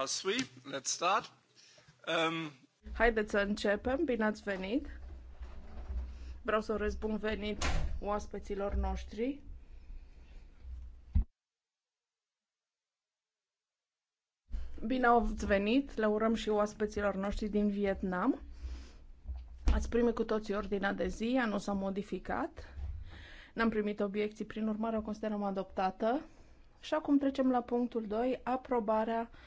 let's start. Um... Haideți să începem, bine ați venit! Vreau să urez bun venit oaspeților noștri. Bine ați venit, le urăm și oaspeților noștri din Vietnam. Ați primit cu toții ordinea de zi, ea nu s-a modificat. N-am primit obiecții, prin urmare o considerăm adoptată. Și acum trecem la punctul 2, aprobarea uh,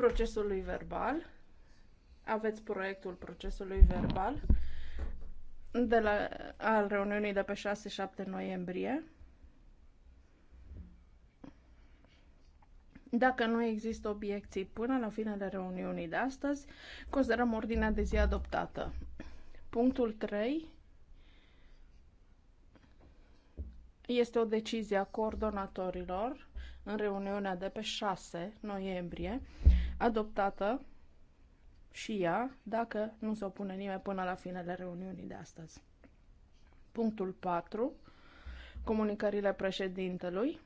procesului verbal. Aveți proiectul procesului verbal de la, al reuniunii de pe 6-7 noiembrie. Dacă nu există obiecții până la finele reuniunii de astăzi, considerăm ordinea de zi adoptată. Punctul 3 este o decizie a coordonatorilor în reuniunea de pe 6 noiembrie adoptată și ea, dacă nu se opune nimeni până la finele reuniunii de astăzi. Punctul 4. Comunicările președintelui.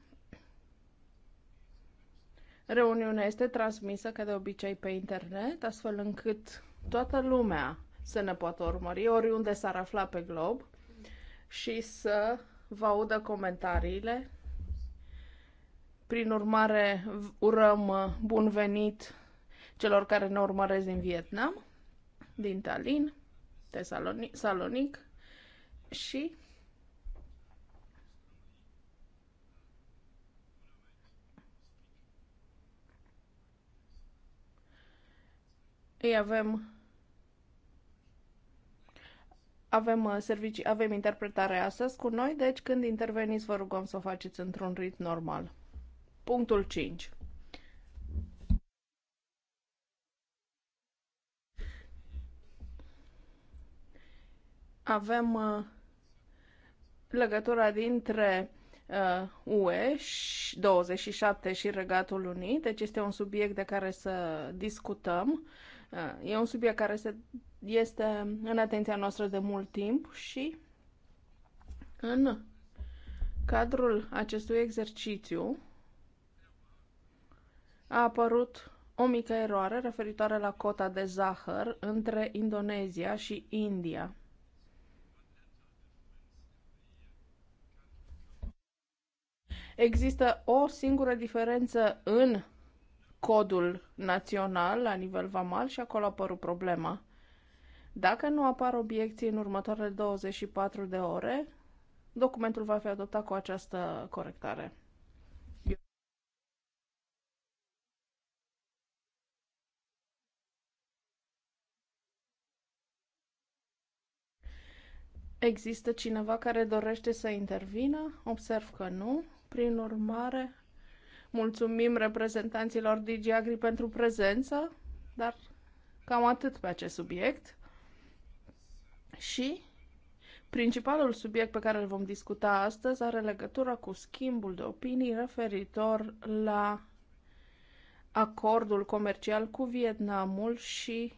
Reuniunea este transmisă, ca de obicei, pe internet, astfel încât toată lumea să ne poată urmări oriunde s-ar afla pe glob și să vă audă comentariile. Prin urmare, urăm uh, bun venit celor care ne urmăresc din Vietnam, din Tallinn, de Salonic și Ei avem avem uh, servicii, avem interpretare astăzi cu noi, deci când interveniți vă rugăm să o faceți într-un ritm normal. Punctul 5. avem uh, legătura dintre UE uh, și 27 și Regatul Unit, deci este un subiect de care să discutăm. Uh, e un subiect care se, este în atenția noastră de mult timp și în cadrul acestui exercițiu a apărut o mică eroare referitoare la cota de zahăr între Indonezia și India. Există o singură diferență în codul național la nivel vamal și acolo a apărut problema. Dacă nu apar obiecții în următoarele 24 de ore, documentul va fi adoptat cu această corectare. Există cineva care dorește să intervină? Observ că nu. Prin urmare, mulțumim reprezentanților DigiAgri pentru prezență, dar cam atât pe acest subiect. Și principalul subiect pe care îl vom discuta astăzi are legătură cu schimbul de opinii referitor la acordul comercial cu Vietnamul și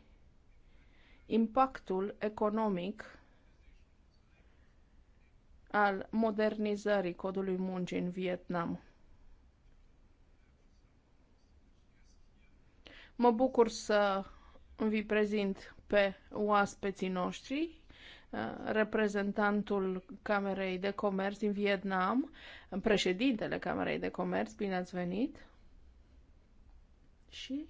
impactul economic al modernizării codului muncii în Vietnam. Mă bucur să vi prezint pe oaspeții noștri, uh, reprezentantul Camerei de Comerț din Vietnam, președintele Camerei de Comerț, bine ați venit! Și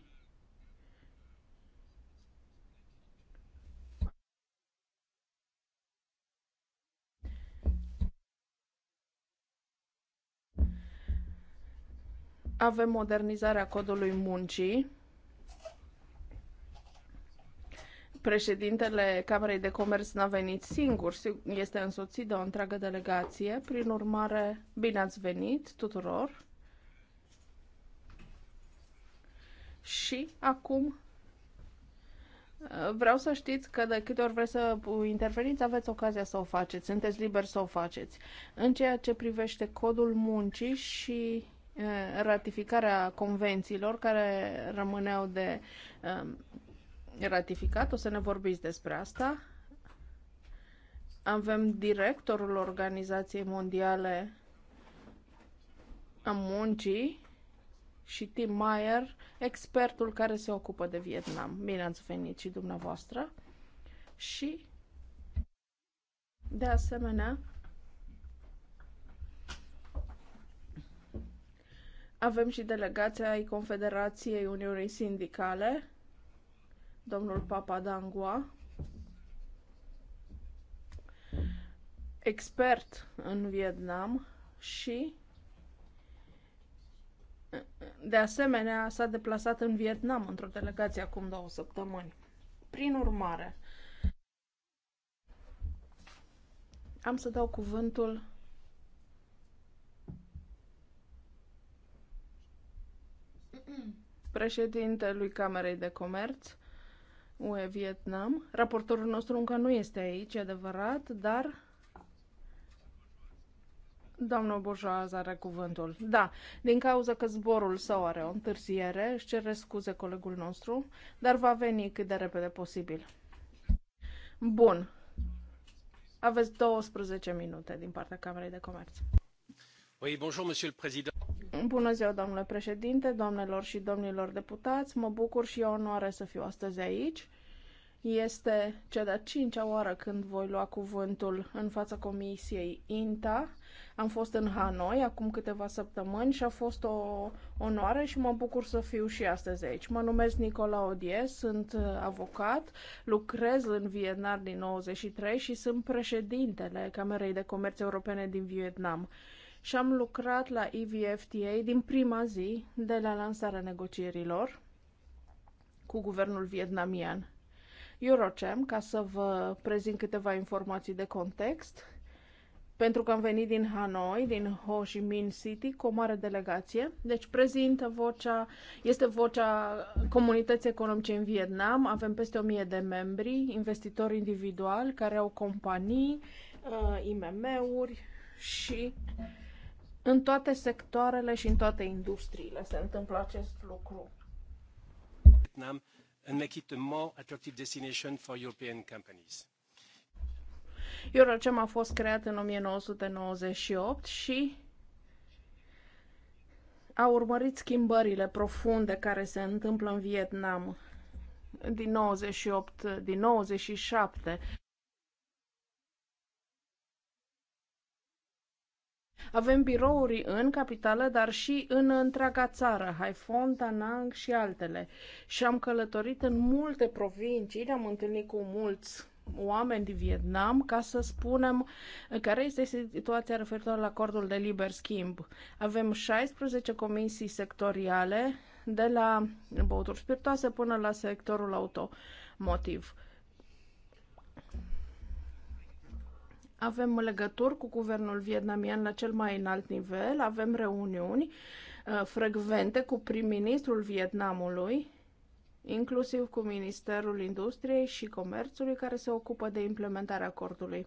Avem modernizarea codului muncii. Președintele Camerei de Comerț n-a venit singur, este însoțit de o întreagă delegație. Prin urmare, bine ați venit tuturor! Și acum uh, Vreau să știți că de câte ori vreți să interveniți, aveți ocazia să o faceți, sunteți liberi să o faceți. În ceea ce privește codul muncii și ratificarea convențiilor care rămâneau de ratificat, o să ne vorbiți despre asta. Avem directorul Organizației Mondiale a Muncii și Tim Mayer, expertul care se ocupă de Vietnam. Bine ați venit și dumneavoastră. Și, de asemenea, Avem și delegația ai Confederației Uniunii Sindicale, domnul Papadangua, expert în Vietnam și de asemenea s-a deplasat în Vietnam într-o delegație acum două săptămâni. Prin urmare, am să dau cuvântul președintelui Camerei de Comerț UE Vietnam. Raportorul nostru încă nu este aici, adevărat, dar Doamna Bojoaz are cuvântul. Da, din cauza că zborul său are o întârziere, își cere scuze colegul nostru, dar va veni cât de repede posibil. Bun. Aveți 12 minute din partea Camerei de Comerț. Oui, bonjour, monsieur le président. Bună ziua, domnule președinte, doamnelor și domnilor deputați. Mă bucur și eu onoare să fiu astăzi aici. Este cea de-a cincea oară când voi lua cuvântul în fața comisiei INTA. Am fost în Hanoi acum câteva săptămâni și a fost o onoare și mă bucur să fiu și astăzi aici. Mă numesc Nicola Odie, sunt uh, avocat, lucrez în Vietnam din 93 și sunt președintele Camerei de Comerț Europene din Vietnam și am lucrat la EVFTA din prima zi de la lansarea negocierilor cu guvernul vietnamian. Eurocem, ca să vă prezint câteva informații de context, pentru că am venit din Hanoi, din Ho Chi Minh City, cu o mare delegație. Deci prezintă vocea, este vocea comunității economice în Vietnam. Avem peste 1000 de membri, investitori individuali care au companii, uh, IMM-uri și uh, în toate sectoarele și în toate industriile se întâmplă acest lucru. Vietnam and make it a more attractive destination for European companies. Eurochem a fost creat în 1998 și a urmărit schimbările profunde care se întâmplă în Vietnam din 98, din 97 Avem birouri în capitală, dar și în întreaga țară, Haifon, Tanang și altele. Și am călătorit în multe provincii, ne-am întâlnit cu mulți oameni din Vietnam ca să spunem care este situația referitoare la acordul de liber schimb. Avem 16 comisii sectoriale, de la băuturi spiritoase până la sectorul automotiv. Avem legături cu guvernul vietnamian la cel mai înalt nivel, avem reuniuni uh, frecvente cu prim-ministrul Vietnamului, inclusiv cu Ministerul Industriei și Comerțului, care se ocupă de implementarea acordului.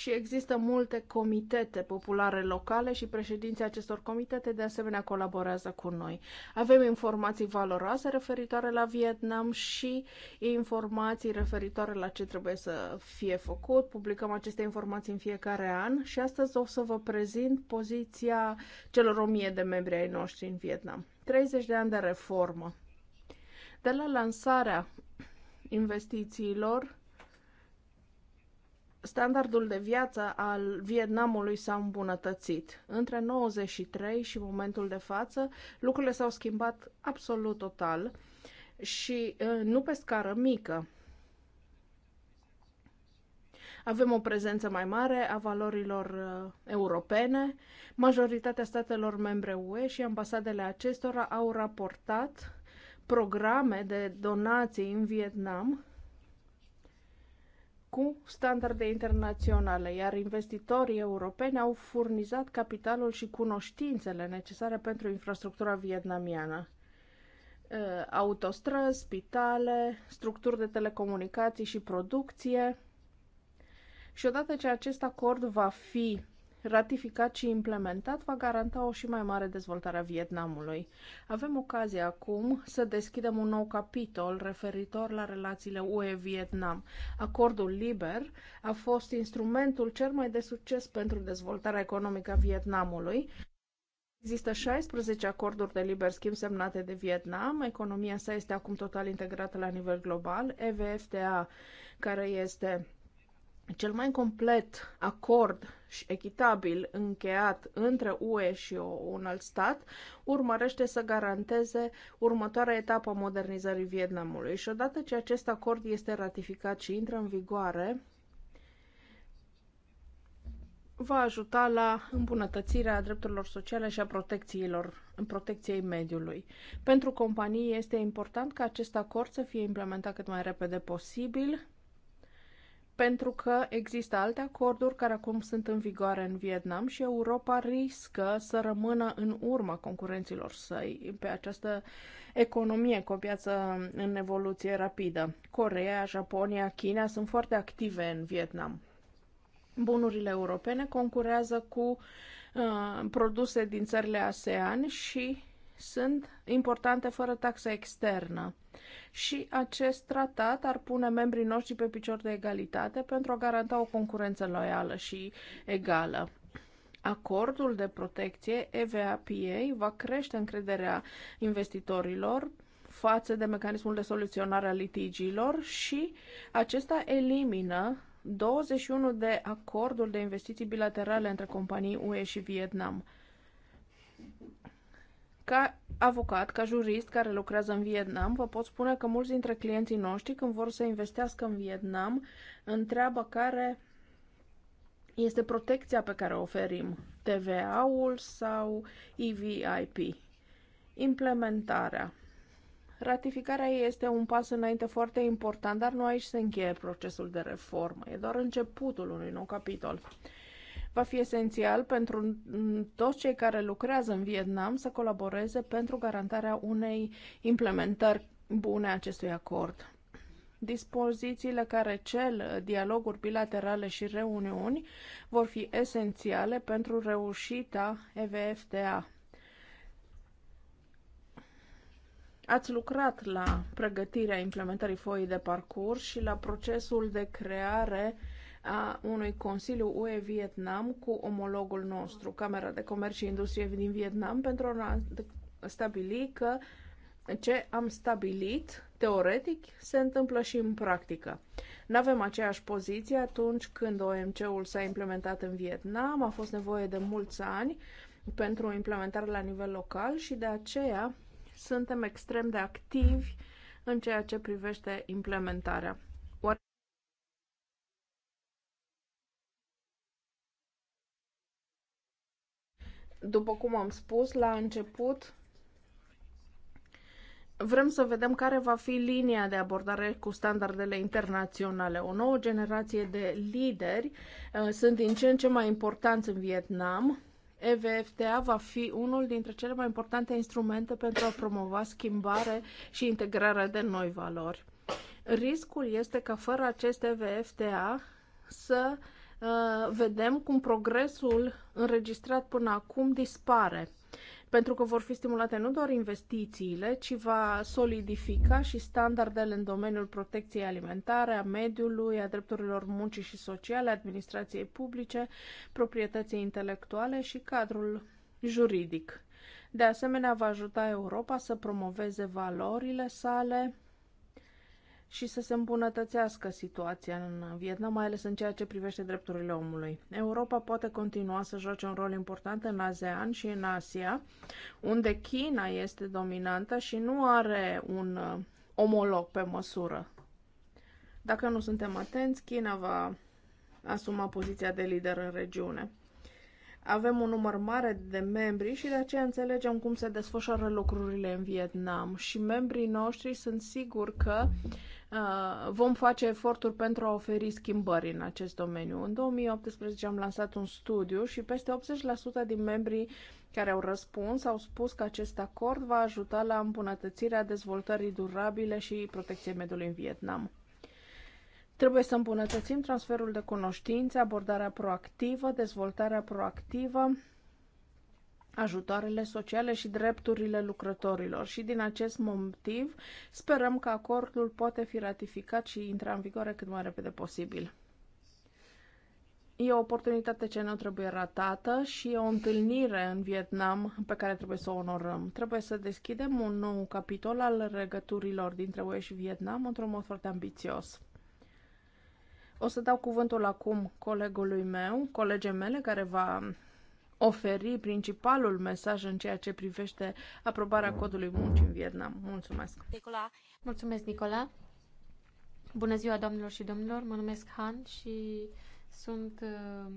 și există multe comitete populare locale și președinții acestor comitete de asemenea colaborează cu noi. Avem informații valoroase referitoare la Vietnam și informații referitoare la ce trebuie să fie făcut. Publicăm aceste informații în fiecare an și astăzi o să vă prezint poziția celor 1000 de membri ai noștri în Vietnam. 30 de ani de reformă. De la lansarea investițiilor standardul de viață al Vietnamului s-a îmbunătățit. Între 93 și momentul de față, lucrurile s-au schimbat absolut total și nu pe scară mică. Avem o prezență mai mare a valorilor europene. Majoritatea statelor membre UE și ambasadele acestora au raportat programe de donații în Vietnam cu standarde internaționale, iar investitorii europeni au furnizat capitalul și cunoștințele necesare pentru infrastructura vietnamiană. Uh, autostrăzi, spitale, structuri de telecomunicații și producție. Și odată ce acest acord va fi ratificat și implementat va garanta o și mai mare dezvoltare a Vietnamului. Avem ocazia acum să deschidem un nou capitol referitor la relațiile UE-Vietnam. Acordul liber a fost instrumentul cel mai de succes pentru dezvoltarea economică a Vietnamului. Există 16 acorduri de liber schimb semnate de Vietnam. Economia sa este acum total integrată la nivel global. EVFTA, care este cel mai complet acord și echitabil încheiat între UE și o, un alt stat urmărește să garanteze următoarea etapă a modernizării Vietnamului. Și odată ce acest acord este ratificat și intră în vigoare, va ajuta la îmbunătățirea drepturilor sociale și a protecțiilor, în protecției mediului. Pentru companii este important ca acest acord să fie implementat cât mai repede posibil, pentru că există alte acorduri care acum sunt în vigoare în Vietnam și Europa riscă să rămână în urma concurenților săi pe această economie cu o piață în evoluție rapidă. Coreea, Japonia, China sunt foarte active în Vietnam. Bunurile europene concurează cu uh, produse din țările ASEAN și sunt importante fără taxă externă. Și acest tratat ar pune membrii noștri pe picior de egalitate pentru a garanta o concurență loială și egală. Acordul de protecție EVAPA va crește încrederea investitorilor față de mecanismul de soluționare a litigiilor și acesta elimină 21 de acorduri de investiții bilaterale între companii UE și Vietnam. Ca avocat, ca jurist care lucrează în Vietnam, vă pot spune că mulți dintre clienții noștri, când vor să investească în Vietnam, întreabă care este protecția pe care o oferim, TVA-ul sau EVIP, implementarea. Ratificarea este un pas înainte foarte important, dar nu aici se încheie procesul de reformă, e doar începutul unui nou capitol. Va fi esențial pentru toți cei care lucrează în Vietnam să colaboreze pentru garantarea unei implementări bune a acestui acord. Dispozițiile care cel dialoguri bilaterale și reuniuni vor fi esențiale pentru reușita EVFTA. Ați lucrat la pregătirea implementării foii de parcurs și la procesul de creare a unui Consiliu UE Vietnam cu omologul nostru, Camera de Comerț și Industrie din Vietnam, pentru a stabili că ce am stabilit teoretic se întâmplă și în practică. Nu avem aceeași poziție atunci când OMC-ul s-a implementat în Vietnam, a fost nevoie de mulți ani pentru implementare la nivel local și de aceea suntem extrem de activi în ceea ce privește implementarea. După cum am spus la început, vrem să vedem care va fi linia de abordare cu standardele internaționale. O nouă generație de lideri uh, sunt din ce în ce mai importanți în Vietnam. EVFTA va fi unul dintre cele mai importante instrumente pentru a promova schimbare și integrarea de noi valori. Riscul este ca fără acest EVFTA să uh, Uh, vedem cum progresul înregistrat până acum dispare. Pentru că vor fi stimulate nu doar investițiile, ci va solidifica și standardele în domeniul protecției alimentare, a mediului, a drepturilor muncii și sociale, administrației publice, proprietății intelectuale și cadrul juridic. De asemenea, va ajuta Europa să promoveze valorile sale, și să se îmbunătățească situația în Vietnam, mai ales în ceea ce privește drepturile omului. Europa poate continua să joace un rol important în ASEAN și în Asia, unde China este dominantă și nu are un uh, omolog pe măsură. Dacă nu suntem atenți, China va asuma poziția de lider în regiune avem un număr mare de membri și de aceea înțelegem cum se desfășoară lucrurile în Vietnam și membrii noștri sunt sigur că uh, vom face eforturi pentru a oferi schimbări în acest domeniu. În 2018 am lansat un studiu și peste 80% din membrii care au răspuns au spus că acest acord va ajuta la îmbunătățirea dezvoltării durabile și protecției mediului în Vietnam. Trebuie să îmbunătățim transferul de cunoștințe, abordarea proactivă, dezvoltarea proactivă, ajutoarele sociale și drepturile lucrătorilor și din acest motiv sperăm că acordul poate fi ratificat și intra în vigoare cât mai repede posibil. E o oportunitate ce nu trebuie ratată și e o întâlnire în Vietnam pe care trebuie să o onorăm. Trebuie să deschidem un nou capitol al legăturilor dintre UE și Vietnam într-un mod foarte ambițios. O să dau cuvântul acum colegului meu, colegii mele, care va oferi principalul mesaj în ceea ce privește aprobarea codului muncii în Vietnam. Mulțumesc! Nicola. Mulțumesc, Nicola! Bună ziua, doamnelor și domnilor! Mă numesc Han și sunt uh,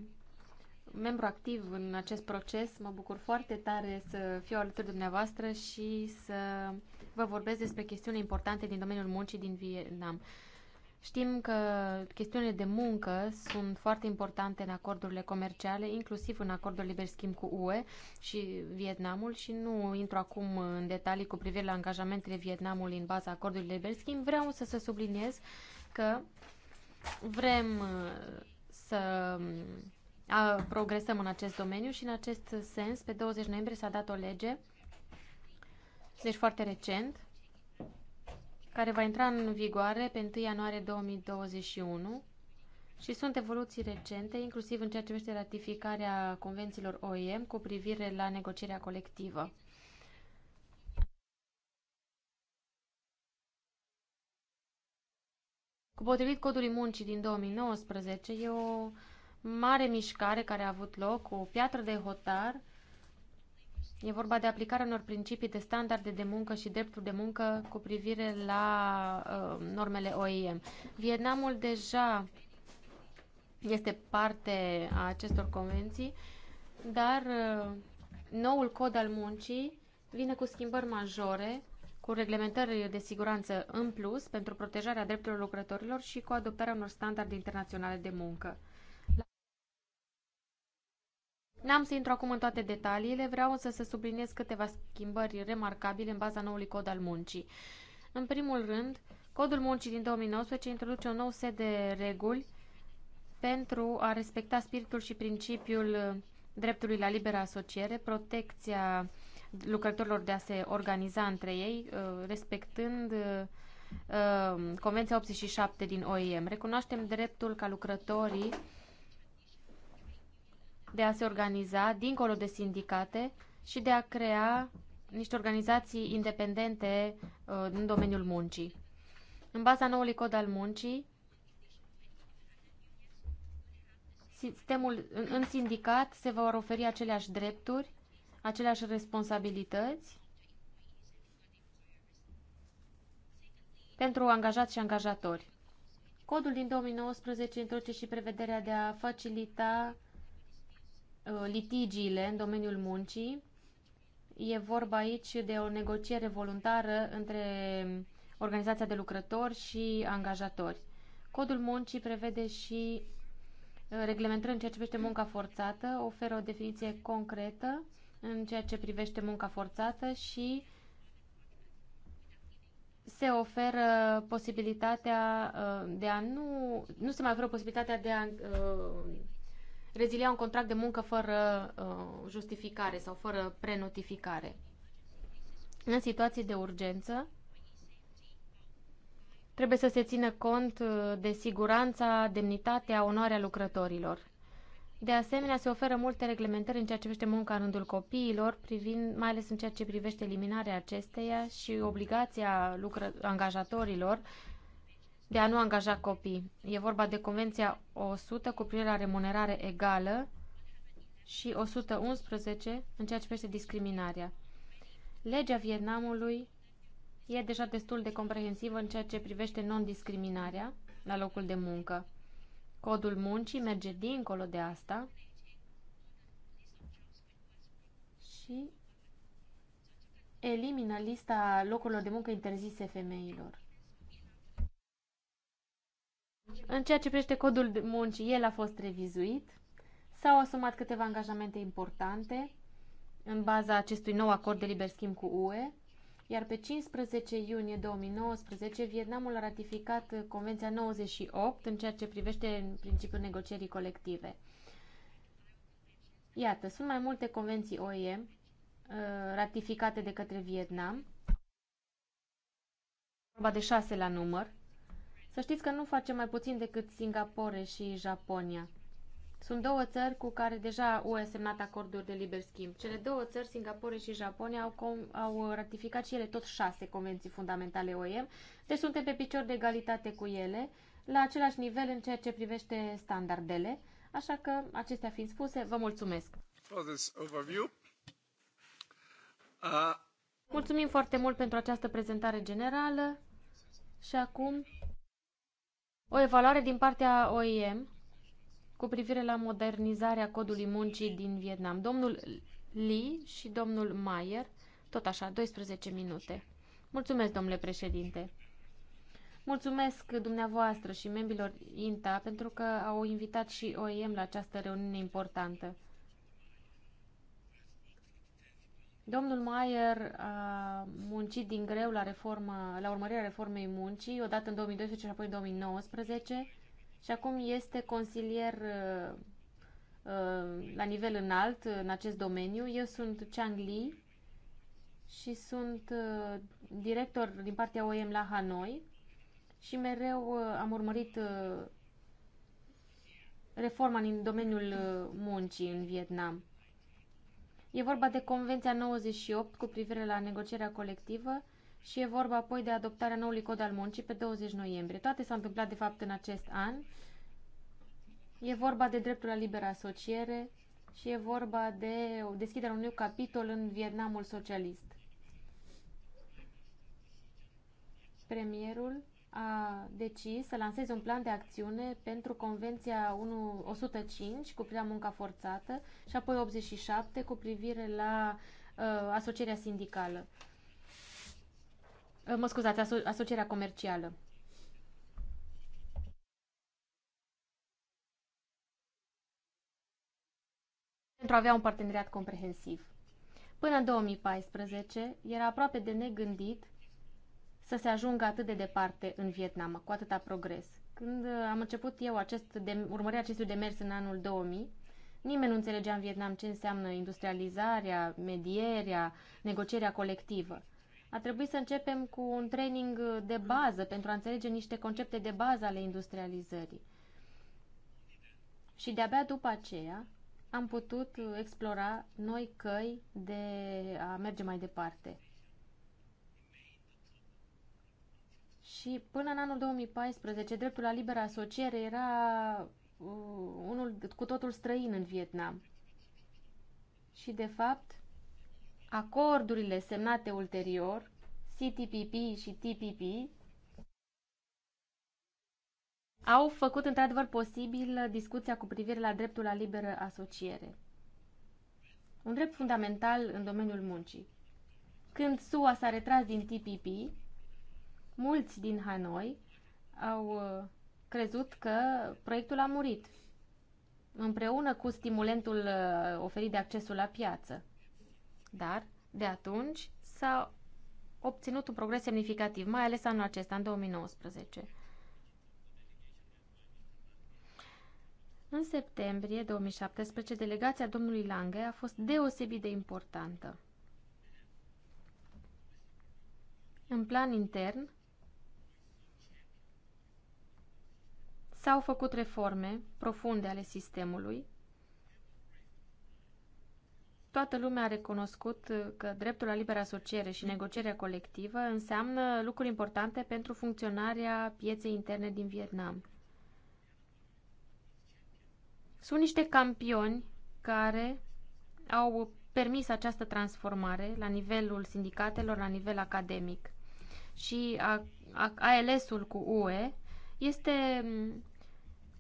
membru activ în acest proces. Mă bucur foarte tare să fiu alături de dumneavoastră și să vă vorbesc despre chestiuni importante din domeniul muncii din Vietnam. Știm că chestiunile de muncă sunt foarte importante în acordurile comerciale, inclusiv în acordul liber schimb cu UE și Vietnamul și nu intru acum în detalii cu privire la angajamentele Vietnamului în baza acordului liber schimb. Vreau să să subliniez că vrem uh, să uh, progresăm în acest domeniu și în acest sens pe 20 noiembrie s-a dat o lege, deci foarte recent, care va intra în vigoare pe 1 ianuarie 2021 și sunt evoluții recente, inclusiv în ceea ce privește ratificarea convențiilor OIM cu privire la negocierea colectivă. Cu potrivit codului muncii din 2019, e o mare mișcare care a avut loc, o piatră de hotar, E vorba de aplicarea unor principii de standarde de muncă și drepturi de muncă cu privire la uh, normele OIM. Vietnamul deja este parte a acestor convenții, dar uh, noul cod al muncii vine cu schimbări majore, cu reglementări de siguranță în plus pentru protejarea drepturilor lucrătorilor și cu adoptarea unor standarde internaționale de muncă. N-am să intru acum în toate detaliile, vreau însă să subliniez câteva schimbări remarcabile în baza noului cod al muncii. În primul rând, codul muncii din 2019 introduce un nou set de reguli pentru a respecta spiritul și principiul dreptului la liberă asociere, protecția lucrătorilor de a se organiza între ei, uh, respectând uh, uh, Convenția 87 din OIM. Recunoaștem dreptul ca lucrătorii de a se organiza dincolo de sindicate și de a crea niște organizații independente uh, în domeniul muncii. În baza noului cod al muncii, sistemul, în sindicat se vor oferi aceleași drepturi, aceleași responsabilități pentru angajați și angajatori. Codul din 2019 introduce și prevederea de a facilita Uh, litigiile în domeniul muncii. E vorba aici de o negociere voluntară între organizația de lucrători și angajatori. Codul muncii prevede și uh, reglementări în ceea ce privește munca forțată, oferă o definiție concretă în ceea ce privește munca forțată și se oferă posibilitatea uh, de a nu, nu se mai oferă posibilitatea de a rezilia un contract de muncă fără uh, justificare sau fără prenotificare. În situații de urgență, trebuie să se țină cont uh, de siguranța, demnitatea, onoarea lucrătorilor. De asemenea, se oferă multe reglementări în ceea ce privește munca în rândul copiilor, privind, mai ales în ceea ce privește eliminarea acesteia și obligația lucră, angajatorilor de a nu angaja copii. E vorba de Convenția 100 cu privire la remunerare egală și 111 în ceea ce privește discriminarea. Legea Vietnamului e deja destul de comprehensivă în ceea ce privește non-discriminarea la locul de muncă. Codul muncii merge dincolo de asta și elimină lista locurilor de muncă interzise femeilor. În ceea ce privește codul muncii, el a fost revizuit. S-au asumat câteva angajamente importante în baza acestui nou acord de liber schimb cu UE, iar pe 15 iunie 2019 Vietnamul a ratificat Convenția 98 în ceea ce privește în principiul negocierii colective. Iată, sunt mai multe convenții OIM uh, ratificate de către Vietnam, vorba de șase la număr, să știți că nu facem mai puțin decât Singapore și Japonia. Sunt două țări cu care deja UE a semnat acorduri de liber schimb. Cele două țări, Singapore și Japonia, au, com- au ratificat și ele tot șase convenții fundamentale OIM, deci suntem pe picior de egalitate cu ele, la același nivel în ceea ce privește standardele. Așa că, acestea fiind spuse, vă mulțumesc. For this overview. Uh... Mulțumim foarte mult pentru această prezentare generală și acum o evaluare din partea OIM cu privire la modernizarea codului muncii din Vietnam. Domnul Li și domnul Mayer, tot așa, 12 minute. Mulțumesc, domnule președinte. Mulțumesc dumneavoastră și membrilor INTA pentru că au invitat și OIM la această reuniune importantă. Domnul Mayer a muncit din greu la, reforma, la urmărirea reformei muncii, odată în 2012 și apoi în 2019 și acum este consilier uh, uh, la nivel înalt uh, în acest domeniu. Eu sunt Chang Li și sunt director din partea OEM la Hanoi și mereu am urmărit reforma din domeniul muncii în Vietnam. E vorba de Convenția 98 cu privire la negocierea colectivă și e vorba apoi de adoptarea noului cod al muncii pe 20 noiembrie. Toate s-au întâmplat, de fapt, în acest an. E vorba de dreptul la liberă asociere și e vorba de deschiderea unui capitol în Vietnamul socialist. Premierul a decis să lanseze un plan de acțiune pentru Convenția 1, 105 cu privire la munca forțată și apoi 87 cu privire la uh, asocierea sindicală. Uh, mă scuzați, aso asocierea comercială. Pentru a avea un parteneriat comprehensiv. Până în 2014 era aproape de negândit să se ajungă atât de departe în Vietnam, cu atâta progres. Când uh, am început eu acest de, urmărea acestui demers în anul 2000, nimeni nu înțelegea în Vietnam ce înseamnă industrializarea, medierea, negocierea colectivă. A trebuit să începem cu un training de bază pentru a înțelege niște concepte de bază ale industrializării. Și de-abia după aceea am putut explora noi căi de a merge mai departe. Și până în anul 2014, dreptul la liberă asociere era uh, unul cu totul străin în Vietnam. Și, de fapt, acordurile semnate ulterior, CTPP și TPP, au făcut într-adevăr posibil discuția cu privire la dreptul la liberă asociere. Un drept fundamental în domeniul muncii. Când SUA s-a retras din TPP, Mulți din Hanoi au uh, crezut că proiectul a murit, împreună cu stimulentul uh, oferit de accesul la piață. Dar, de atunci, s-a obținut un progres semnificativ, mai ales anul acesta, în 2019. În septembrie 2017, delegația domnului Lange a fost deosebit de importantă. În plan intern, S-au făcut reforme profunde ale sistemului. Toată lumea a recunoscut că dreptul la liberă asociere și negocierea colectivă înseamnă lucruri importante pentru funcționarea pieței interne din Vietnam. Sunt niște campioni care au permis această transformare la nivelul sindicatelor, la nivel academic. Și ALS-ul cu UE este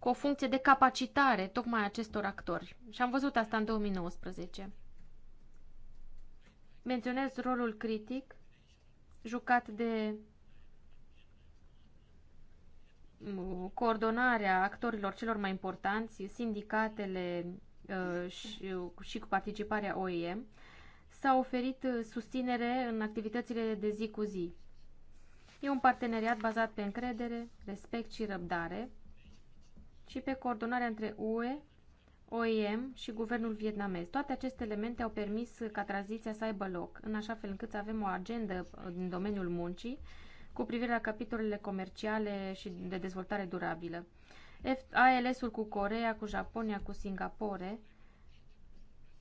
cu o funcție de capacitare tocmai acestor actori. Și am văzut asta în 2019. Menționez rolul critic jucat de mm, coordonarea actorilor celor mai importanți, sindicatele uh, și cu participarea OEM, s-a oferit uh, susținere în activitățile de zi cu zi. E un parteneriat bazat pe încredere, respect și răbdare, și pe coordonarea între UE, OIM și guvernul vietnamez. Toate aceste elemente au permis ca tranziția să aibă loc, în așa fel încât să avem o agendă uh, din domeniul muncii cu privire la capitolele comerciale și de dezvoltare durabilă. ALS-ul cu Corea, cu Japonia, cu Singapore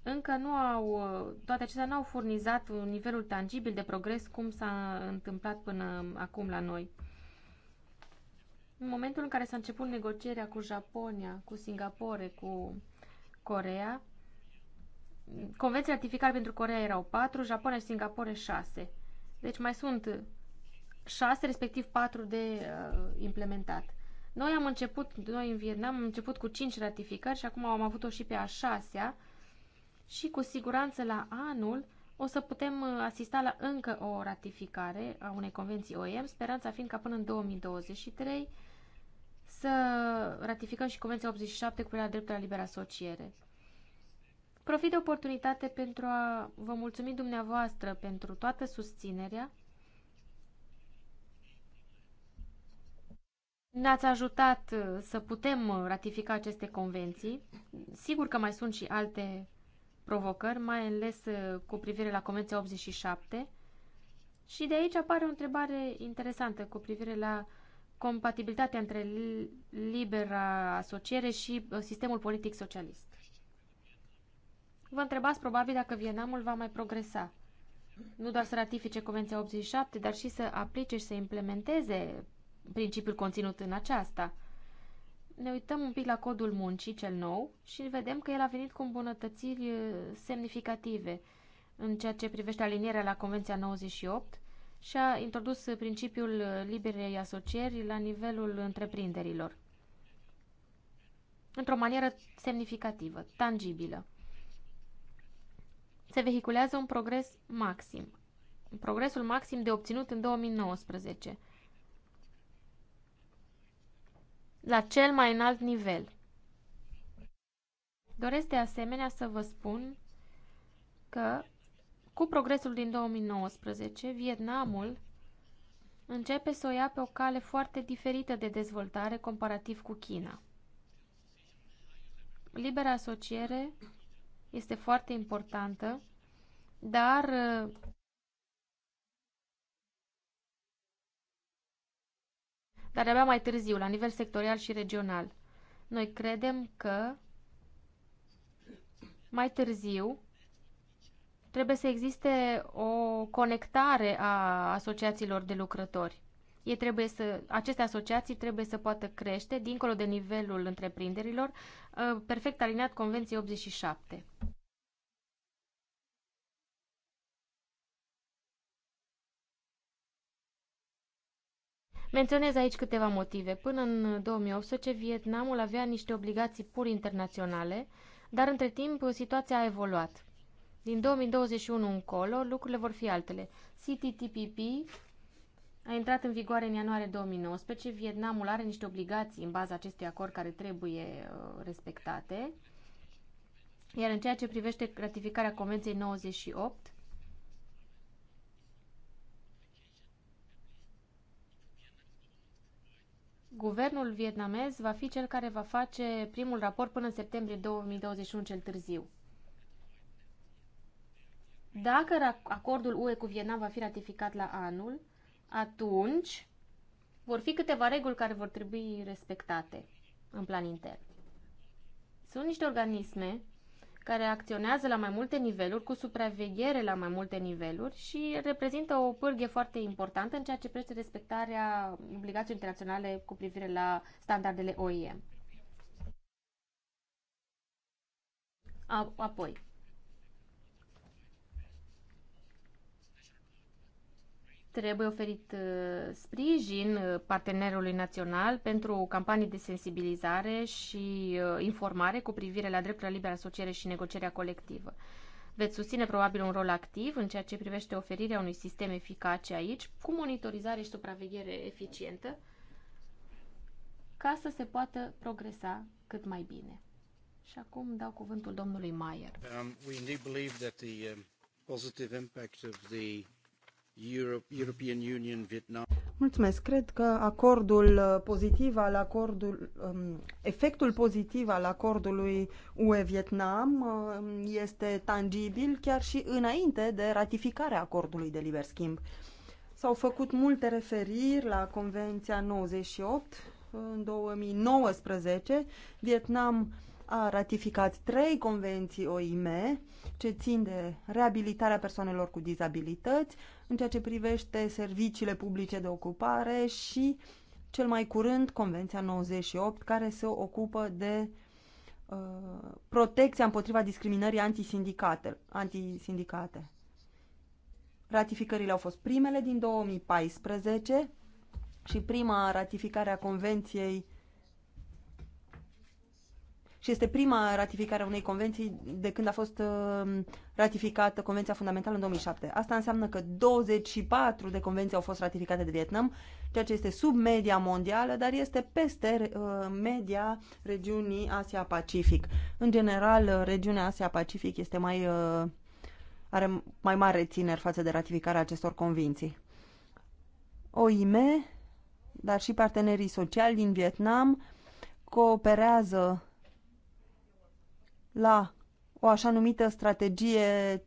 încă nu au, uh, toate acestea nu au furnizat un nivelul tangibil de progres cum s-a întâmplat până acum la noi. În momentul în care s-a început negocierea cu Japonia, cu Singapore, cu Corea, convenții ratificate pentru Corea erau 4, Japonia și Singapore 6. Deci mai sunt 6, respectiv 4 de uh, implementat. Noi am început, noi în Vietnam am început cu 5 ratificări și acum am avut-o și pe a 6 și cu siguranță la anul o să putem uh, asista la încă o ratificare a unei convenții OEM, speranța fiind ca până în 2023 să ratificăm și Convenția 87 cu privire la dreptul la libera asociere. Profit de oportunitate pentru a vă mulțumi dumneavoastră pentru toată susținerea. Ne-ați ajutat uh, să putem uh, ratifica aceste convenții. Sigur că mai sunt și alte provocări, mai ales uh, cu privire la Convenția 87. Și de aici apare o întrebare interesantă cu privire la compatibilitatea între libera asociere și uh, sistemul politic socialist. Vă întrebați probabil dacă Vietnamul va mai progresa. Nu doar să ratifice Convenția 87, dar și să aplice și să implementeze principiul conținut în aceasta. Ne uităm un pic la codul muncii, cel nou, și vedem că el a venit cu îmbunătățiri uh, semnificative în ceea ce privește alinierea la Convenția 98, și a introdus principiul liberei asocieri la nivelul întreprinderilor într-o manieră semnificativă, tangibilă. Se vehiculează un progres maxim, progresul maxim de obținut în 2019, la cel mai înalt nivel. Doresc de asemenea să vă spun că cu progresul din 2019, Vietnamul începe să o ia pe o cale foarte diferită de dezvoltare comparativ cu China. Libera asociere este foarte importantă, dar dar abia mai târziu, la nivel sectorial și regional. Noi credem că mai târziu Trebuie să existe o conectare a asociațiilor de lucrători. Ei trebuie să, aceste asociații trebuie să poată crește dincolo de nivelul întreprinderilor, uh, perfect aliniat Convenției 87. Menționez aici câteva motive. Până în 2018, Vietnamul avea niște obligații pur internaționale, dar între timp situația a evoluat. Din 2021 încolo, lucrurile vor fi altele. CTTPP a intrat în vigoare în ianuarie 2019. Vietnamul are niște obligații în baza acestui acord care trebuie uh, respectate. Iar în ceea ce privește ratificarea Convenției 98, Guvernul vietnamez va fi cel care va face primul raport până în septembrie 2021 cel târziu. Dacă acordul UE cu Vietnam va fi ratificat la anul, atunci vor fi câteva reguli care vor trebui respectate în plan intern. Sunt niște organisme care acționează la mai multe niveluri, cu supraveghere la mai multe niveluri și reprezintă o pârghie foarte importantă în ceea ce privește respectarea obligațiilor internaționale cu privire la standardele OIM. Apoi, Trebuie oferit uh, sprijin uh, partenerului național pentru campanii de sensibilizare și uh, informare cu privire la dreptul la liberă asociere și negocierea colectivă. Veți susține probabil un rol activ în ceea ce privește oferirea unui sistem eficace aici, cu monitorizare și supraveghere eficientă, ca să se poată progresa cât mai bine. Și acum dau cuvântul domnului Mayer. Um, we indeed believe that the um, positive impact of the European Union Vietnam. Mulțumesc. Cred că acordul uh, pozitiv al acordul, um, efectul pozitiv al acordului UE-Vietnam uh, este tangibil chiar și înainte de ratificarea acordului de liber schimb. S-au făcut multe referiri la Convenția 98 în 2019. Vietnam a ratificat trei convenții OIM ce țin de reabilitarea persoanelor cu dizabilități în ceea ce privește serviciile publice de ocupare și cel mai curând Convenția 98 care se ocupă de uh, protecția împotriva discriminării antisindicate. antisindicate. Ratificările au fost primele din 2014 și prima ratificare a Convenției și este prima ratificare a unei convenții de când a fost uh, ratificată Convenția Fundamentală în 2007. Asta înseamnă că 24 de convenții au fost ratificate de Vietnam, ceea ce este sub media mondială, dar este peste uh, media regiunii Asia-Pacific. În general, uh, regiunea Asia-Pacific este mai are mai mare rețineri față de ratificarea acestor convenții. OIM, dar și partenerii sociali din Vietnam, cooperează la o așa numită strategie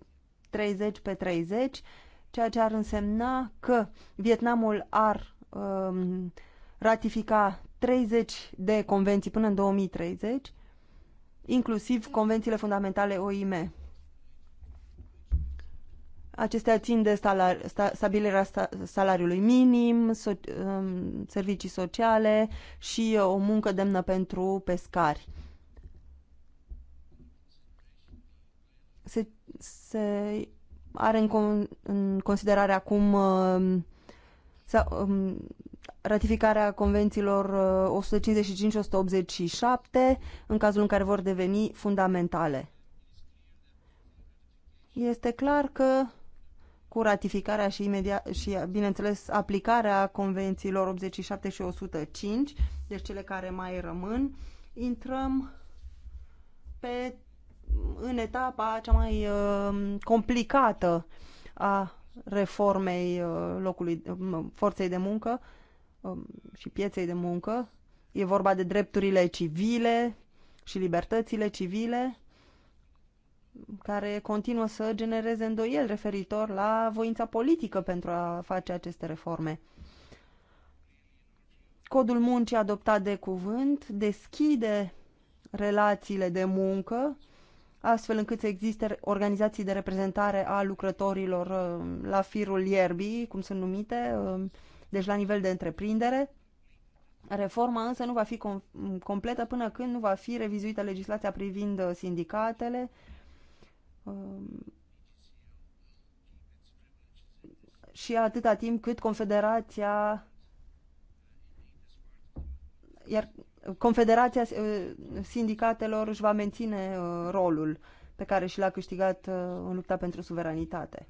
30 pe 30, ceea ce ar însemna că Vietnamul ar um, ratifica 30 de convenții până în 2030, inclusiv convențiile fundamentale OIM. Acestea țin de salari, sta, stabilirea sta, salariului minim, so, um, servicii sociale și o muncă demnă pentru pescari. se, se are în, con, în considerare acum uh, sau, um, ratificarea convențiilor uh, 155-187 în cazul în care vor deveni fundamentale. Este clar că cu ratificarea și, imediat, și bineînțeles, aplicarea convențiilor 87 și 105, deci cele care mai rămân, intrăm pe în etapa cea mai uh, complicată a reformei uh, locului, uh, forței de muncă um, și pieței de muncă. E vorba de drepturile civile și libertățile civile care continuă să genereze îndoieli referitor la voința politică pentru a face aceste reforme. Codul muncii adoptat de cuvânt deschide relațiile de muncă astfel încât să existe organizații de reprezentare a lucrătorilor uh, la firul ierbii, cum sunt numite, uh, deci la nivel de întreprindere. Reforma însă nu va fi completă până când nu va fi revizuită legislația privind uh, sindicatele. Um, și atâta timp cât Confederația iar Confederația uh, Sindicatelor își va menține uh, rolul pe care și l-a câștigat uh, în lupta pentru suveranitate.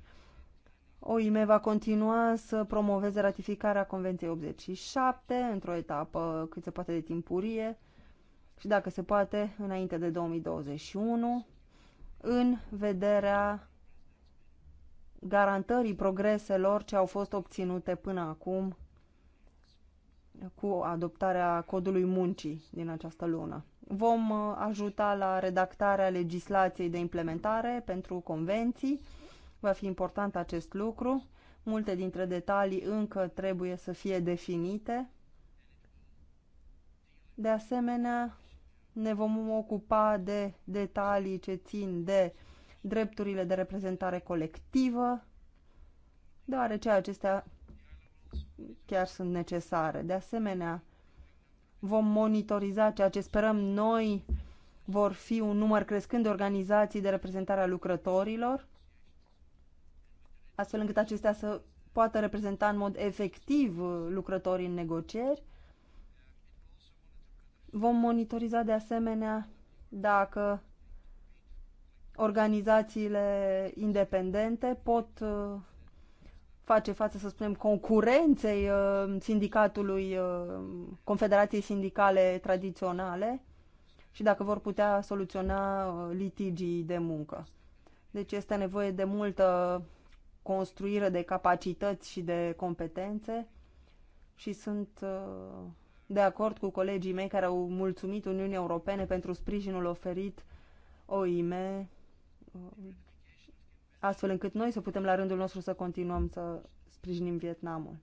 OIME va continua să promoveze ratificarea Convenției 87 într-o etapă cât se poate de timpurie și, dacă se poate, înainte de 2021, în vederea garantării progreselor ce au fost obținute până acum cu adoptarea codului muncii din această lună. Vom uh, ajuta la redactarea legislației de implementare pentru convenții. Va fi important acest lucru. Multe dintre detalii încă trebuie să fie definite. De asemenea, ne vom ocupa de detalii ce țin de drepturile de reprezentare colectivă, deoarece acestea chiar sunt necesare. De asemenea, vom monitoriza ceea ce sperăm noi vor fi un număr crescând de organizații de reprezentare a lucrătorilor, astfel încât acestea să poată reprezenta în mod efectiv uh, lucrătorii în negocieri. Vom monitoriza de asemenea dacă organizațiile independente pot uh, face față, să spunem, concurenței uh, sindicatului, uh, Confederației Sindicale Tradiționale și dacă vor putea soluționa uh, litigii de muncă. Deci este nevoie de multă construire de capacități și de competențe și sunt de acord cu colegii mei care au mulțumit Uniunii Europene pentru sprijinul oferit OIM astfel încât noi să putem la rândul nostru să continuăm să sprijinim Vietnamul.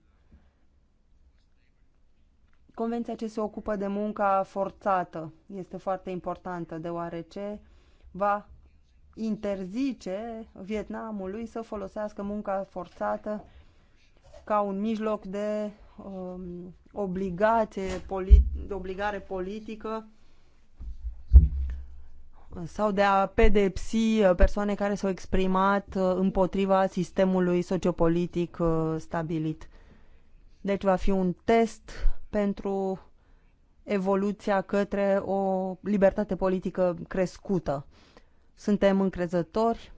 Convenția ce se ocupă de munca forțată este foarte importantă, deoarece va interzice Vietnamului să folosească munca forțată ca un mijloc de, um, obligație, de obligare politică sau de a pedepsi uh, persoane care s-au exprimat uh, împotriva sistemului sociopolitic uh, stabilit. Deci va fi un test pentru evoluția către o libertate politică crescută. Suntem încrezători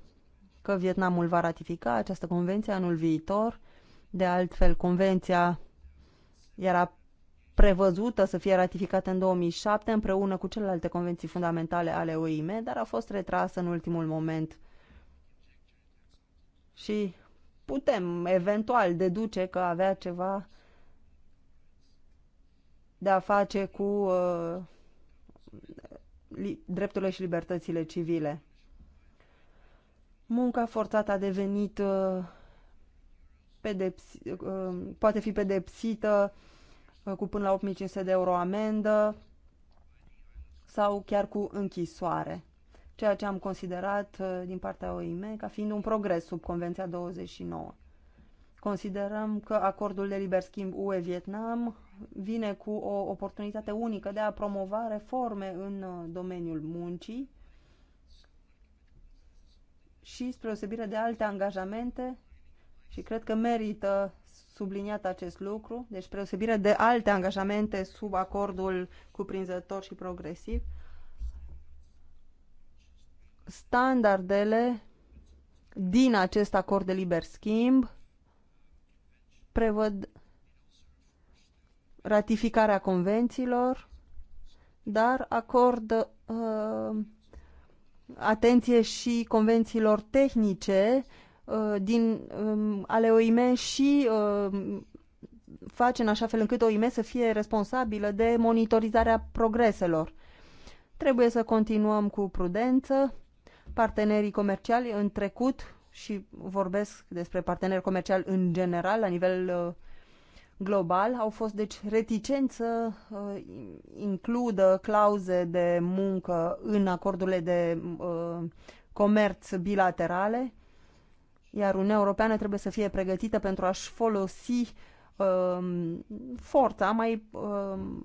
că Vietnamul va ratifica această convenție anul viitor. De altfel, convenția era prevăzută să fie ratificată în 2007 împreună cu celelalte convenții fundamentale ale OIM, dar a fost retrasă în ultimul moment. Și putem eventual deduce că avea ceva de a face cu uh, drepturile și libertățile civile. Munca forțată a devenit uh, pedepsi, uh, poate fi pedepsită uh, cu până la 8500 de euro amendă sau chiar cu închisoare, ceea ce am considerat uh, din partea OIM ca fiind un progres sub Convenția 29. Considerăm că acordul de liber schimb UE-Vietnam vine cu o oportunitate unică de a promova reforme în uh, domeniul muncii și spre osebire de alte angajamente și cred că merită subliniat acest lucru, deci preosebire de alte angajamente sub acordul cuprinzător și progresiv. Standardele din acest acord de liber schimb prevăd ratificarea convențiilor, dar acord uh, atenție și convențiilor tehnice Uh, din, um, ale OIM și uh, face în așa fel încât OIM să fie responsabilă de monitorizarea progreselor. Trebuie să continuăm cu prudență. Partenerii comerciali în trecut, și vorbesc despre parteneri comerciali în general, la nivel uh, global, au fost deci reticenți să includă clauze de muncă în acordurile de comerț bilaterale iar Uniunea Europeană trebuie să fie pregătită pentru a-și folosi um, forța mai, um,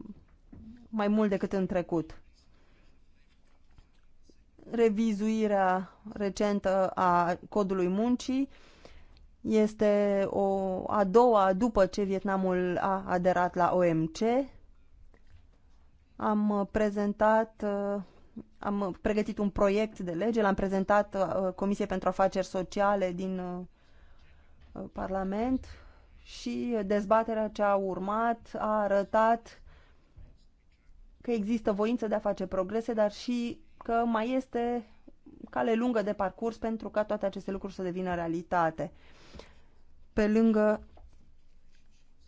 mai mult decât în trecut. Revizuirea recentă a codului muncii este o a doua după ce Vietnamul a aderat la OMC. Am prezentat uh, am uh, pregătit un proiect de lege, l-am prezentat uh, Comisiei pentru Afaceri Sociale din uh, uh, Parlament și dezbaterea ce a urmat a arătat că există voință de a face progrese, dar și că mai este cale lungă de parcurs pentru ca toate aceste lucruri să devină realitate. Pe lângă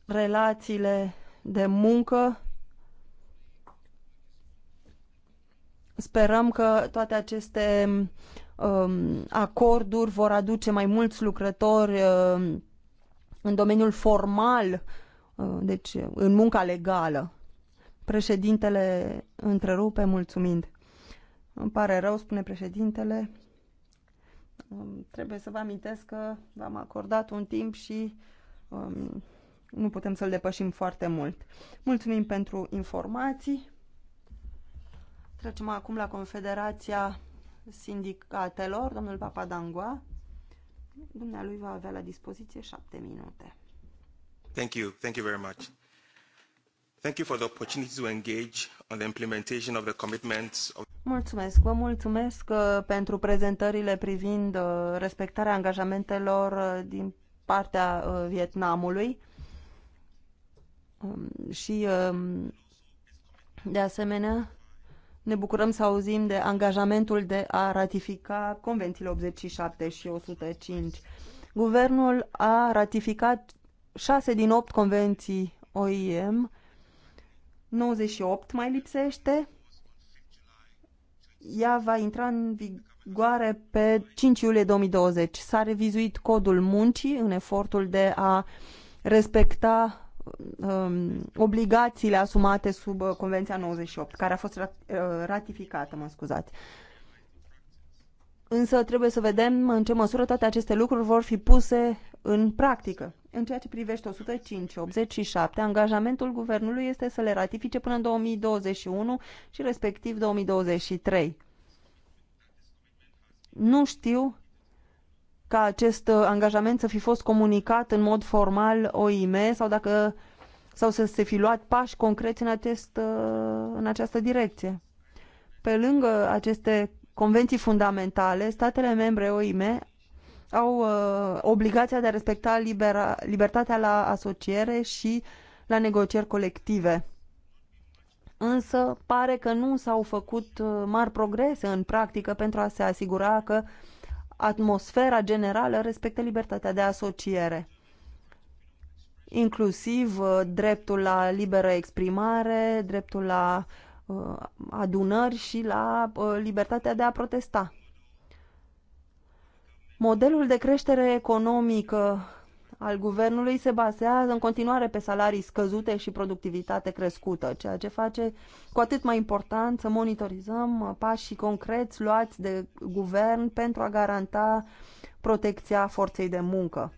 relațiile de muncă, Sperăm că toate aceste um, acorduri vor aduce mai mulți lucrători um, în domeniul formal, um, deci în munca legală. Președintele întrerupe mulțumind. Îmi pare rău, spune președintele. Um, trebuie să vă amintesc că v-am acordat un timp și um, nu putem să-l depășim foarte mult. Mulțumim pentru informații. Trecem acum la Confederația Sindicatelor, domnul Papadangua. Dumnealui va avea la dispoziție șapte minute. Thank you. Thank you very much. Thank you for the opportunity to engage on the implementation of the commitments of Mulțumesc. Vă mulțumesc uh, pentru prezentările privind uh, respectarea angajamentelor uh, din partea Vietnamului um, și um, de asemenea ne bucurăm să auzim de angajamentul de a ratifica Convențiile 87 și 105. Guvernul a ratificat 6 din 8 convenții OIM, 98 mai lipsește. Ea va intra în vigoare pe 5 iulie 2020. S-a revizuit codul muncii în efortul de a respecta um, obligațiile asumate sub uh, Convenția 98, care a fost uh, ratificată, mă scuzați. Însă trebuie să vedem în ce măsură toate aceste lucruri vor fi puse în practică. În ceea ce privește 105 87, angajamentul guvernului este să le ratifice până în 2021 și respectiv 2023. Nu știu ca acest uh, angajament să fi fost comunicat în mod formal OIM sau dacă sau să se fi luat pași concreți în, acest, uh, în această direcție. Pe lângă aceste convenții fundamentale, statele membre OIM au uh, obligația de a respecta libera, libertatea la asociere și la negocieri colective. Însă pare că nu s-au făcut uh, mari progrese în practică pentru a se asigura că uh, atmosfera generală respectă libertatea de asociere, inclusiv uh, dreptul la liberă exprimare, dreptul la uh, adunări și la uh, libertatea de a protesta. Modelul de creștere economică al guvernului se bazează în continuare pe salarii scăzute și productivitate crescută, ceea ce face cu atât mai important să monitorizăm pașii concreți luați de guvern pentru a garanta protecția forței de muncă.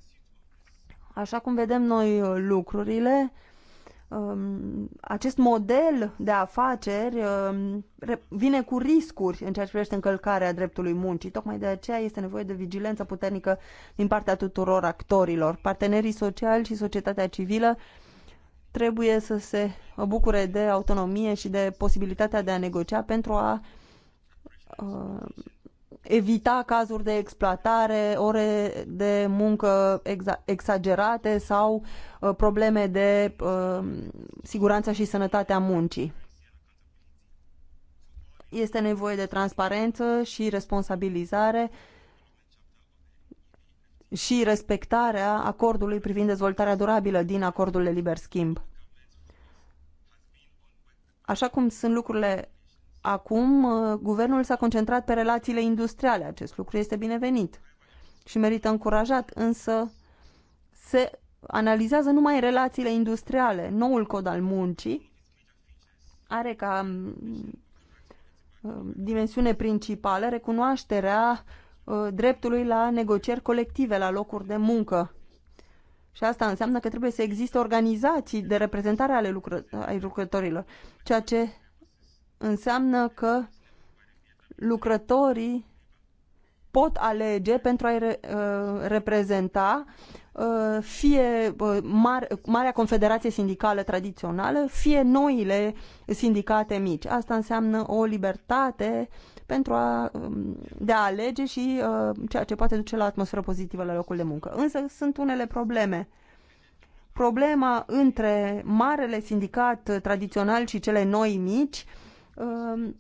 Așa cum vedem noi lucrurile, Um, acest model de afaceri um, vine cu riscuri în ceea ce privește încălcarea dreptului muncii. Tocmai de aceea este nevoie de vigilență puternică din partea tuturor actorilor. Partenerii sociali și societatea civilă trebuie să se bucure de autonomie și de posibilitatea de a negocia pentru a uh, evita cazuri de exploatare, ore de muncă exagerate sau uh, probleme de uh, siguranță și sănătatea muncii. Este nevoie de transparență și responsabilizare și respectarea acordului privind dezvoltarea durabilă din acordul de liber schimb. Așa cum sunt lucrurile Acum, uh, guvernul s-a concentrat pe relațiile industriale. Acest lucru este binevenit și merită încurajat, însă se analizează numai relațiile industriale. Noul cod al muncii are ca mm, mm, dimensiune principală recunoașterea uh, dreptului la negocieri colective, la locuri de muncă. Și asta înseamnă că trebuie să existe organizații de reprezentare ale lucră- ai lucrătorilor, ceea ce înseamnă că lucrătorii pot alege pentru a-i re, uh, reprezenta uh, fie uh, mar, Marea Confederație Sindicală Tradițională, fie noile sindicate mici. Asta înseamnă o libertate pentru a, um, de a alege și uh, ceea ce poate duce la atmosferă pozitivă la locul de muncă. Însă sunt unele probleme. Problema între marele sindicat tradițional și cele noi mici uh, Um,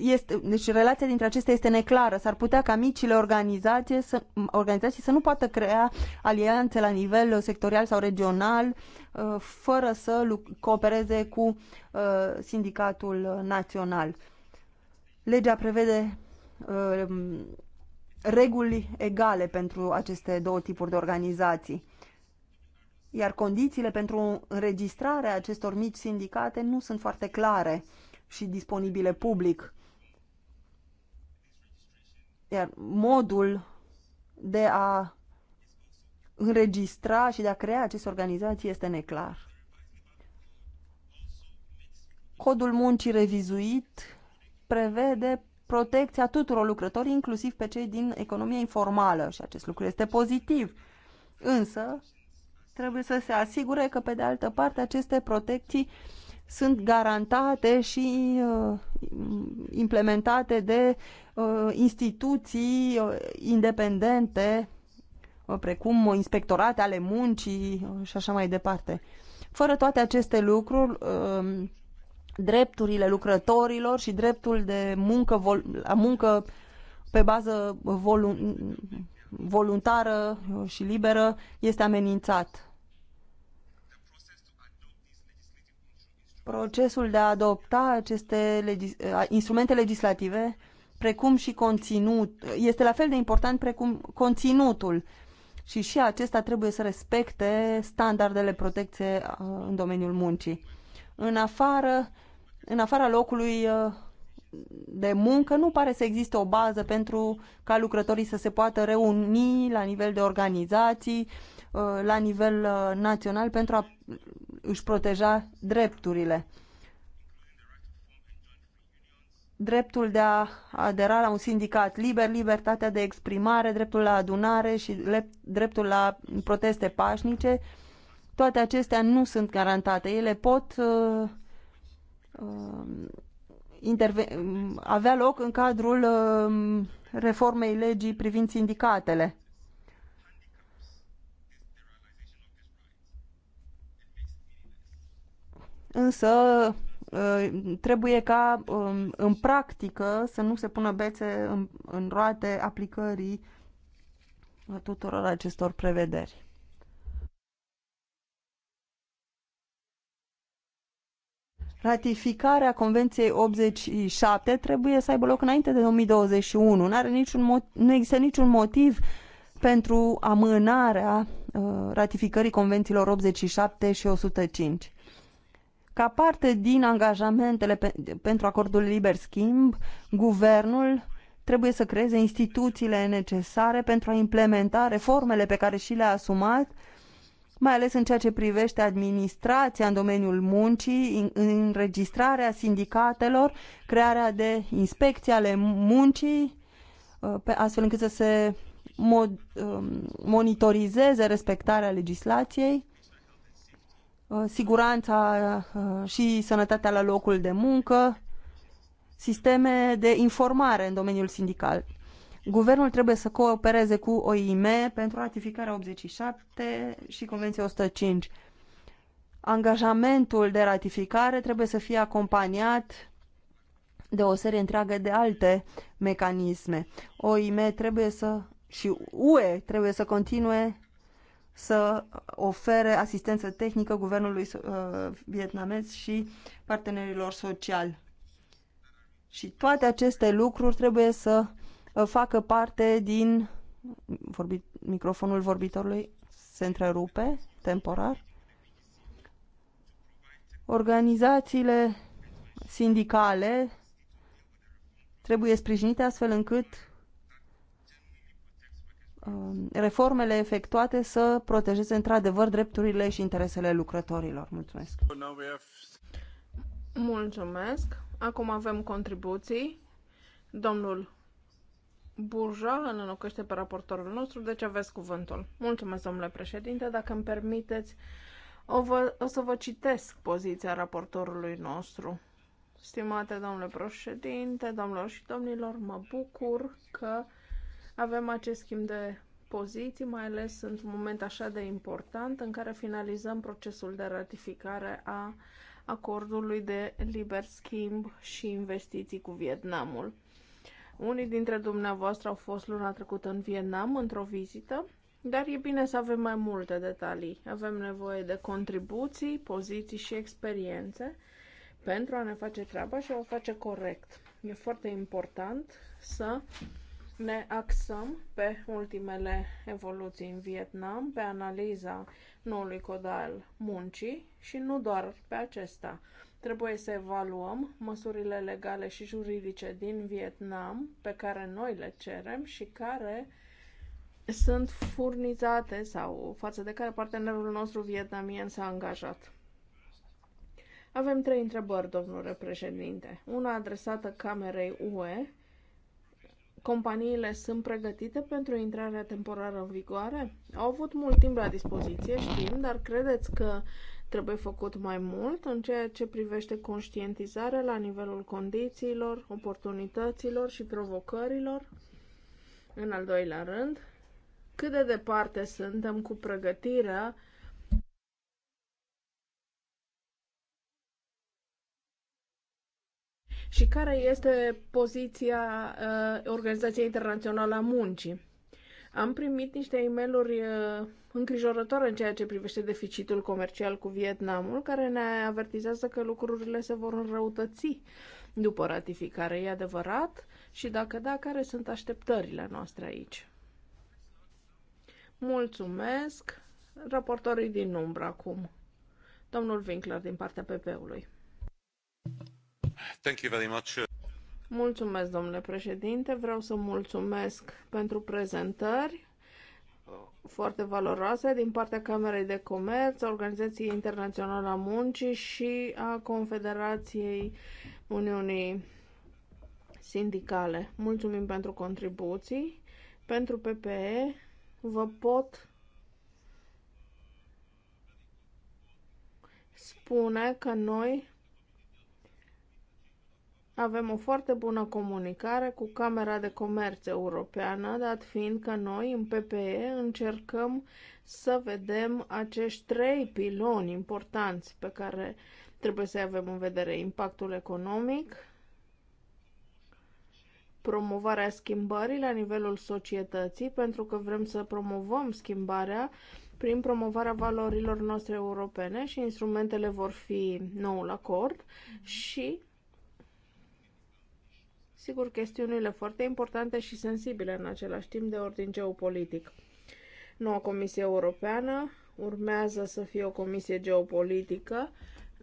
este, deci relația dintre acestea este neclară. S-ar putea ca micile organizații să, organizații să nu poată crea alianțe la nivel sectorial sau regional uh, fără să coopereze cu uh, sindicatul național. Legea prevede uh, reguli egale pentru aceste două tipuri de organizații iar condițiile pentru înregistrarea acestor mici sindicate nu sunt foarte clare și disponibile public. Iar modul de a înregistra și de a crea aceste organizații este neclar. Codul muncii revizuit prevede protecția tuturor lucrătorilor, inclusiv pe cei din economia informală și acest lucru este pozitiv. Însă, trebuie să se asigure că, pe de altă parte, aceste protecții sunt garantate și uh, implementate de uh, instituții uh, independente, uh, precum inspectorate ale muncii uh, și așa mai departe. Fără toate aceste lucruri, uh, drepturile lucrătorilor și dreptul de muncă, la muncă pe bază volu voluntară și liberă este amenințat Procesul de a adopta aceste legis instrumente legislative, precum și conținut, este la fel de important precum conținutul și și acesta trebuie să respecte standardele protecție în domeniul muncii. În afară, în afara locului de muncă nu pare să existe o bază pentru ca lucrătorii să se poată reuni la nivel de organizații, la nivel național pentru a își proteja drepturile. Dreptul de a adera la un sindicat liber, libertatea de exprimare, dreptul la adunare și dreptul la proteste pașnice, toate acestea nu sunt garantate. Ele pot uh, uh, avea loc în cadrul uh, reformei legii privind sindicatele. însă uh, trebuie ca um, în practică să nu se pună bețe în, în roate aplicării tuturor acestor prevederi. Ratificarea Convenției 87 trebuie să aibă loc înainte de 2021. N-are niciun nu există niciun motiv pentru amânarea uh, ratificării Convențiilor 87 și 105. Ca parte din angajamentele pe, pentru acordul liber schimb, guvernul trebuie să creeze instituțiile necesare pentru a implementa reformele pe care și le-a asumat, mai ales în ceea ce privește administrația în domeniul muncii, înregistrarea sindicatelor, crearea de inspecții ale muncii, uh, astfel încât să se um, monitorizeze respectarea legislației Uh, siguranța uh, și sănătatea la locul de muncă, sisteme de informare în domeniul sindical. Guvernul trebuie să coopereze cu OIM pentru ratificarea 87 și Convenția 105. Angajamentul de ratificare trebuie să fie acompaniat de o serie întreagă de alte mecanisme. OIM trebuie să și UE trebuie să continue să ofere asistență tehnică guvernului uh, vietnamez și partenerilor sociali. Și toate aceste lucruri trebuie să uh, facă parte din vorbit, microfonul vorbitorului se întrerupe temporar. Organizațiile sindicale trebuie sprijinite astfel încât Um, reformele efectuate să protejeze într-adevăr drepturile și interesele lucrătorilor. Mulțumesc! Mulțumesc! Acum avem contribuții. Domnul Burja îl înlocuiește pe raportorul nostru, deci aveți cuvântul. Mulțumesc, domnule președinte, dacă îmi permiteți, o, vă, o să vă citesc poziția raportorului nostru. Stimate domnule președinte, domnilor și domnilor, mă bucur că avem acest schimb de poziții, mai ales într-un moment așa de important în care finalizăm procesul de ratificare a acordului de liber schimb și investiții cu Vietnamul. Unii dintre dumneavoastră au fost luna trecută în Vietnam într-o vizită, dar e bine să avem mai multe detalii. Avem nevoie de contribuții, poziții și experiențe pentru a ne face treaba și a o face corect. E foarte important să ne axăm pe ultimele evoluții în Vietnam, pe analiza noului cod al muncii și nu doar pe acesta. Trebuie să evaluăm măsurile legale și juridice din Vietnam pe care noi le cerem și care sunt furnizate sau față de care partenerul nostru vietnamien s-a angajat. Avem trei întrebări, domnule președinte. Una adresată Camerei UE, companiile sunt pregătite pentru intrarea temporară în vigoare? Au avut mult timp la dispoziție, știm, dar credeți că trebuie făcut mai mult în ceea ce privește conștientizarea la nivelul condițiilor, oportunităților și provocărilor? În al doilea rând, cât de departe suntem cu pregătirea și care este poziția uh, Organizației Internaționale a Muncii. Am primit niște e mail uh, îngrijorătoare în ceea ce privește deficitul comercial cu Vietnamul, care ne avertizează că lucrurile se vor înrăutăți după ratificare. E adevărat? Și dacă da, care sunt așteptările noastre aici? Mulțumesc raportorii din umbră acum. Domnul Winkler din partea PP-ului. Thank you very much. Mulțumesc, domnule președinte. Vreau să mulțumesc pentru prezentări foarte valoroase din partea Camerei de Comerț, Organizației Internaționale a Muncii și a Confederației Uniunii Sindicale. Mulțumim pentru contribuții. Pentru PPE vă pot spune că noi avem o foarte bună comunicare cu Camera de Comerț Europeană, dat fiind că noi în PPE încercăm să vedem acești trei piloni importanți pe care trebuie să avem în vedere impactul economic, promovarea schimbării la nivelul societății, pentru că vrem să promovăm schimbarea prin promovarea valorilor noastre europene și instrumentele vor fi noul acord și Sigur, chestiunile foarte importante și sensibile în același timp de ordin geopolitic. Noua Comisie Europeană urmează să fie o comisie geopolitică.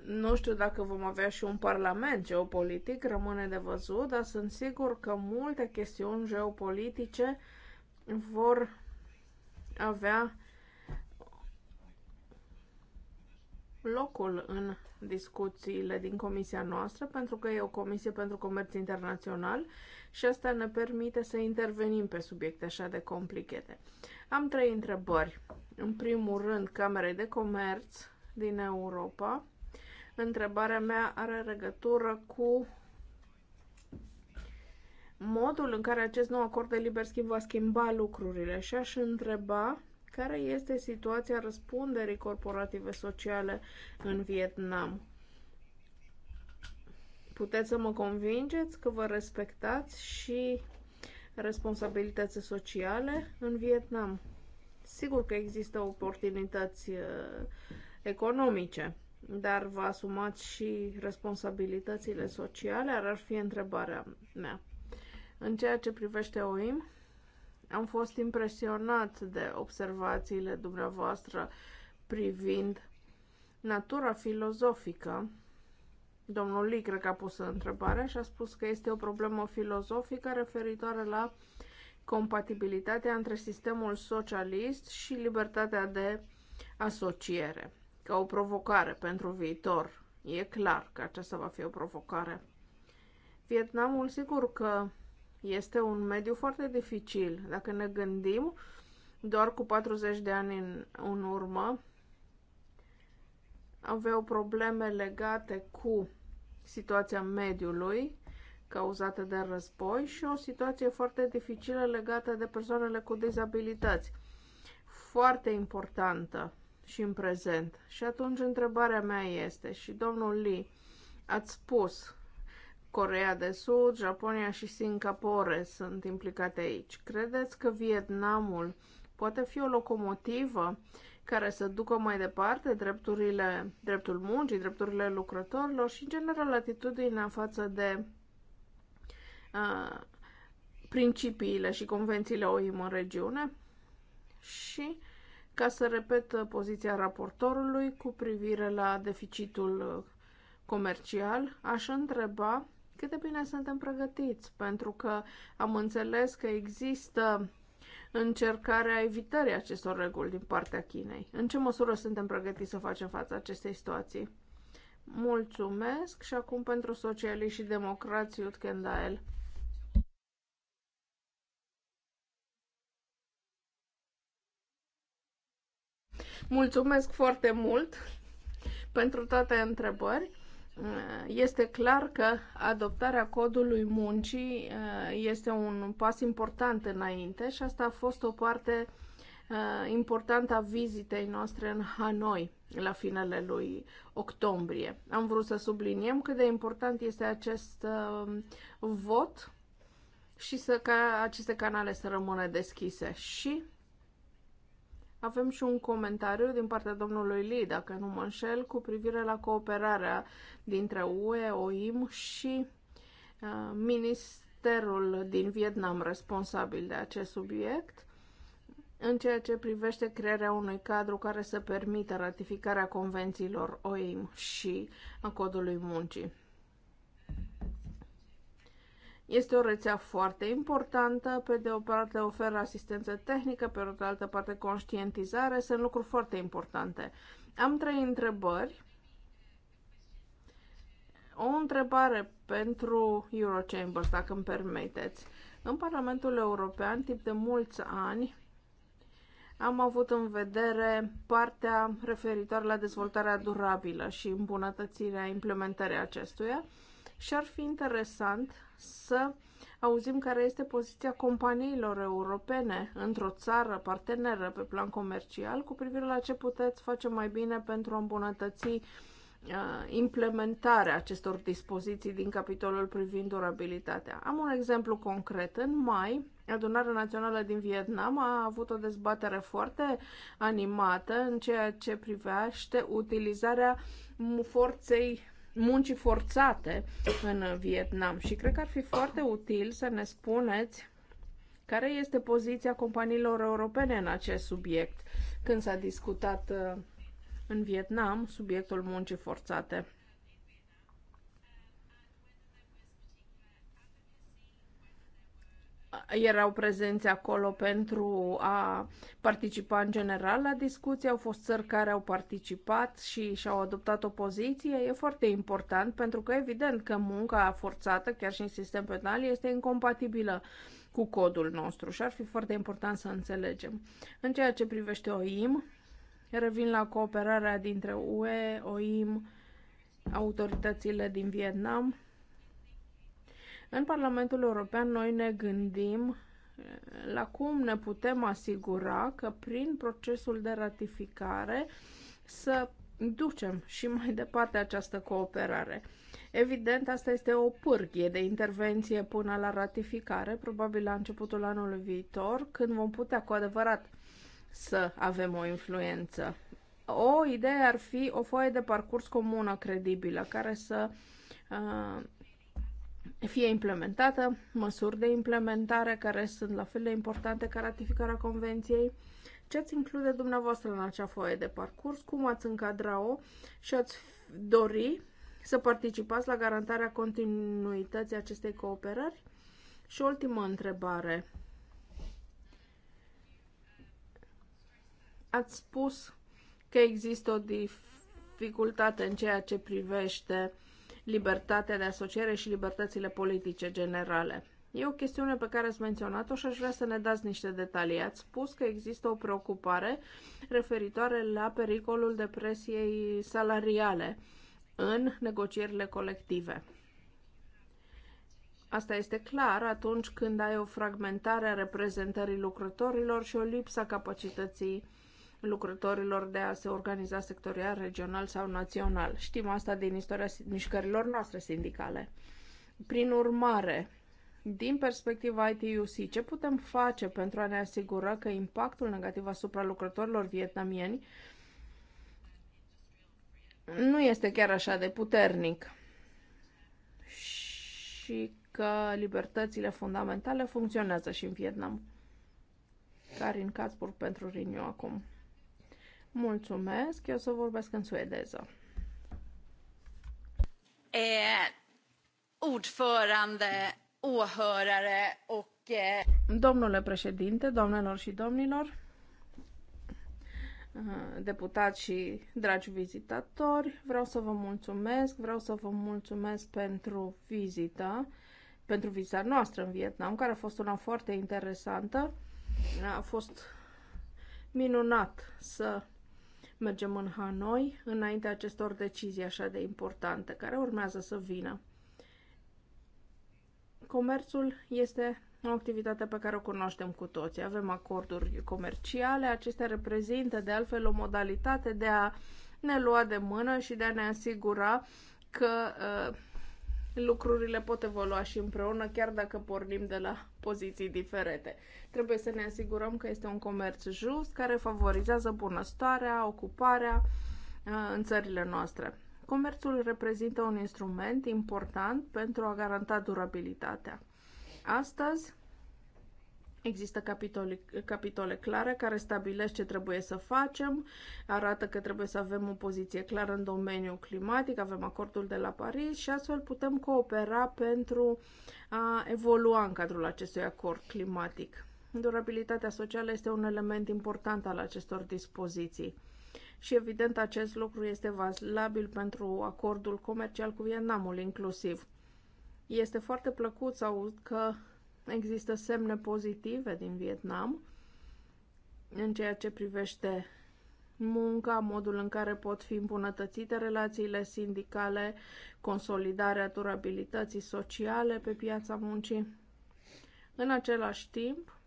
Nu știu dacă vom avea și un parlament geopolitic, rămâne de văzut, dar sunt sigur că multe chestiuni geopolitice vor avea locul în discuțiile din comisia noastră, pentru că e o comisie pentru comerț internațional și asta ne permite să intervenim pe subiecte așa de complicate. Am trei întrebări. În primul rând, Camerei de Comerț din Europa. Întrebarea mea are legătură cu modul în care acest nou acord de liber schimb va schimba lucrurile și aș întreba care este situația răspunderii corporative sociale în Vietnam? Puteți să mă convingeți că vă respectați și responsabilități sociale în Vietnam? Sigur că există oportunități uh, economice, dar vă asumați și responsabilitățile sociale? Ar fi întrebarea mea. În ceea ce privește OIM, am fost impresionat de observațiile dumneavoastră privind natura filozofică. Domnul Lee cred că a pus întrebarea și a spus că este o problemă filozofică referitoare la compatibilitatea între sistemul socialist și libertatea de asociere, ca o provocare pentru viitor. E clar că aceasta va fi o provocare. Vietnamul sigur că este un mediu foarte dificil. Dacă ne gândim, doar cu 40 de ani în, în urmă, aveau probleme legate cu situația mediului cauzată de război și o situație foarte dificilă legată de persoanele cu dizabilități. Foarte importantă și în prezent. Și atunci întrebarea mea este, și domnul Lee, ați spus Corea de Sud, Japonia și Singapore sunt implicate aici. Credeți că Vietnamul poate fi o locomotivă care să ducă mai departe drepturile, dreptul muncii, drepturile lucrătorilor și, în general, atitudinea față de uh, principiile și convențiile OIM în regiune? Și, ca să repet poziția raportorului cu privire la deficitul comercial, aș întreba cât de bine suntem pregătiți, pentru că am înțeles că există încercarea evitării acestor reguli din partea Chinei. În ce măsură suntem pregătiți să facem față acestei situații? Mulțumesc și acum pentru socialiști și democrați Iud Dael. Mulțumesc foarte mult pentru toate întrebări. Mm, este clar că adoptarea codului muncii uh, este un pas important înainte și asta a fost o parte uh, importantă a vizitei noastre în Hanoi la finele lui octombrie. Am vrut să subliniem cât de important este acest uh, vot și să, ca aceste canale să rămână deschise. Și avem și un comentariu din partea domnului Lee, dacă nu mă înșel, cu privire la cooperarea dintre UE, OIM și uh, Ministerul din Vietnam responsabil de acest subiect în ceea ce privește crearea unui cadru care să permită ratificarea convențiilor OIM și a codului muncii. Este o rețea foarte importantă, pe de o parte oferă asistență tehnică, pe de altă parte conștientizare, sunt lucruri foarte importante. Am trei întrebări. O întrebare pentru Eurochambers, dacă îmi permiteți. În Parlamentul European, timp de mulți ani, am avut în vedere partea referitoare la dezvoltarea durabilă și îmbunătățirea implementării acestuia și ar fi interesant să auzim care este poziția companiilor europene într-o țară parteneră pe plan comercial cu privire la ce puteți face mai bine pentru a îmbunătăți uh, implementarea acestor dispoziții din capitolul privind durabilitatea. Am un exemplu concret. În mai, Adunarea Națională din Vietnam a avut o dezbatere foarte animată în ceea ce privește utilizarea forței muncii forțate în Vietnam și cred că ar fi foarte util să ne spuneți care este poziția companiilor europene în acest subiect când s-a discutat uh, în Vietnam subiectul muncii forțate. erau prezenți acolo pentru a participa în general la discuții, au fost țări care au participat și și-au adoptat o poziție. E foarte important pentru că evident că munca forțată, chiar și în sistem penal, este incompatibilă cu codul nostru și ar fi foarte important să înțelegem. În ceea ce privește OIM, revin la cooperarea dintre UE, OIM, autoritățile din Vietnam, în Parlamentul European noi ne gândim eh, la cum ne putem asigura că prin procesul de ratificare să ducem și mai departe această cooperare. Evident, asta este o pârghie de intervenție până la ratificare, probabil la începutul anului viitor, când vom putea cu adevărat să avem o influență. O idee ar fi o foaie de parcurs comună credibilă, care să uh, fie implementată, măsuri de implementare care sunt la fel de importante ca ratificarea convenției, ce ați include dumneavoastră în acea foaie de parcurs, cum ați încadra-o și ați dori să participați la garantarea continuității acestei cooperări? Și ultimă întrebare. Ați spus că există o dificultate în ceea ce privește libertatea de asociere și libertățile politice generale. E o chestiune pe care ați menționat-o și aș vrea să ne dați niște detalii. Ați spus că există o preocupare referitoare la pericolul depresiei salariale în negocierile colective. Asta este clar atunci când ai o fragmentare a reprezentării lucrătorilor și o a capacității lucrătorilor de a se organiza sectorial, regional sau național. Știm asta din istoria mișcărilor noastre sindicale. Prin urmare, din perspectiva ITUC, ce putem face pentru a ne asigura că impactul negativ asupra lucrătorilor vietnamieni nu este chiar așa de puternic și că libertățile fundamentale funcționează și în Vietnam? Karin Katzburg pentru Riniu acum. Mulțumesc, eu să vorbesc în suedeză. Eh, ordförande, åhörare och... Eh, Domnule președinte, doamnelor și domnilor, eh, deputați și dragi vizitatori, vreau să vă mulțumesc, vreau să vă mulțumesc pentru vizită, pentru vizita noastră în Vietnam, care a fost una foarte interesantă. A fost minunat să Mergem în Hanoi înaintea acestor decizii așa de importante care urmează să vină. Comerțul este o activitate pe care o cunoaștem cu toții. Avem acorduri comerciale, acestea reprezintă de altfel o modalitate de a ne lua de mână și de a ne asigura că uh, lucrurile pot evolua și împreună, chiar dacă pornim de la poziții diferite. Trebuie să ne asigurăm că este un comerț just care favorizează bunăstarea, ocuparea uh, în țările noastre. Comerțul reprezintă un instrument important pentru a garanta durabilitatea. Astăzi, Există capitole, capitole clare care stabilesc ce trebuie să facem, arată că trebuie să avem o poziție clară în domeniul climatic, avem acordul de la Paris și astfel putem coopera pentru a evolua în cadrul acestui acord climatic. Durabilitatea socială este un element important al acestor dispoziții. Și evident acest lucru este valabil pentru acordul comercial cu Vietnamul inclusiv. Este foarte plăcut să aud că Există semne pozitive din Vietnam în ceea ce privește munca, modul în care pot fi îmbunătățite relațiile sindicale, consolidarea durabilității sociale pe piața muncii. În același timp,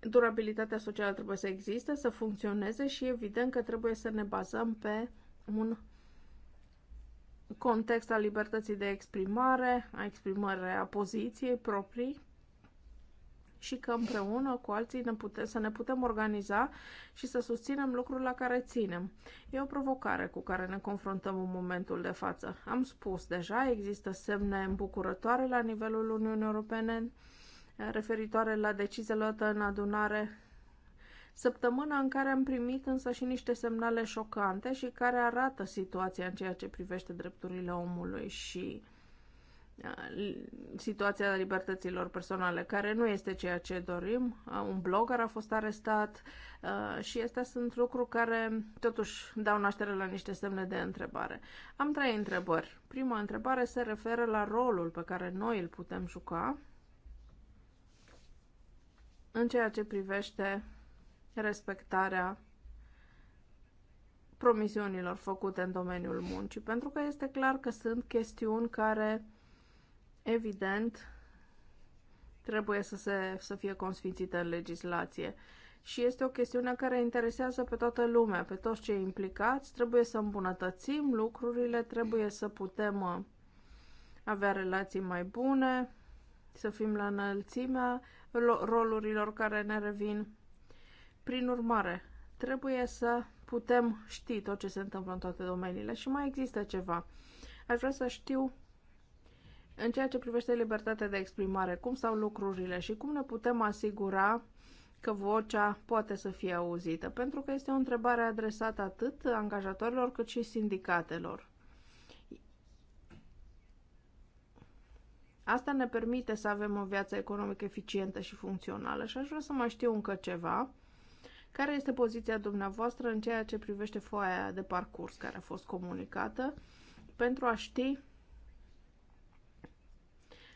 durabilitatea socială trebuie să existe, să funcționeze și evident că trebuie să ne bazăm pe un context al libertății de exprimare, a exprimării a poziției proprii și că împreună cu alții ne putem, să ne putem organiza și să susținem lucrul la care ținem. E o provocare cu care ne confruntăm în momentul de față. Am spus deja, există semne îmbucurătoare la nivelul Uniunii Europene referitoare la deciziile luate în adunare Săptămâna în care am primit însă și niște semnale șocante și care arată situația în ceea ce privește drepturile omului și uh, situația libertăților personale, care nu este ceea ce dorim. Uh, un blogger a fost arestat uh, și astea sunt lucruri care totuși dau naștere la niște semne de întrebare. Am trei întrebări. Prima întrebare se referă la rolul pe care noi îl putem juca în ceea ce privește respectarea promisiunilor făcute în domeniul muncii, pentru că este clar că sunt chestiuni care, evident, trebuie să, se, să fie consfințite în legislație. Și este o chestiune care interesează pe toată lumea, pe toți cei implicați. Trebuie să îmbunătățim lucrurile, trebuie să putem uh, avea relații mai bune, să fim la înălțimea rolurilor care ne revin. Prin urmare, trebuie să putem ști tot ce se întâmplă în toate domeniile și mai există ceva. Aș vrea să știu în ceea ce privește libertatea de exprimare, cum stau lucrurile și cum ne putem asigura că vocea poate să fie auzită, pentru că este o întrebare adresată atât angajatorilor cât și sindicatelor. Asta ne permite să avem o viață economică eficientă și funcțională și aș vrea să mai știu încă ceva. Care este poziția dumneavoastră în ceea ce privește foaia de parcurs care a fost comunicată pentru a ști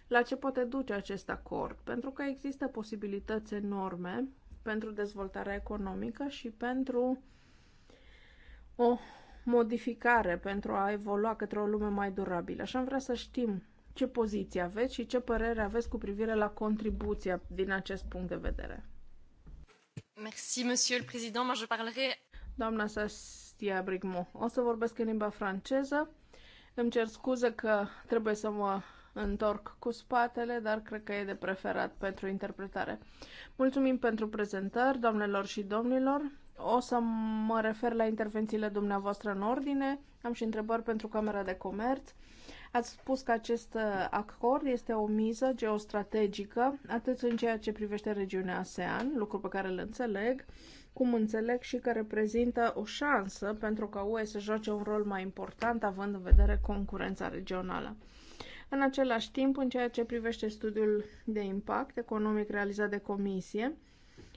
la ce poate duce acest acord? Pentru că există posibilități enorme pentru dezvoltarea economică și pentru o modificare, pentru a evolua către o lume mai durabilă. Așa am vrea să știm ce poziție aveți și ce părere aveți cu privire la contribuția din acest punct de vedere. Merci, monsieur le président. Moi, je parlerai... Doamna Sastia Brigmo, o să vorbesc în limba franceză. Îmi cer scuze că trebuie să mă întorc cu spatele, dar cred că e de preferat pentru interpretare. Mulțumim pentru prezentări, doamnelor și domnilor. O să mă refer la intervențiile dumneavoastră în ordine. Am și întrebări pentru Camera de Comerț. Ați spus că acest uh, acord este o miză geostrategică, atât în ceea ce privește regiunea ASEAN, lucru pe care îl înțeleg, cum înțeleg și că reprezintă o șansă pentru ca UE să joace un rol mai important, având în vedere concurența regională. În același timp, în ceea ce privește studiul de impact economic realizat de comisie,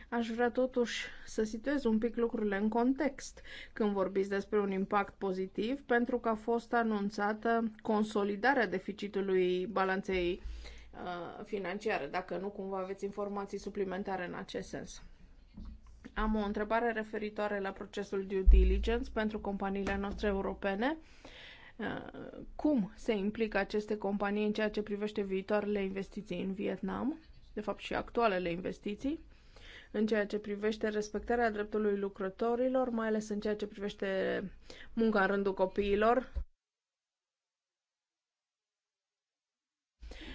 Aș vrea totuși să situez un pic lucrurile în context când vorbiți despre un impact pozitiv, pentru că a fost anunțată consolidarea deficitului balanței uh, financiare, dacă nu cumva aveți informații suplimentare în acest sens. Am o întrebare referitoare la procesul due diligence pentru companiile noastre europene. Uh, cum se implică aceste companii în ceea ce privește viitoarele investiții în Vietnam, de fapt și actualele investiții? în ceea ce privește respectarea dreptului lucrătorilor, mai ales în ceea ce privește munca în rândul copiilor.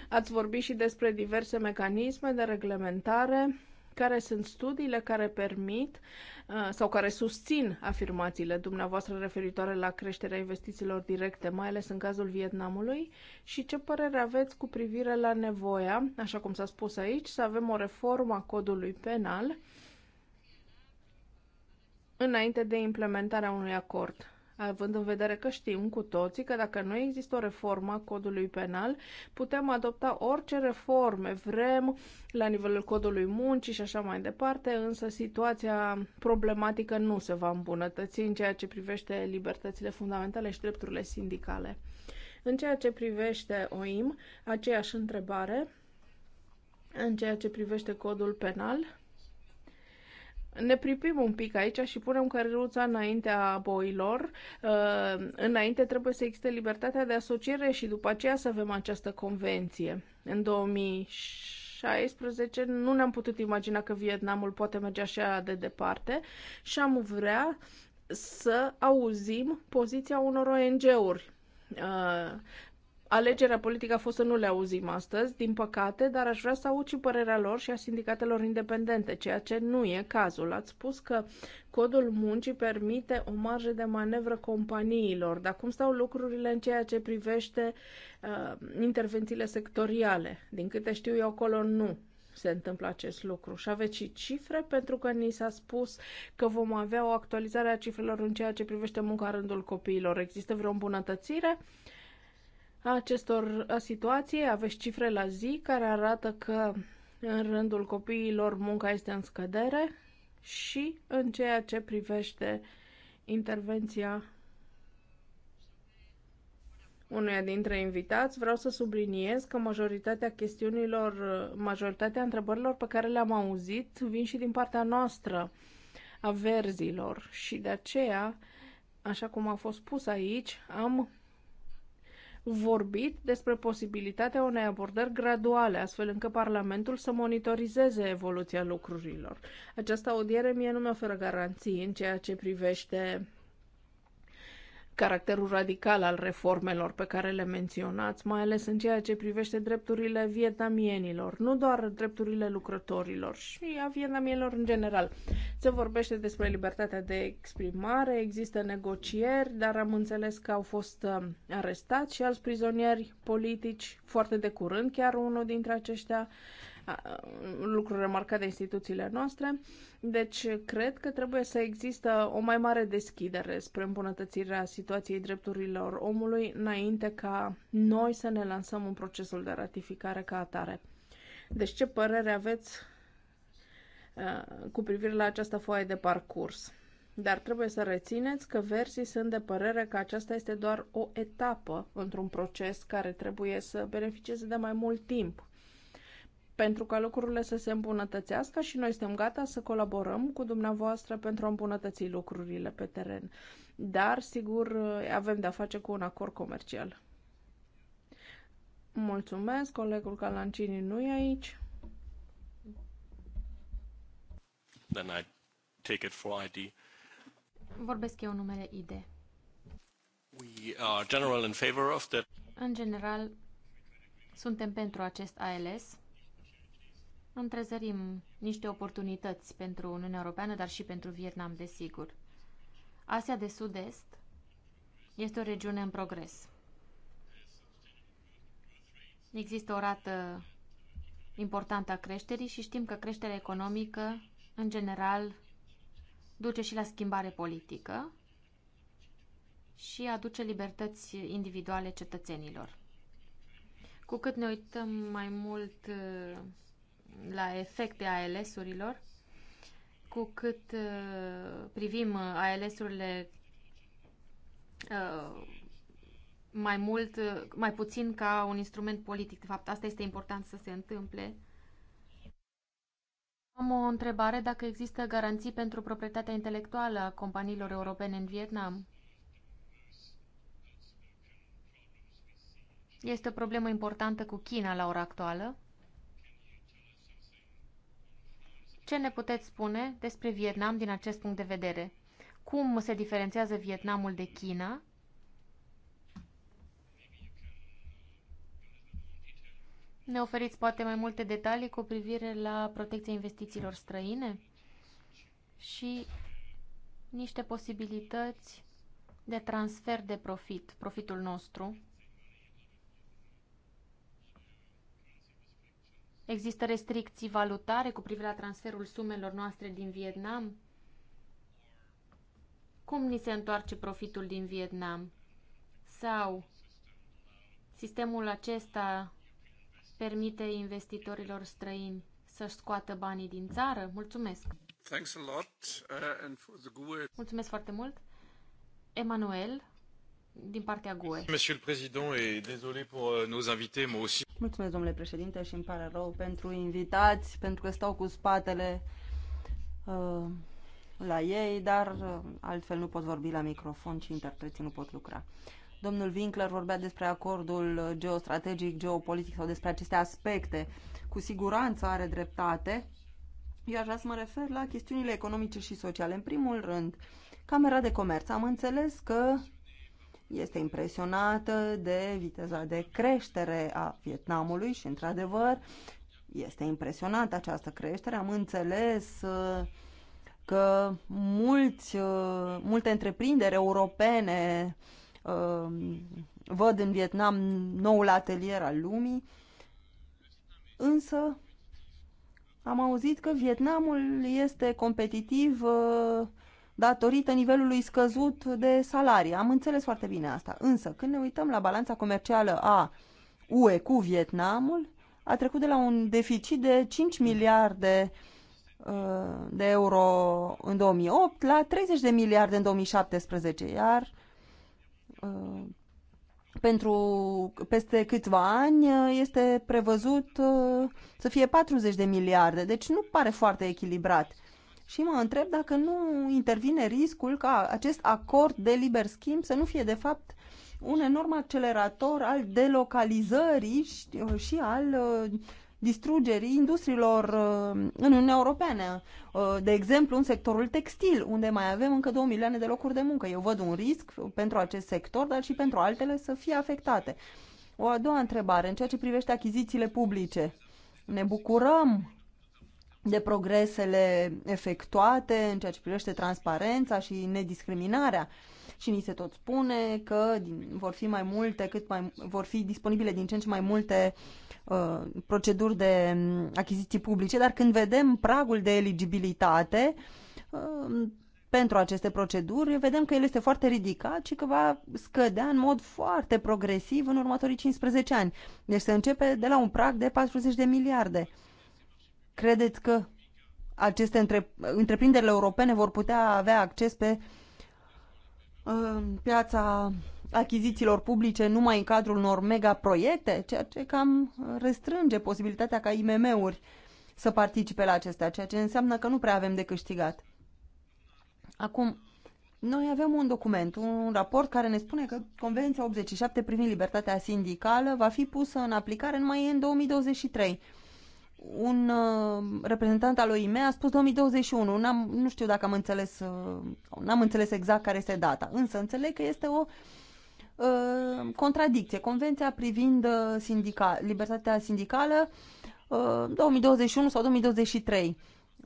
Ați vorbit și despre diverse mecanisme de reglementare care sunt studiile care permit uh, sau care susțin afirmațiile dumneavoastră referitoare la creșterea investițiilor directe, mai ales în cazul Vietnamului, și ce părere aveți cu privire la nevoia, așa cum s-a spus aici, să avem o reformă a codului penal înainte de implementarea unui acord având în vedere că știm cu toții că dacă nu există o reformă a codului penal, putem adopta orice reforme vrem la nivelul codului muncii și așa mai departe, însă situația problematică nu se va îmbunătăți în ceea ce privește libertățile fundamentale și drepturile sindicale. În ceea ce privește OIM, aceeași întrebare. În ceea ce privește codul penal, ne pripim un pic aici și punem căruța înaintea boilor. Uh, înainte trebuie să existe libertatea de asociere și după aceea să avem această convenție. În 2016 nu ne-am putut imagina că Vietnamul poate merge așa de departe și am vrea să auzim poziția unor ONG-uri uh, Alegerea politică a fost să nu le auzim astăzi, din păcate, dar aș vrea să aud și părerea lor și a sindicatelor independente, ceea ce nu e cazul. Ați spus că codul muncii permite o marjă de manevră companiilor, dar cum stau lucrurile în ceea ce privește uh, intervențiile sectoriale? Din câte știu eu, acolo nu se întâmplă acest lucru. Și aveți și cifre, pentru că ni s-a spus că vom avea o actualizare a cifrelor în ceea ce privește munca în rândul copiilor. Există vreo îmbunătățire? Uh, a acestor situații. Aveți cifre la zi care arată că în rândul copiilor munca este în scădere și în ceea ce privește intervenția unuia dintre invitați, vreau să subliniez că majoritatea chestiunilor, majoritatea întrebărilor pe care le-am auzit vin și din partea noastră a verzilor și de aceea, așa cum a fost pus aici, am vorbit despre posibilitatea unei abordări graduale, astfel încât Parlamentul să monitorizeze evoluția lucrurilor. Această audiere mie nu mi oferă garanții în ceea ce privește caracterul radical al reformelor pe care le menționați, mai ales în ceea ce privește drepturile vietnamienilor, nu doar drepturile lucrătorilor și a vietnamienilor în general. Se vorbește despre libertatea de exprimare, există negocieri, dar am înțeles că au fost uh, arestați și alți prizonieri politici foarte de curând, chiar unul dintre aceștia un lucru remarcat de instituțiile noastre. Deci, cred că trebuie să există o mai mare deschidere spre îmbunătățirea situației drepturilor omului înainte ca noi să ne lansăm în procesul de ratificare ca atare. Deci, ce părere aveți uh, cu privire la această foaie de parcurs? Dar trebuie să rețineți că versii sunt de părere că aceasta este doar o etapă într-un proces care trebuie să beneficieze de mai mult timp pentru ca lucrurile să se îmbunătățească și noi suntem gata să colaborăm cu dumneavoastră pentru a îmbunătăți lucrurile pe teren. Dar, sigur, avem de-a face cu un acord comercial. Mulțumesc, colegul Calancini nu e aici. Then I take it for ID. Vorbesc eu numele ID. We are general in favor of that. În general, suntem pentru acest ALS întrezărim niște oportunități pentru Uniunea Europeană, dar și pentru Vietnam, desigur. Asia de Sud-Est este o regiune în progres. Există o rată importantă a creșterii și știm că creșterea economică, în general, duce și la schimbare politică și aduce libertăți individuale cetățenilor. Cu cât ne uităm mai mult la efecte ALS-urilor, cu cât uh, privim uh, ALS-urile uh, mai mult, mai puțin ca un instrument politic. De fapt, asta este important să se întâmple. Am o întrebare dacă există garanții pentru proprietatea intelectuală a companiilor europene în Vietnam. Este o problemă importantă cu China la ora actuală. Ce ne puteți spune despre Vietnam din acest punct de vedere? Cum se diferențiază Vietnamul de China? Ne oferiți poate mai multe detalii cu privire la protecția investițiilor străine și niște posibilități de transfer de profit, profitul nostru, Există restricții valutare cu privire la transferul sumelor noastre din Vietnam? Cum ni se întoarce profitul din Vietnam? Sau sistemul acesta permite investitorilor străini să-și scoată banii din țară? Mulțumesc! Uh, Mulțumesc foarte mult! Emanuel, din partea GUE. Monsieur le Président, et désolé pour euh, nos invités, moi aussi. Mulțumesc, domnule președinte, și îmi pare rău pentru invitați, pentru că stau cu spatele uh, la ei, dar uh, altfel nu pot vorbi la microfon și interpreții nu pot lucra. Domnul Winkler vorbea despre acordul geostrategic, geopolitic sau despre aceste aspecte. Cu siguranță are dreptate. Eu aș vrea să mă refer la chestiunile economice și sociale. În primul rând, Camera de Comerț. Am înțeles că este impresionată de viteza de creștere a Vietnamului și, într-adevăr, este impresionată această creștere. Am înțeles uh, că mulți, uh, multe întreprinderi europene uh, văd în Vietnam noul atelier al lumii, însă am auzit că Vietnamul este competitiv datorită nivelului scăzut de salarii. Am înțeles foarte bine asta. Însă, când ne uităm la balanța comercială a UE cu Vietnamul, a trecut de la un deficit de 5 miliarde uh, de euro în 2008 la 30 de miliarde în 2017, iar uh, pentru peste câțiva ani uh, este prevăzut să fie 40 de miliarde, deci nu pare foarte echilibrat și mă întreb dacă nu intervine riscul ca acest acord de liber schimb să nu fie de fapt un enorm accelerator al delocalizării și, uh, și al uh, distrugerii industriilor uh, în Uniunea Europeană. Uh, de exemplu, în sectorul textil, unde mai avem încă 2 milioane de locuri de muncă. Eu văd un risc pentru acest sector, dar și pentru altele să fie afectate. O a doua întrebare, în ceea ce privește achizițiile publice. Ne bucurăm de progresele efectuate în ceea ce privește transparența și nediscriminarea. Și ni se tot spune că vor fi mai multe, cât mai vor fi disponibile din ce în ce mai multe uh, proceduri de mm, achiziții publice, dar când vedem pragul de eligibilitate uh, pentru aceste proceduri, vedem că el este foarte ridicat și că va scădea în mod foarte progresiv în următorii 15 ani. Deci se începe de la un prag de 40 de miliarde. Uh, Credeți că aceste între, întreprinderile europene vor putea avea acces pe uh, piața achizițiilor publice numai în cadrul unor megaproiecte, ceea ce cam restrânge posibilitatea ca IMM-uri să participe la acestea, ceea ce înseamnă că nu prea avem de câștigat. Acum, noi avem un document, un raport care ne spune că Convenția 87 privind libertatea sindicală va fi pusă în aplicare numai în 2023 un uh, reprezentant al OIM a spus 2021. N-am, nu știu dacă am înțeles, uh, n-am înțeles exact care este data, însă înțeleg că este o uh, contradicție. Convenția privind uh, sindica, libertatea sindicală uh, 2021 sau 2023.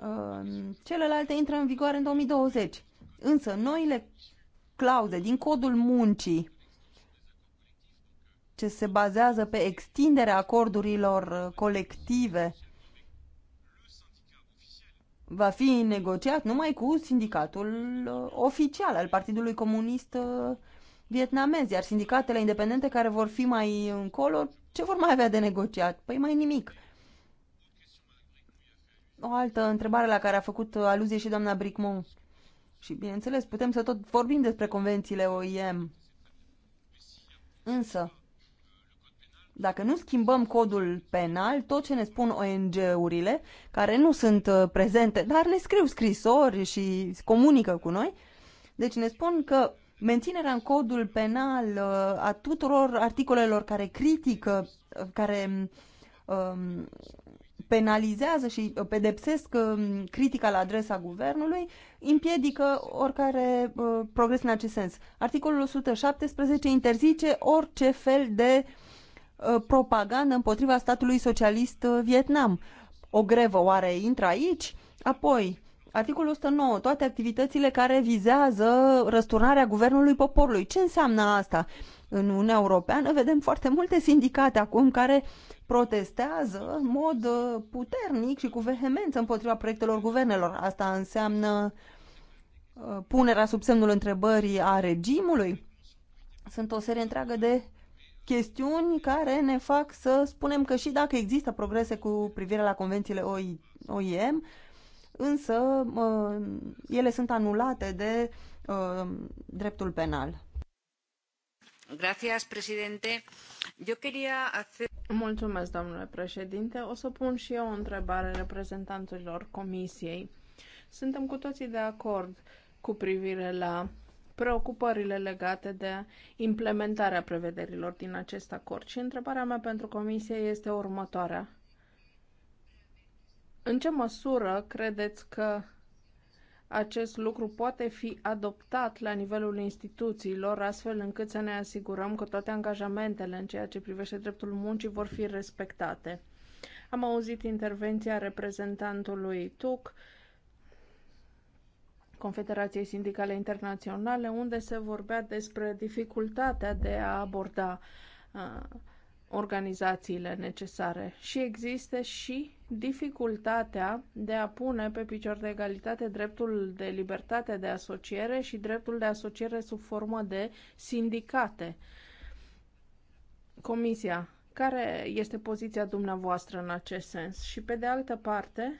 Uh, celelalte intră în vigoare în 2020. Însă noile clauze din codul muncii ce se bazează pe extinderea acordurilor uh, colective va fi negociat numai cu sindicatul uh, oficial al Partidului Comunist uh, vietnamez, iar sindicatele independente care vor fi mai încolo, ce vor mai avea de negociat? Păi mai nimic. O altă întrebare la care a făcut uh, aluzie și doamna Bricmont. Și bineînțeles, putem să tot vorbim despre convențiile OIM. Însă, dacă nu schimbăm codul penal, tot ce ne spun ONG-urile, care nu sunt uh, prezente, dar ne scriu scrisori și comunică cu noi, deci ne spun că menținerea în codul penal uh, a tuturor articolelor care critică, uh, care um, penalizează și pedepsesc um, critica la adresa guvernului, împiedică oricare uh, progres în acest sens. Articolul 117 interzice orice fel de uh, Uh, propagandă împotriva statului socialist uh, Vietnam. O grevă oare intră aici? Apoi, articolul 109, toate activitățile care vizează răsturnarea guvernului poporului. Ce înseamnă asta? În Uniunea Europeană vedem foarte multe sindicate acum care protestează în mod uh, puternic și cu vehemență împotriva proiectelor guvernelor. Asta înseamnă punerea sub semnul întrebării a regimului. Sunt o serie întreagă de chestiuni care ne fac să spunem că și dacă există progrese cu privire la convențiile OIM, însă uh, ele sunt anulate de uh, dreptul penal. Gracias, presidente. Yo quería hacer... Mulțumesc, domnule președinte. O să pun și eu o întrebare reprezentanților comisiei. Suntem cu toții de acord cu privire la preocupările legate de implementarea prevederilor din acest acord. Și întrebarea mea pentru Comisie este următoarea. În ce măsură credeți că acest lucru poate fi adoptat la nivelul instituțiilor, astfel încât să ne asigurăm că toate angajamentele în ceea ce privește dreptul muncii vor fi respectate? Am auzit intervenția reprezentantului TUC Confederației Sindicale Internaționale, unde se vorbea despre dificultatea de a aborda uh, organizațiile necesare și există și dificultatea de a pune pe picior de egalitate dreptul de libertate de asociere și dreptul de asociere sub formă de sindicate. Comisia, care este poziția dumneavoastră în acest sens? Și pe de altă parte,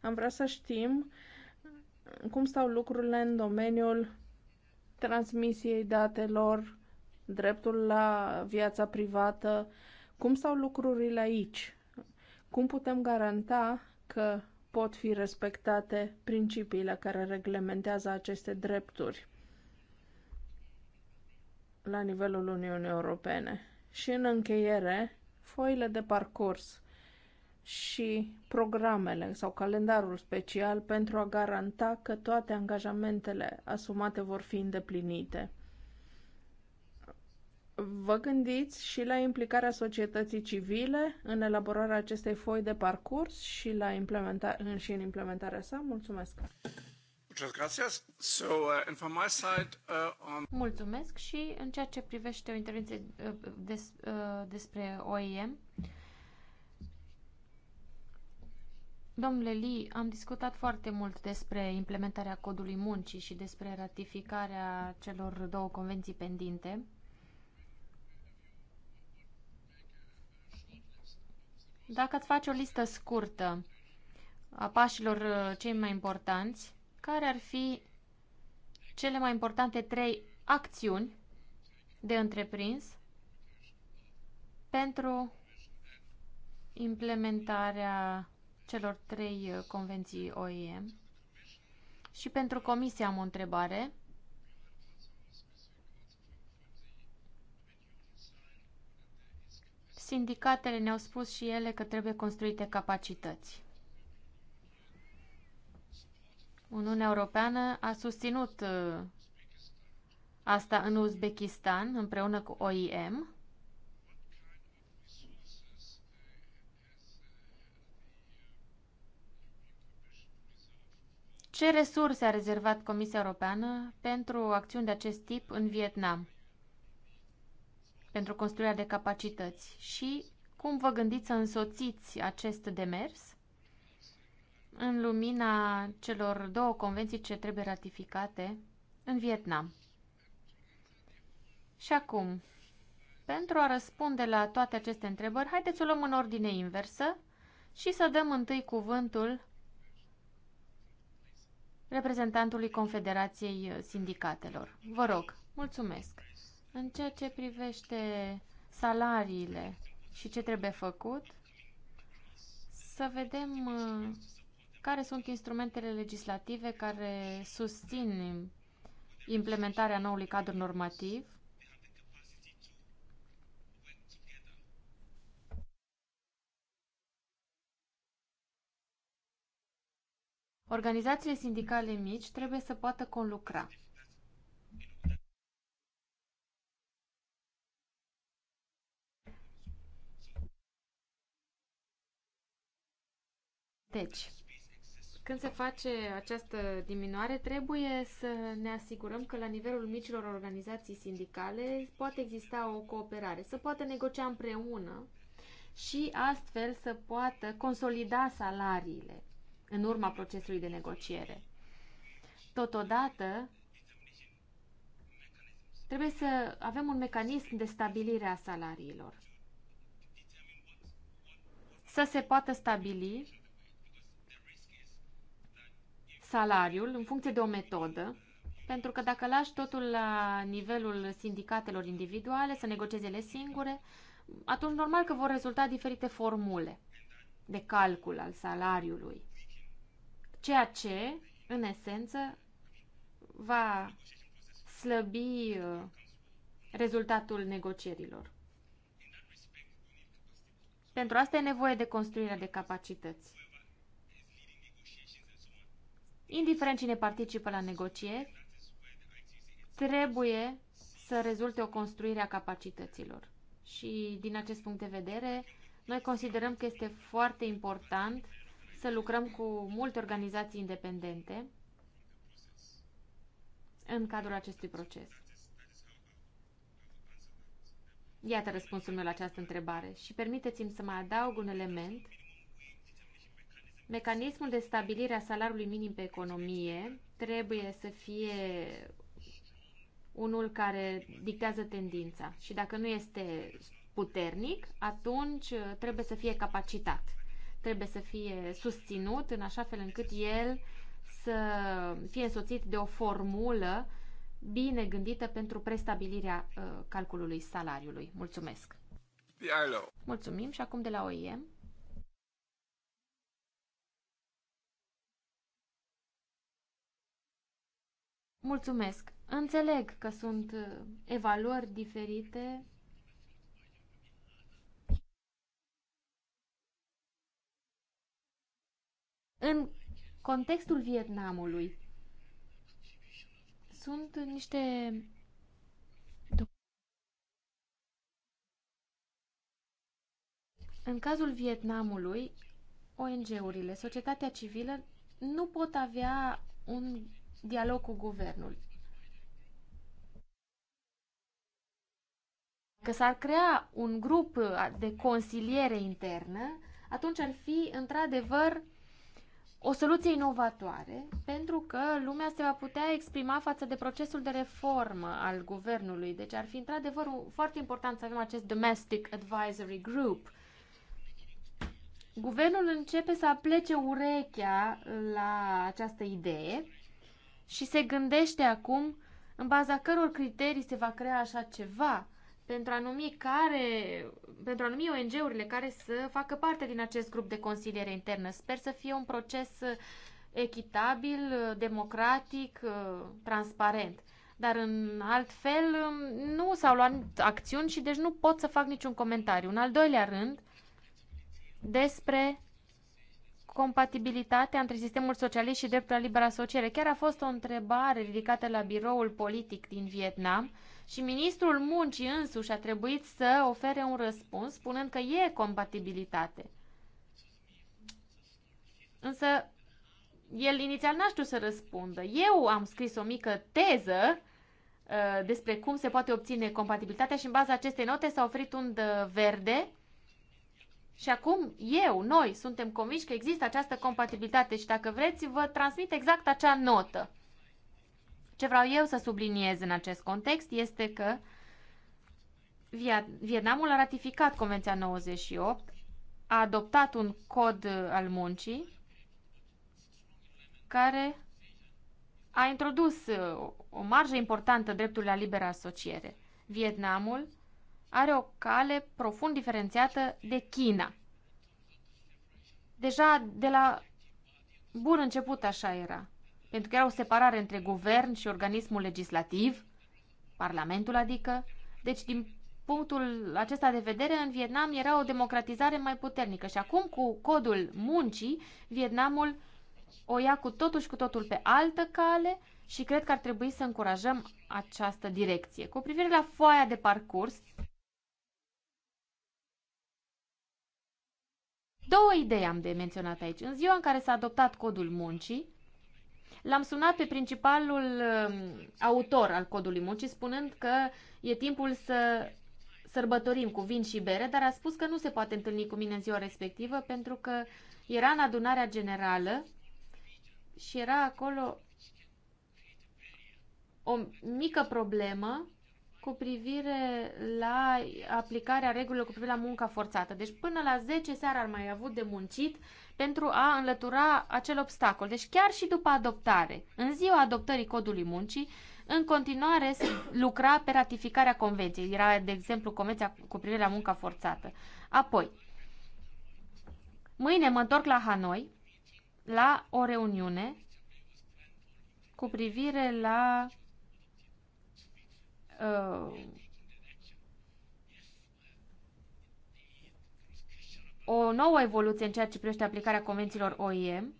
am vrea să știm uh, cum stau lucrurile în domeniul transmisiei datelor, dreptul la viața privată, cum stau lucrurile aici, cum putem garanta că pot fi respectate principiile care reglementează aceste drepturi la nivelul Uniunii Europene. Și în încheiere, foile de parcurs și programele sau calendarul special pentru a garanta că toate angajamentele asumate vor fi îndeplinite. Vă gândiți și la implicarea societății civile în elaborarea acestei foi de parcurs și, la implementa- și în implementarea sa? Mulțumesc! Uh, uh, Mulțumesc și în ceea ce privește o intervenție uh, des, despre OIM, Domnule Li, am discutat foarte mult despre implementarea codului muncii și despre ratificarea celor două convenții pendinte. Dacă ați face o listă scurtă a pașilor uh, cei mai importanți, care ar fi cele mai importante trei acțiuni de întreprins pentru implementarea celor trei uh, convenții OIM. Și pentru comisie am o întrebare. Sindicatele ne-au spus și ele că trebuie construite capacități. Uniunea Europeană a susținut uh, asta în Uzbekistan împreună cu OIM Ce resurse a rezervat Comisia Europeană pentru acțiuni de acest tip în Vietnam? Pentru construirea de capacități și cum vă gândiți să însoțiți acest demers în lumina celor două convenții ce trebuie ratificate în Vietnam? Și acum, pentru a răspunde la toate aceste întrebări, haideți să o luăm în ordine inversă și să dăm întâi cuvântul reprezentantului Confederației Sindicatelor. Vă rog, mulțumesc. În ceea ce privește salariile și ce trebuie făcut, să vedem uh, care sunt instrumentele legislative care susțin implementarea noului cadru normativ Organizațiile sindicale mici trebuie să poată conlucra. Deci, când se face această diminuare, trebuie să ne asigurăm că la nivelul micilor organizații sindicale poate exista o cooperare, să poată negocia împreună și astfel să poată consolida salariile în urma procesului de negociere. Totodată, trebuie să avem un mecanism de stabilire a salariilor. Să se poată stabili salariul în funcție de o metodă, pentru că dacă lași totul la nivelul sindicatelor individuale, să negocieze ele singure, atunci normal că vor rezulta diferite formule de calcul al salariului ceea ce, în esență, va slăbi uh, rezultatul negocierilor. Pentru asta e nevoie de construirea de capacități. Indiferent cine participă la negocieri, trebuie să rezulte o construire a capacităților. Și din acest punct de vedere, noi considerăm că este foarte important să lucrăm cu multe organizații independente în cadrul acestui proces. Iată răspunsul meu la această întrebare și permiteți-mi să mai adaug un element. Mecanismul de stabilire a salariului minim pe economie trebuie să fie unul care dictează tendința și dacă nu este puternic, atunci trebuie să fie capacitat trebuie să fie susținut în așa fel încât el să fie însoțit de o formulă bine gândită pentru prestabilirea uh, calculului salariului. Mulțumesc! Mulțumim și acum de la OIM. Mulțumesc! Înțeleg că sunt uh, evaluări diferite În contextul Vietnamului sunt niște În cazul Vietnamului, ONG-urile, societatea civilă, nu pot avea un dialog cu guvernul. Că s-ar crea un grup de consiliere internă, atunci ar fi într-adevăr o soluție inovatoare pentru că lumea se va putea exprima față de procesul de reformă al guvernului. Deci ar fi într-adevăr foarte important să avem acest Domestic Advisory Group. Guvernul începe să aplece urechea la această idee și se gândește acum în baza căror criterii se va crea așa ceva – pentru a numi, care, pentru a numi ONG-urile care să facă parte din acest grup de consiliere internă. Sper să fie un proces echitabil, democratic, transparent. Dar în alt fel nu s-au luat acțiuni și deci nu pot să fac niciun comentariu. În al doilea rând, despre compatibilitatea între sistemul socialist și dreptul la libera asociere. Chiar a fost o întrebare ridicată la biroul politic din Vietnam și ministrul muncii însuși a trebuit să ofere un răspuns spunând că e compatibilitate. Însă el inițial n-a știut să răspundă. Eu am scris o mică teză uh, despre cum se poate obține compatibilitatea și în baza acestei note s-a oferit un verde și acum eu, noi, suntem convinși că există această compatibilitate și dacă vreți, vă transmit exact acea notă. Ce vreau eu să subliniez în acest context este că Vietnamul a ratificat Convenția 98, a adoptat un cod al muncii care a introdus o marjă importantă dreptului la liberă asociere. Vietnamul are o cale profund diferențiată de China. Deja de la bun început așa era pentru că era o separare între guvern și organismul legislativ, Parlamentul adică. Deci, din punctul acesta de vedere, în Vietnam era o democratizare mai puternică și acum, cu codul muncii, Vietnamul o ia cu totul și cu totul pe altă cale și cred că ar trebui să încurajăm această direcție. Cu privire la foaia de parcurs, două idei am de menționat aici. În ziua în care s-a adoptat codul muncii, L-am sunat pe principalul um, autor al codului muncii spunând că e timpul să sărbătorim cu vin și bere, dar a spus că nu se poate întâlni cu mine în ziua respectivă pentru că era în adunarea generală și era acolo o mică problemă cu privire la aplicarea regulilor cu privire la munca forțată. Deci până la 10 seara ar mai avut de muncit pentru a înlătura acel obstacol. Deci chiar și după adoptare, în ziua adoptării codului muncii, în continuare se lucra pe ratificarea convenției. Era, de exemplu, convenția cu privire la munca forțată. Apoi, mâine mă întorc la Hanoi la o reuniune cu privire la uh, o nouă evoluție în ceea ce privește aplicarea convențiilor OIM.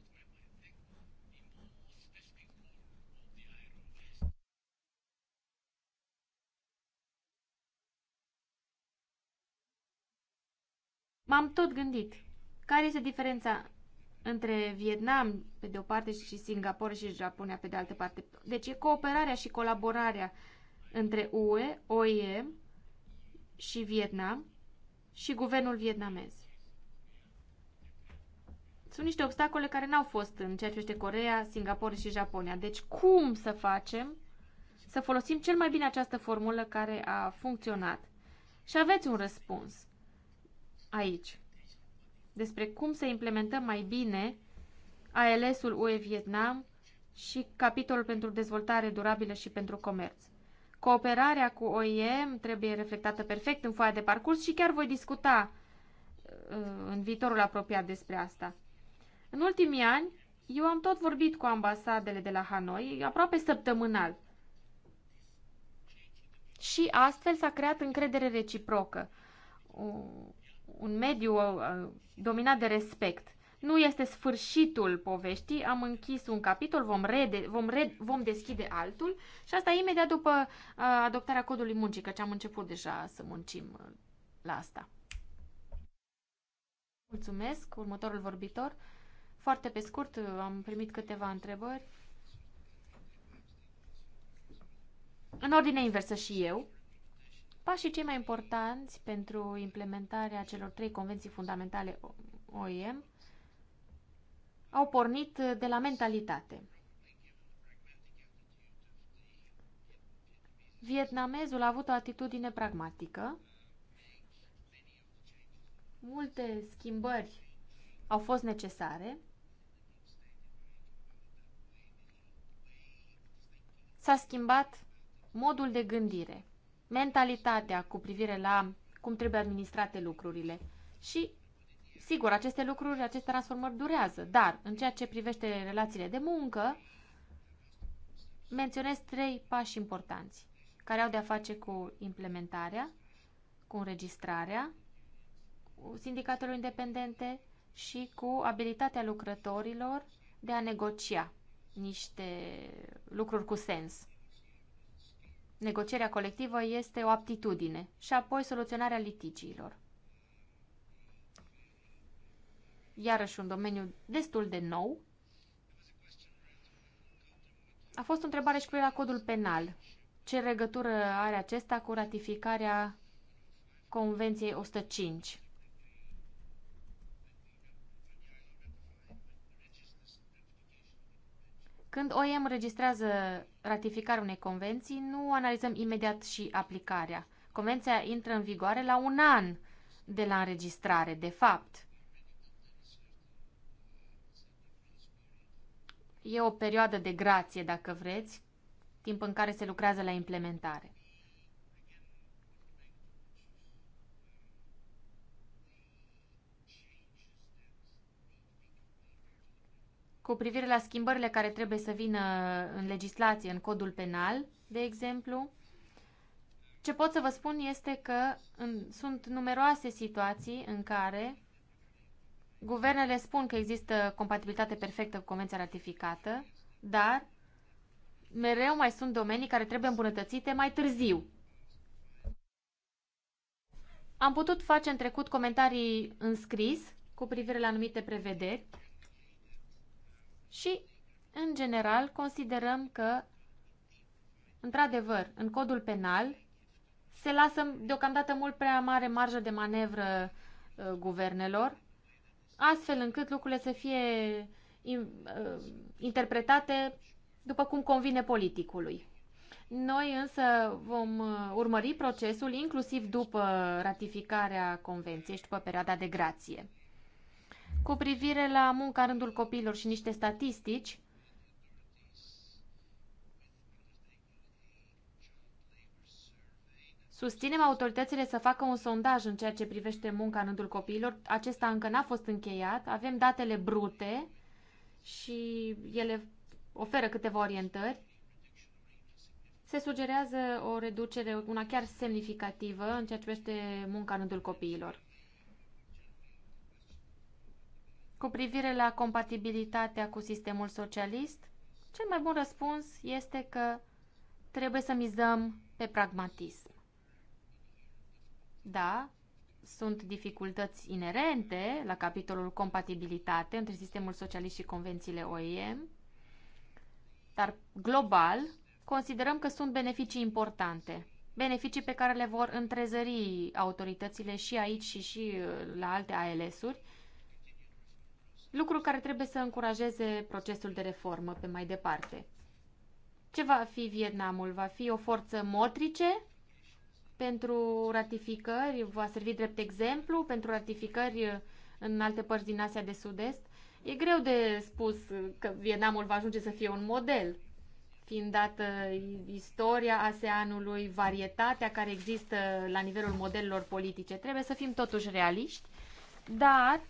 M-am tot gândit. Care este diferența între Vietnam, pe de o parte, și Singapore și Japonia, pe de altă parte? Deci e cooperarea și colaborarea uh, între UE, OIE și Vietnam și guvernul vietnamez. Sunt niște obstacole care n-au fost în ceea ce este Corea, Singapore și Japonia. Deci cum să facem să folosim cel mai bine această formulă care a funcționat? Și aveți un răspuns aici despre cum să implementăm mai bine ALS-ul UE Vietnam și capitolul pentru dezvoltare durabilă și pentru comerț. Cooperarea cu OIM trebuie reflectată perfect în foaia de parcurs și chiar voi discuta uh, în viitorul apropiat despre asta. În ultimii ani, eu am tot vorbit cu ambasadele de la Hanoi, aproape săptămânal. Și astfel s-a creat încredere reciprocă, un mediu uh, dominat de respect. Nu este sfârșitul poveștii, am închis un capitol, vom, rede, vom, re, vom deschide altul și asta imediat după uh, adoptarea codului muncii, căci am început deja să muncim uh, la asta. Mulțumesc, următorul vorbitor. Foarte pe scurt, uh, am primit câteva întrebări. În ordine inversă și eu. Pașii cei mai importanți pentru implementarea celor trei convenții fundamentale OIM au pornit uh, de la mentalitate. Vietnamezul a avut o atitudine pragmatică. Multe schimbări au fost necesare. S-a schimbat modul de gândire, mentalitatea cu privire la cum trebuie administrate lucrurile și Sigur, aceste lucruri, aceste transformări durează, dar în ceea ce privește relațiile de muncă, menționez trei pași importanți care au de-a face cu implementarea, cu înregistrarea sindicatelor independente și cu abilitatea lucrătorilor de a negocia niște lucruri cu sens. Negocierea colectivă este o aptitudine și apoi soluționarea litigiilor. iarăși un domeniu destul de nou. A fost o întrebare și cu la codul penal. Ce legătură are acesta cu ratificarea Convenției 105? Când OEM registrează ratificarea unei convenții, nu analizăm imediat și aplicarea. Convenția intră în vigoare la un an de la înregistrare, de fapt. E o perioadă de grație, dacă vreți, timp în care se lucrează la implementare. Cu privire la schimbările care trebuie să vină în legislație, în codul penal, de exemplu, ce pot să vă spun este că în, sunt numeroase situații în care Guvernele spun că există compatibilitate perfectă cu convenția ratificată, dar mereu mai sunt domenii care trebuie îmbunătățite mai târziu. Am putut face în trecut comentarii în scris cu privire la anumite prevederi și, în general, considerăm că, într-adevăr, în codul penal se lasă deocamdată mult prea mare marjă de manevră uh, guvernelor astfel încât lucrurile să fie uh, interpretate după cum convine politicului. Noi însă vom uh, urmări procesul inclusiv după ratificarea convenției și după perioada de grație. Cu privire la munca în rândul copiilor și niște statistici, Susținem autoritățile să facă un sondaj în ceea ce privește munca în rândul copiilor. Acesta încă n-a fost încheiat. Avem datele brute și ele oferă câteva orientări. Se sugerează o reducere, una chiar semnificativă, în ceea ce privește munca în rândul copiilor. Cu privire la compatibilitatea cu sistemul socialist, cel mai bun răspuns este că trebuie să mizăm pe pragmatism. Da, sunt dificultăți inerente la capitolul compatibilitate între sistemul socialist și convențiile OIM, dar global considerăm că sunt beneficii importante. Beneficii pe care le vor întrezări autoritățile și aici și, și uh, la alte ALS-uri, lucru care trebuie să încurajeze procesul de reformă pe mai departe. Ce va fi Vietnamul? Va fi o forță motrice pentru ratificări va servi drept exemplu pentru ratificări în alte părți din Asia de Sud-Est. E greu de spus că Vietnamul va ajunge să fie un model, fiind dată istoria ASEANului, varietatea care există la nivelul modelelor politice. Trebuie să fim totuși realiști, dar,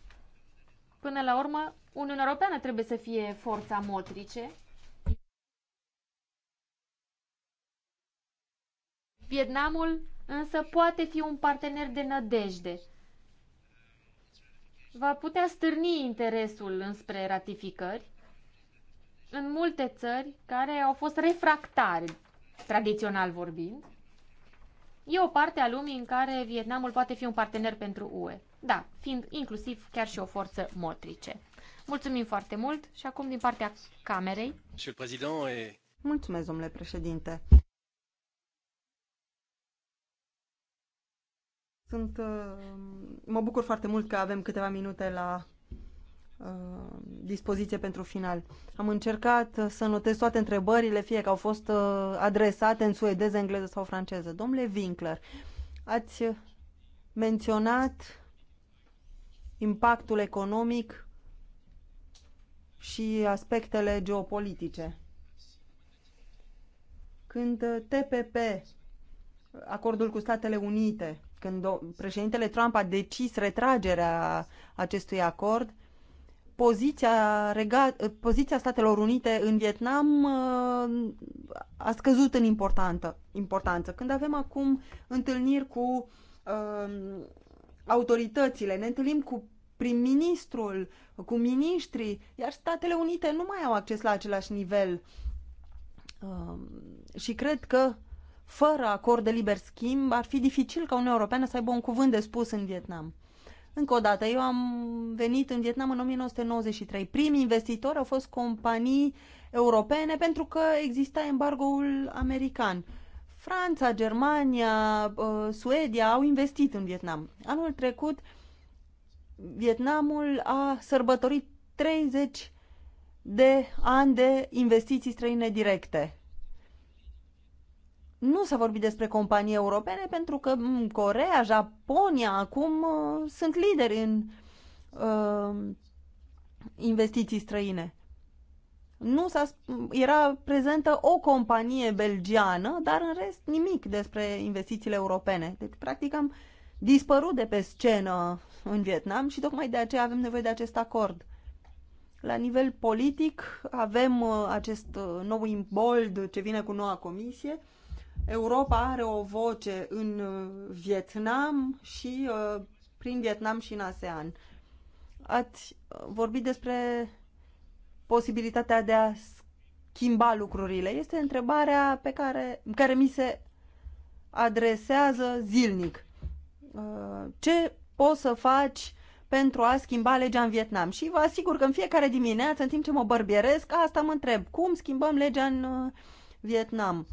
până la urmă, Uniunea Europeană trebuie să fie forța motrice Vietnamul însă poate fi un partener de nădejde. Va putea stârni interesul înspre ratificări în multe țări care au fost refractare, tradițional vorbind. E o parte a lumii în care Vietnamul poate fi un partener pentru UE. Da, fiind inclusiv chiar și o forță motrice. Mulțumim foarte mult și acum din partea Camerei. Mulțumesc, domnule președinte. Sunt, uh, mă bucur foarte mult că avem câteva minute la uh, dispoziție pentru final. Am încercat uh, să notez toate întrebările, fie că au fost uh, adresate în suedeză, engleză sau franceză. Domnule Winkler, ați menționat impactul economic și aspectele geopolitice. Când TPP, acordul cu Statele Unite, când președintele Trump a decis retragerea acestui acord, poziția, rega, poziția Statelor Unite în Vietnam uh, a scăzut în importantă, importanță. Când avem acum întâlniri cu uh, autoritățile, ne întâlnim cu prim-ministrul, cu miniștrii, iar Statele Unite nu mai au acces la același nivel. Uh, și cred că uh, fără acord de liber schimb, ar fi dificil ca Uniunea Europeană să aibă un cuvânt de spus în Vietnam. Încă o dată, eu am venit în Vietnam în 1993. Primii investitori au fost companii europene pentru că exista embargoul american. Franța, Germania, uh, Suedia au investit în Vietnam. Anul trecut, Vietnamul a sărbătorit 30 de ani de investiții străine directe nu s-a vorbit despre companii europene pentru că mm, Corea, Japonia acum uh, sunt lideri în uh, investiții străine. Nu s-a, era prezentă o companie belgiană, dar în rest nimic despre investițiile europene. Deci, practic, am dispărut de pe scenă în Vietnam și tocmai de aceea avem nevoie de acest acord. La nivel politic avem uh, acest uh, nou imbold ce vine cu noua comisie, Europa are o voce în uh, Vietnam și uh, prin Vietnam și în ASEAN. Ați uh, vorbit despre posibilitatea de a schimba lucrurile. Este întrebarea pe care, care mi se adresează zilnic. Ce poți să faci pentru a schimba legea în Vietnam? Și vă asigur că în fiecare dimineață, în timp ce mă bărbieresc, asta mă întreb. Cum schimbăm legea în Vietnam?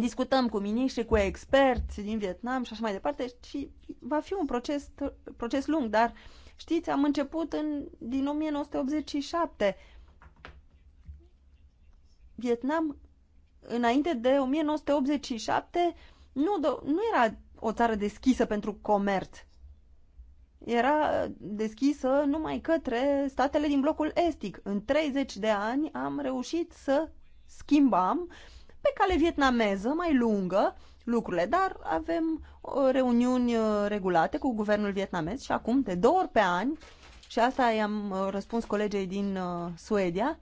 discutăm cu miniștri, cu experți din Vietnam și așa mai departe și va fi un proces, proces lung, dar știți, am început în, din 1987. Vietnam, înainte de 1987, nu, nu era o țară deschisă pentru comerț. Era deschisă numai către statele din blocul estic. În 30 de ani am reușit să schimbam uh, pe cale vietnameză, mai lungă, lucrurile, dar avem uh, reuniuni uh, regulate cu guvernul vietnamez și acum, de două ori pe an, și asta i-am uh, răspuns colegei din Suedia,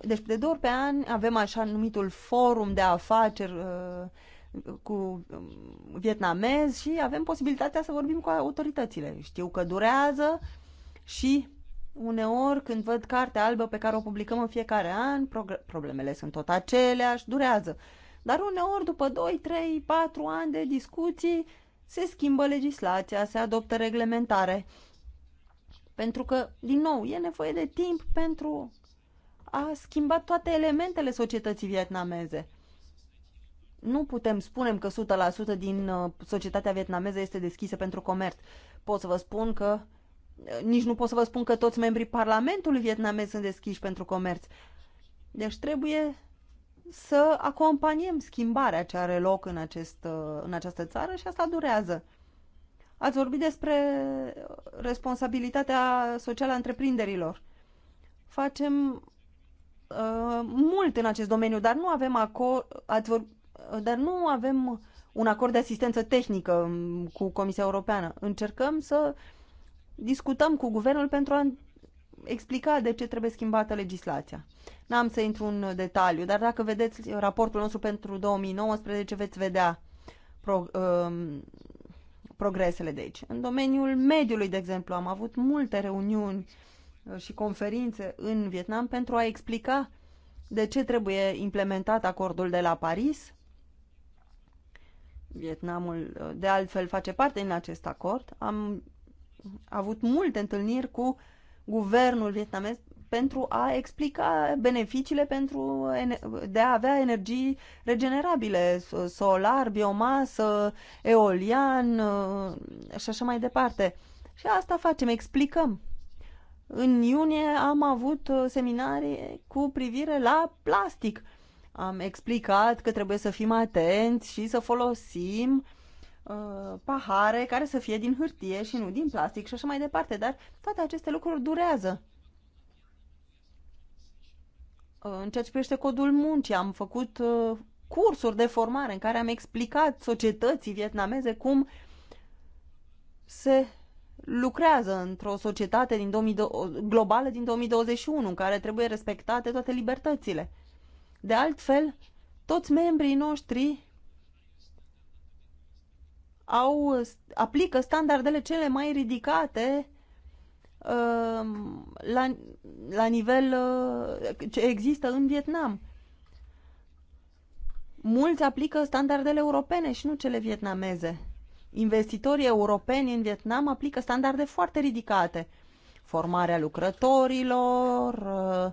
deci de două ori pe an avem așa numitul forum de afaceri cu um, vietnamezi și avem posibilitatea să vorbim cu autoritățile. Știu că durează și Uneori, când văd cartea albă pe care o publicăm în fiecare an, problemele sunt tot aceleași, durează. Dar uneori, după 2, 3, 4 ani de discuții, se schimbă legislația, se adoptă reglementare. Pentru că, din nou, e nevoie de timp pentru a schimba toate elementele societății vietnameze. Nu putem spune că 100% din uh, societatea vietnameză este deschisă pentru comerț. Pot să vă spun că nici nu pot să vă spun că toți membrii Parlamentului vietnamez sunt deschiși pentru comerț. Deci trebuie să acompaniem schimbarea ce are loc în, acest, uh, în această țară și asta durează. Ați vorbit despre responsabilitatea socială a întreprinderilor. Facem uh, mult în acest domeniu, dar nu avem acord, ați vor, dar nu avem un acord de asistență tehnică um, cu Comisia Europeană. Încercăm să uh, discutăm cu guvernul pentru a explica de ce trebuie schimbată legislația. N-am să intru în detaliu, dar dacă vedeți raportul nostru pentru 2019, veți vedea pro, um, progresele de aici. În domeniul mediului, de exemplu, am avut multe reuniuni uh, și conferințe în Vietnam pentru a explica de ce trebuie implementat acordul de la Paris. Vietnamul, uh, de altfel, face parte din acest acord. Am a avut multe întâlniri cu guvernul vietnamez pentru a explica beneficiile pentru de a avea energii regenerabile, solar, biomasă, eolian uh, și așa mai departe. Și asta facem, explicăm. În iunie am avut uh, seminarii cu privire la plastic. Am explicat că trebuie să fim atenți și să folosim uh, Uh, pahare care să fie din hârtie și nu din plastic și așa mai departe, dar toate aceste lucruri durează. Uh, în ceea ce privește codul muncii, am făcut uh, cursuri de formare în care am explicat societății vietnameze cum se lucrează într-o societate din 2000, globală din 2021 în care trebuie respectate toate libertățile. De altfel, toți membrii noștri au, aplică standardele cele mai ridicate um, la, la nivel uh, ce există în Vietnam. Mulți aplică standardele europene și nu cele vietnameze. Investitorii europeni în Vietnam aplică standarde foarte ridicate. Formarea lucrătorilor, uh,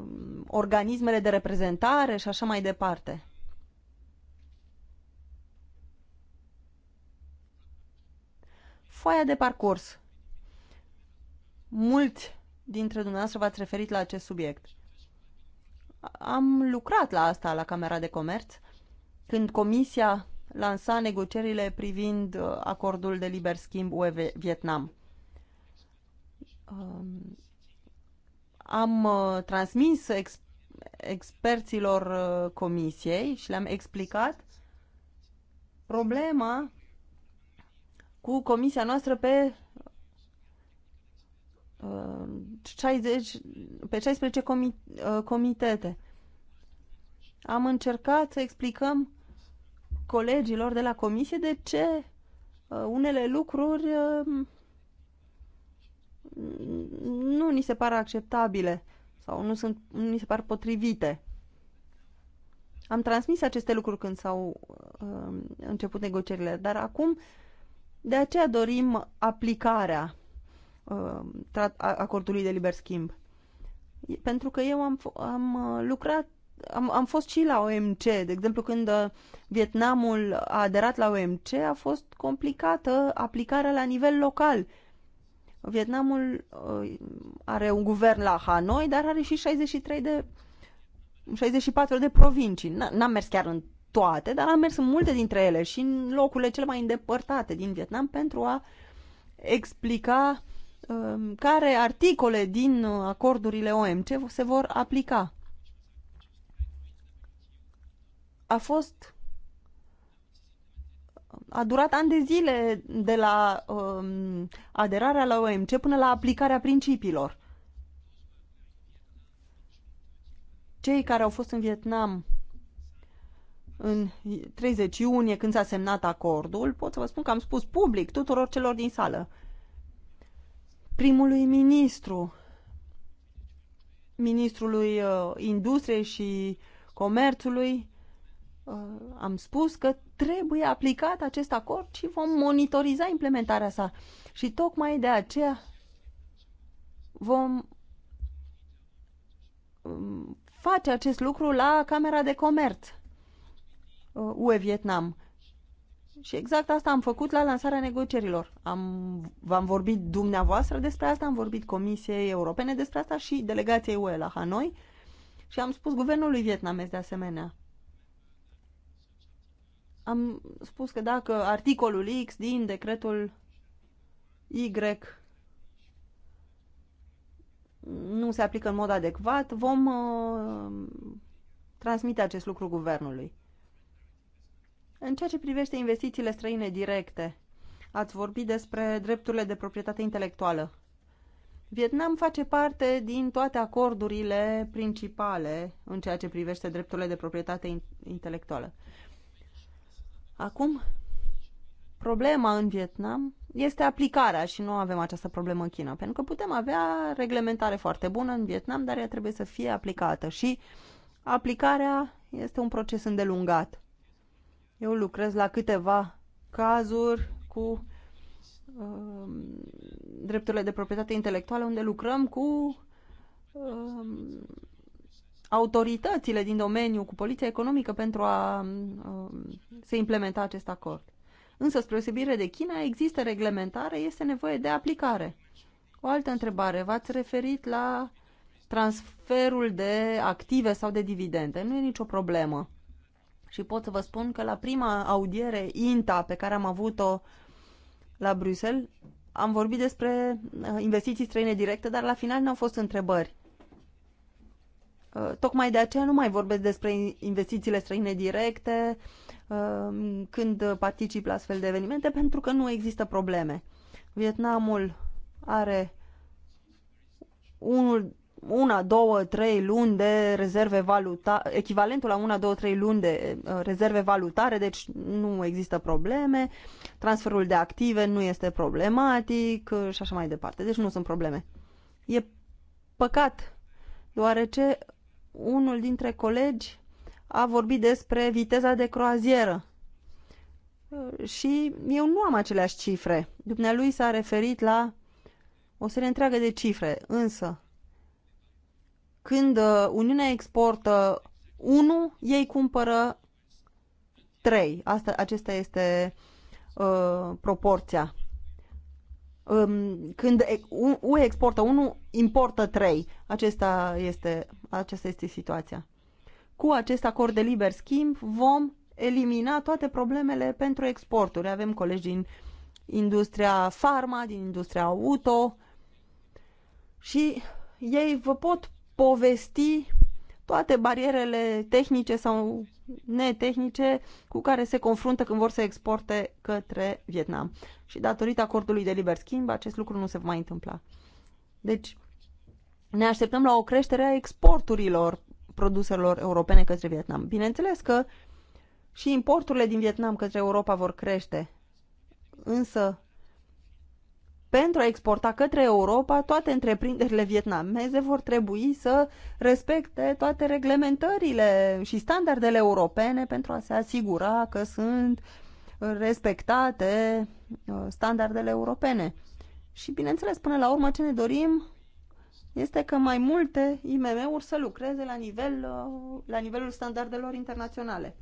um, organismele de reprezentare și așa mai departe. Foaia de parcurs. Mulți dintre dumneavoastră v-ați referit la acest subiect. Am lucrat la asta la Camera de Comerț când Comisia lansa negocierile privind uh, acordul de liber schimb UE-Vietnam. Um, am uh, transmis ex- experților uh, Comisiei și le-am explicat problema cu comisia noastră pe 60, uh, pe 16 comi, uh, comitete. Am încercat să explicăm colegilor de la comisie de ce uh, unele lucruri nu ni se par acceptabile sau nu, sunt, nu ni se par potrivite. Am transmis aceste lucruri când s-au uh, început negocierile, dar acum uh, de aceea dorim aplicarea uh, acordului de liber schimb. Pentru că eu am, am uh, lucrat, am, am fost și la OMC. De exemplu, când uh, Vietnamul a aderat la OMC, a fost complicată aplicarea la nivel local. Vietnamul uh, are un guvern la Hanoi, dar are și 63 de 64 de provincii. N-am mers chiar în toate, dar am mers în multe dintre ele și în locurile cele mai îndepărtate din Vietnam pentru a explica uh, care articole din uh, acordurile OMC se vor aplica. A fost a durat ani de zile de la um, aderarea la OMC până la aplicarea principiilor. Cei care au fost în Vietnam în 30 iunie, când s-a semnat acordul, pot să vă spun că am spus public tuturor celor din sală, primului ministru, ministrului uh, industriei și comerțului, uh, am spus că trebuie aplicat acest acord și vom monitoriza implementarea sa. Și tocmai de aceea vom um, face acest lucru la Camera de Comerț UE-Vietnam. Uh, și exact asta am făcut la lansarea negocierilor. Am, v-am vorbit dumneavoastră despre asta, am vorbit Comisiei Europene despre asta și delegației UE la Hanoi și am spus guvernului vietnamez de asemenea. Am spus că dacă articolul X din decretul Y nu se aplică în mod adecvat, vom uh, transmite acest lucru guvernului. În ceea ce privește investițiile străine directe, ați vorbit despre drepturile de proprietate intelectuală. Vietnam face parte din toate acordurile principale în ceea ce privește drepturile de proprietate intelectuală. Acum, problema în Vietnam este aplicarea și nu avem această problemă în China, pentru că putem avea reglementare foarte bună în Vietnam, dar ea trebuie să fie aplicată și aplicarea este un proces îndelungat. Eu lucrez la câteva cazuri cu uh, drepturile de proprietate intelectuală, unde lucrăm cu uh, autoritățile din domeniu, cu poliția economică pentru a uh, se implementa acest acord. Însă, spre osebire de China, există reglementare, este nevoie de aplicare. O altă întrebare. V-ați referit la transferul de active sau de dividende. Nu e nicio problemă. Și pot să vă spun că la prima audiere INTA pe care am avut-o la Bruxelles, am vorbit despre uh, investiții străine directe, dar la final nu au fost întrebări. Uh, tocmai de aceea nu mai vorbesc despre investițiile străine directe uh, când particip la astfel de evenimente, pentru că nu există probleme. Vietnamul are unul una, două, trei luni de rezerve valutare, echivalentul la una, două, trei luni de uh, rezerve valutare, deci nu există probleme, transferul de active nu este problematic uh, și așa mai departe. Deci nu sunt probleme. E păcat, deoarece unul dintre colegi a vorbit despre viteza de croazieră. Uh, și eu nu am aceleași cifre. Dumnealui s-a referit la o serie întreagă de cifre, însă când uh, Uniunea exportă 1, ei cumpără 3. Asta, acesta este uh, proporția. Um, când UE exportă 1, importă 3. Acesta este, aceasta este situația. Cu acest acord de liber schimb vom elimina toate problemele pentru exporturi. Avem colegi din industria farma, din industria auto și ei vă pot povesti toate barierele tehnice sau netehnice cu care se confruntă când vor să exporte către Vietnam. Și datorită acordului de liber schimb, acest lucru nu se va mai întâmpla. Deci, ne așteptăm la o creștere a exporturilor produselor europene către Vietnam. Bineînțeles că și importurile din Vietnam către Europa vor crește, însă pentru a exporta către Europa, toate întreprinderile vietnameze vor trebui să respecte toate reglementările și standardele europene pentru a se asigura că sunt respectate uh, standardele europene. Și, bineînțeles, până la urmă, ce ne dorim este că mai multe IMM-uri să lucreze la, nivel, uh, la nivelul standardelor internaționale.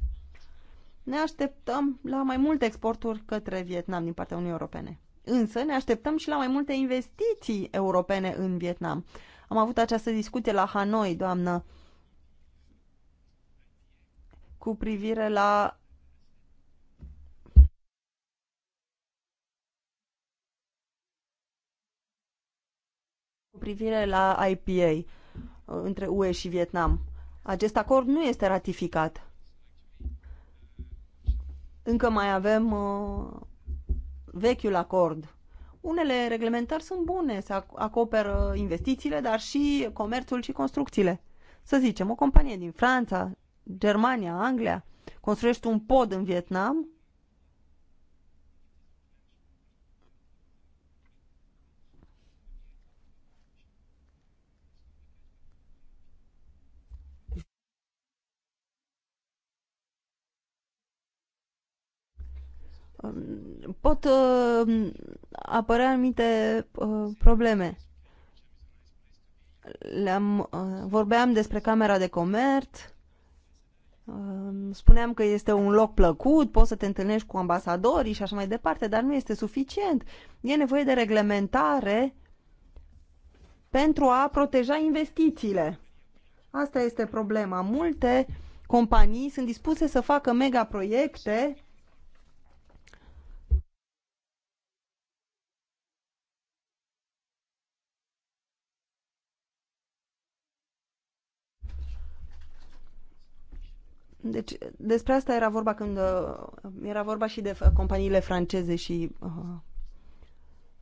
Ne așteptăm la mai multe exporturi către Vietnam din partea Uniunii Europene. Însă ne așteptăm și la mai multe investiții europene în Vietnam. Am avut această discuție la Hanoi, doamnă, cu privire la cu privire la IPA între UE și Vietnam. Acest acord nu este ratificat. Încă mai avem uh, vechiul acord. Unele reglementări sunt bune, se acoperă investițiile, dar și comerțul și construcțiile. Să zicem, o companie din Franța, Germania, Anglia, construiește un pod în Vietnam pot uh, apărea anumite uh, probleme. Le-am, uh, vorbeam despre camera de comerț, uh, spuneam că este un loc plăcut, poți să te întâlnești cu ambasadorii și așa mai departe, dar nu este suficient. E nevoie de reglementare pentru a proteja investițiile. Asta este problema. Multe companii sunt dispuse să facă megaproiecte Deci despre asta era vorba când uh, era vorba și de companiile franceze și uh,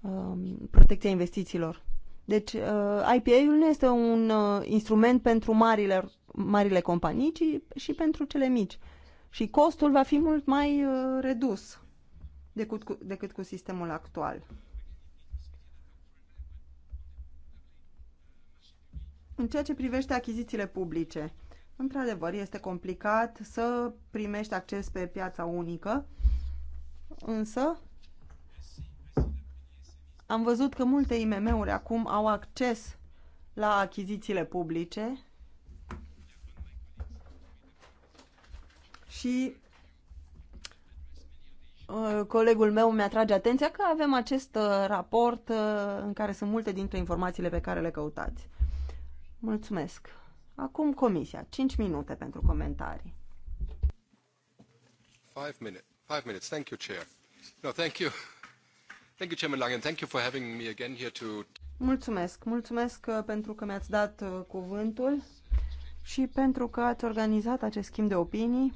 uh, protecția investițiilor. Deci uh, IPA-ul nu este un uh, instrument pentru marile, marile companii, ci și pentru cele mici. Și costul va fi mult mai uh, redus decât cu, decât cu sistemul actual. În ceea ce privește achizițiile publice, Într-adevăr, este complicat să primești acces pe piața unică, însă am văzut că multe IMM-uri acum au acces la achizițiile publice și uh, colegul meu mi-atrage atenția că avem acest uh, raport uh, în care sunt multe dintre informațiile pe care le căutați. Mulțumesc! Acum comisia. 5 minute pentru comentarii. 5 minute. 5 minutes. Thank you, Chair. No, thank you. Thank you, Chairman Langen. Thank you for having me again here to... Mulțumesc. Mulțumesc uh, pentru că mi-ați dat uh, cuvântul și pentru că ați organizat acest schimb de opinii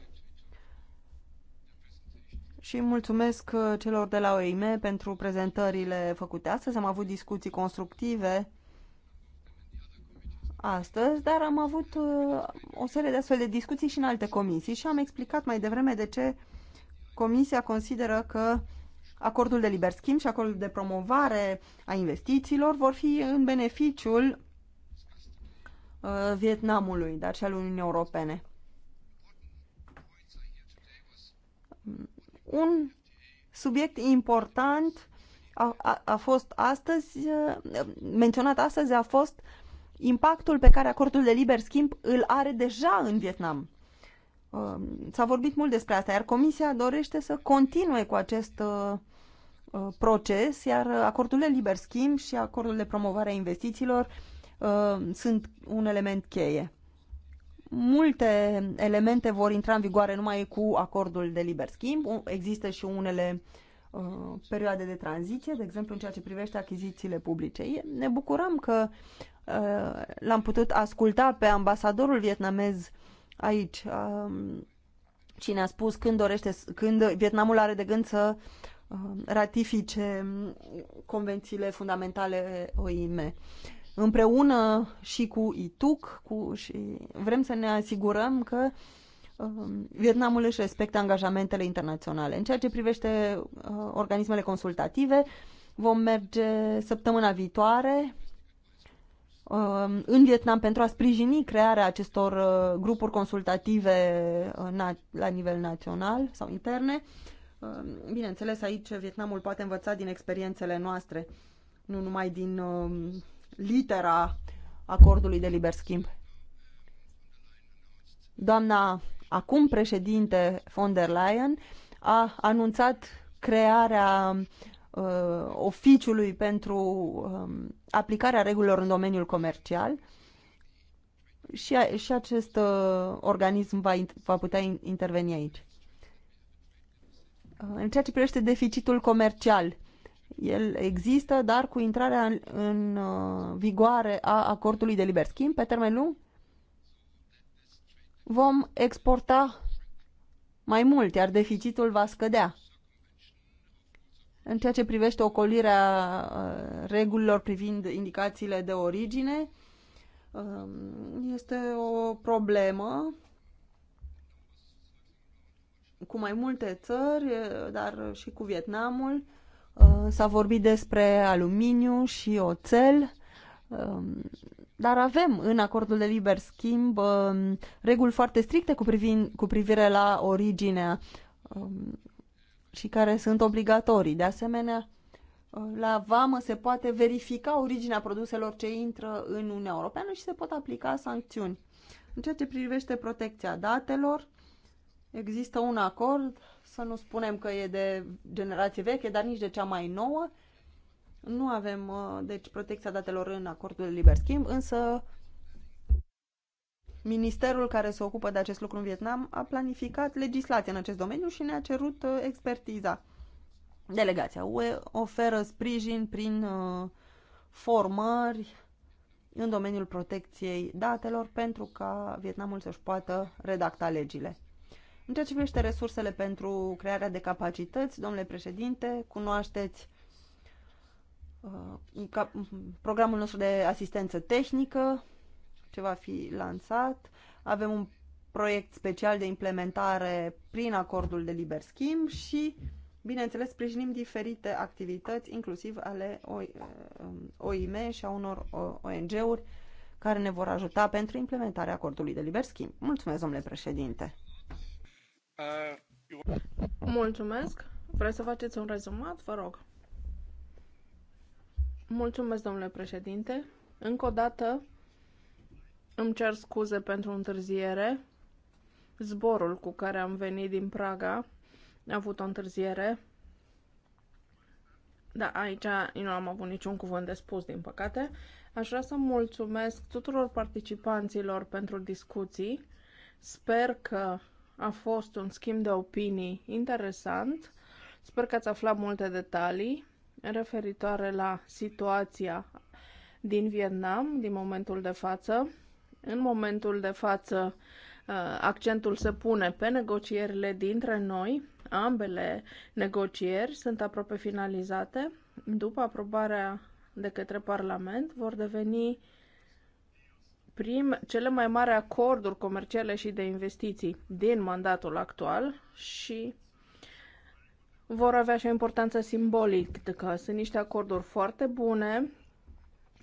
și mulțumesc uh, celor de la OIM pentru prezentările făcute astăzi. Am avut discuții constructive astăzi, dar am avut uh, o serie de astfel de discuții și în alte comisii și am explicat mai devreme de ce Comisia consideră că acordul de liber schimb și acordul de promovare a investițiilor vor fi în beneficiul uh, Vietnamului, dar și al Uniunii Europene. Un subiect important a, a, a fost astăzi, uh, menționat astăzi, a fost uh, impactul pe care acordul de liber schimb îl are deja în Vietnam. Uh, s-a vorbit mult despre asta, iar Comisia dorește să continue cu acest uh, uh, proces, iar acordul de liber schimb și acordul de promovare a investițiilor sunt un element cheie. Multe elemente vor intra în vigoare numai cu acordul de liber schimb, există și unele uh, Uh, perioade de tranziție, de exemplu în ceea ce privește achizițiile publice. Ne bucurăm că uh, l-am putut asculta pe ambasadorul vietnamez aici, și um, ne-a spus când dorește, când Vietnamul are de gând să um, ratifice um, convențiile fundamentale OIM. Împreună și cu ITUC cu, și vrem să ne asigurăm că uh, Um, Vietnamul își respectă angajamentele internaționale. În ceea ce privește uh, organismele consultative, vom merge săptămâna viitoare um, în Vietnam pentru a sprijini crearea acestor uh, grupuri consultative uh, la nivel național sau interne. Um, bineînțeles, aici Vietnamul poate învăța din experiențele noastre, nu numai din litera acordului de liber schimb. Doamna Acum președinte von der Leyen a anunțat crearea uh, oficiului pentru uh, aplicarea regulilor în domeniul comercial și, a, și acest uh, organism va, va putea interveni aici. Uh, în ceea ce privește deficitul comercial, el există, dar cu intrarea în, în uh, vigoare a acordului de liber schimb pe termen lung, vom exporta mai mult, iar deficitul va scădea. În ceea ce privește ocolirea uh, regulilor privind indicațiile de origine, um, este o problemă cu mai multe țări, uh, dar și cu Vietnamul. Uh, s-a vorbit despre aluminiu și oțel. Um, dar avem în acordul de liber schimb um, reguli foarte stricte cu, privin, cu privire la originea um, și care sunt obligatorii. De asemenea, uh, la vamă se poate verifica originea produselor ce intră în Uniunea Europeană și se pot aplica sancțiuni. În ceea ce privește protecția datelor, există un acord, să nu spunem că e de generație veche, dar nici de cea mai nouă, nu avem, uh, deci, protecția datelor în acordul de liber schimb, însă ministerul care se ocupă de acest lucru în Vietnam a planificat legislația în acest domeniu și ne-a cerut uh, expertiza. Delegația UE oferă sprijin prin uh, formări în domeniul protecției datelor pentru ca Vietnamul să-și poată redacta legile. În ceea ce privește resursele pentru crearea de capacități, domnule președinte, cunoașteți Uh, uh, programul nostru de asistență tehnică ce va fi lansat. Avem un proiect special de implementare prin acordul de liber schimb și, bineînțeles, sprijinim diferite activități, inclusiv ale OIM um, și a unor uh, ONG-uri care ne vor ajuta pentru implementarea acordului de liber schimb. Mulțumesc, domnule președinte! Mulțumesc! Vreți să faceți un rezumat? Vă rog! Mulțumesc, domnule președinte. Încă o dată îmi cer scuze pentru întârziere. Zborul cu care am venit din Praga a avut o întârziere. Da, aici nu am avut niciun cuvânt de spus, din păcate. Aș vrea să mulțumesc tuturor participanților pentru discuții. Sper că a fost un schimb de opinii interesant. Sper că ați aflat multe detalii referitoare la situația din Vietnam, din momentul de față. În momentul de față, uh, accentul se pune pe negocierile dintre noi. Ambele negocieri sunt aproape finalizate. După aprobarea de către Parlament, vor deveni prim, cele mai mari acorduri comerciale și de investiții din mandatul actual și vor avea și o importanță simbolică. Sunt niște acorduri foarte bune.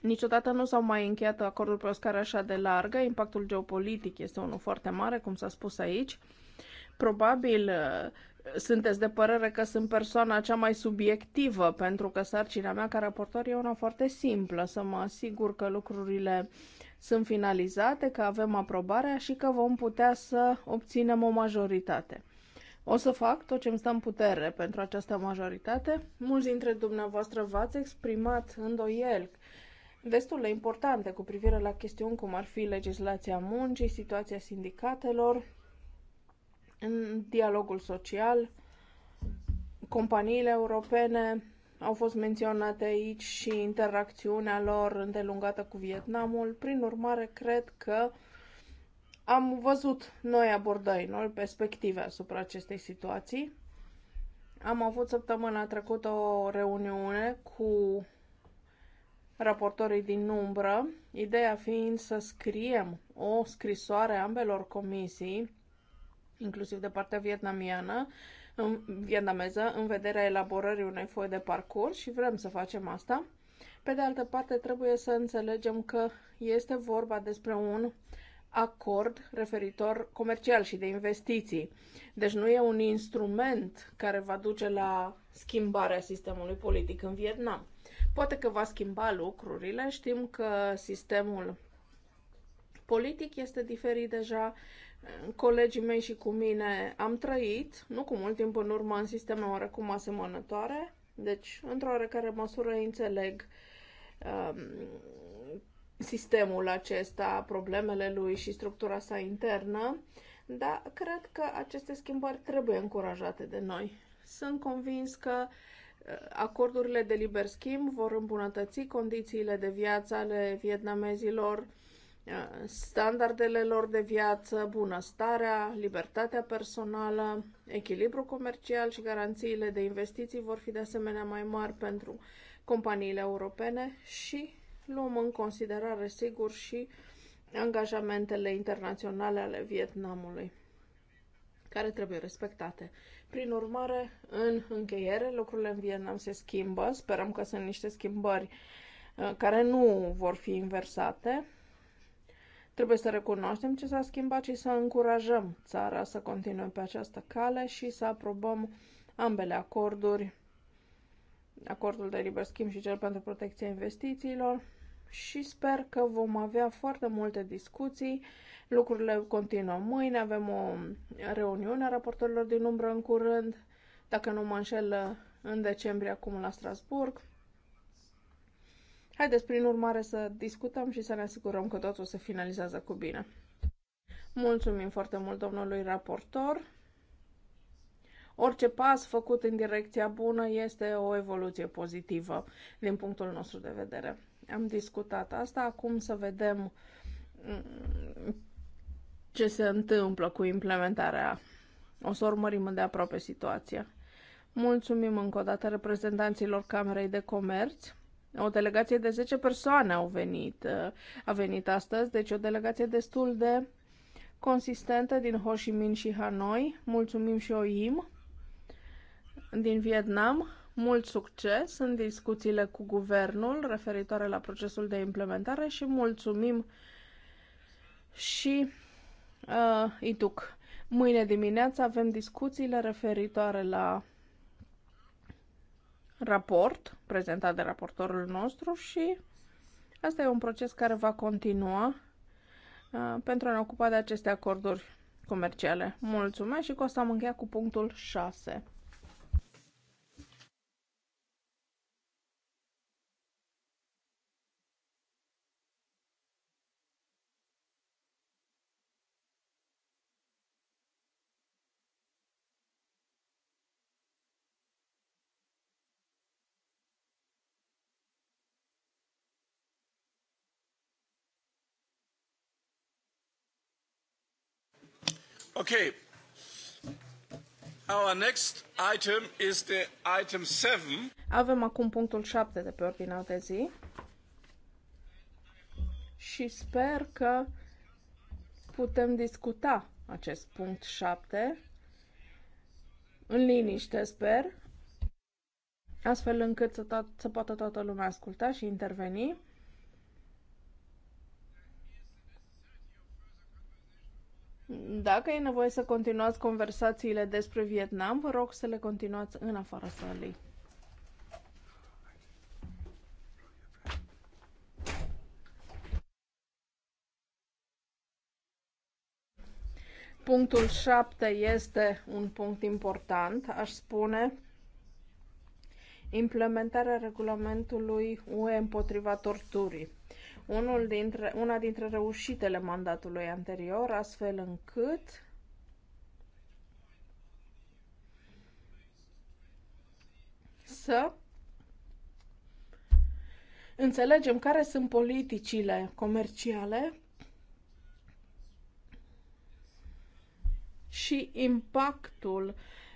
Niciodată nu s-au mai încheiat acorduri pe o scară așa de largă. Impactul geopolitic este unul foarte mare, cum s-a spus aici. Probabil uh, sunteți de părere că sunt persoana cea mai subiectivă, pentru că sarcina mea ca raportor e una foarte simplă, să mă asigur că lucrurile sunt finalizate, că avem aprobarea și că vom putea să obținem o majoritate. O să fac tot ce îmi stă în putere pentru această majoritate. Mulți dintre dumneavoastră v-ați exprimat îndoieli destul de importante cu privire la chestiuni cum ar fi legislația muncii, situația sindicatelor, în dialogul social, companiile europene au fost menționate aici și interacțiunea lor îndelungată cu Vietnamul. Prin urmare, cred că am văzut noi abordări, noi perspective asupra acestei situații. Am avut săptămâna trecută o reuniune cu raportorii din umbră, ideea fiind să scriem o scrisoare ambelor comisii, inclusiv de partea vietnamiană, în, vietnameză, în vederea elaborării unei foi de parcurs și vrem să facem asta. Pe de altă parte, trebuie să înțelegem că este vorba despre un acord referitor comercial și de investiții. Deci nu e un instrument care va duce la schimbarea sistemului politic în Vietnam. Poate că va schimba lucrurile, știm că sistemul politic este diferit deja. Colegii mei și cu mine am trăit, nu cu mult timp în urmă, în sisteme oarecum asemănătoare, deci într-o oarecare măsură înțeleg um, sistemul acesta, problemele lui și structura sa internă, dar cred că aceste schimbări trebuie încurajate de noi. Sunt convins că uh, acordurile de liber schimb vor îmbunătăți condițiile de viață ale vietnamezilor, uh, standardele lor de viață, bunăstarea, libertatea personală, echilibru comercial și garanțiile de investiții vor fi de asemenea mai mari pentru companiile europene și luăm în considerare, sigur, și angajamentele internaționale ale Vietnamului, care trebuie respectate. Prin urmare, în încheiere, lucrurile în Vietnam se schimbă. Sperăm că sunt niște schimbări uh, care nu vor fi inversate. Trebuie să recunoaștem ce s-a schimbat și să încurajăm țara să continue pe această cale și să aprobăm ambele acorduri, acordul de liber schimb și cel pentru protecția investițiilor, și sper că vom avea foarte multe discuții. Lucrurile continuă mâine, avem o reuniune a raportorilor din umbră în curând, dacă nu mă înșel în decembrie acum la Strasburg. Haideți, prin urmare, să discutăm și să ne asigurăm că totul se finalizează cu bine. Mulțumim foarte mult domnului raportor. Orice pas făcut în direcția bună este o evoluție pozitivă din punctul nostru de vedere. Am discutat asta, acum să vedem mm, ce se întâmplă cu implementarea. O să urmărim de aproape situația. Mulțumim încă o dată reprezentanților Camerei de Comerț. O delegație de 10 persoane au venit, a venit astăzi, deci o delegație destul de consistentă din Ho Chi Minh și Hanoi. Mulțumim și OIM din Vietnam mult succes în discuțiile cu guvernul referitoare la procesul de implementare și mulțumim și uh, ITUC. Mâine dimineață avem discuțiile referitoare la raport prezentat de raportorul nostru și asta e un proces care va continua uh, pentru a ne ocupa de aceste acorduri comerciale. Mulțumesc și cu asta am încheiat cu punctul 6. Okay. Our next item is the item 7. Avem acum punctul 7 de pe ordinea de zi. Și sper că putem discuta acest punct 7 în liniște, sper, astfel încât să, to- să poată toată lumea asculta și interveni. Dacă e nevoie să continuați conversațiile despre Vietnam, vă rog să le continuați în afara salii. Punctul 7 este un punct important, aș spune, implementarea regulamentului UE împotriva torturii unul dintre, una dintre reușitele mandatului anterior, astfel încât să înțelegem care sunt politicile comerciale și impactul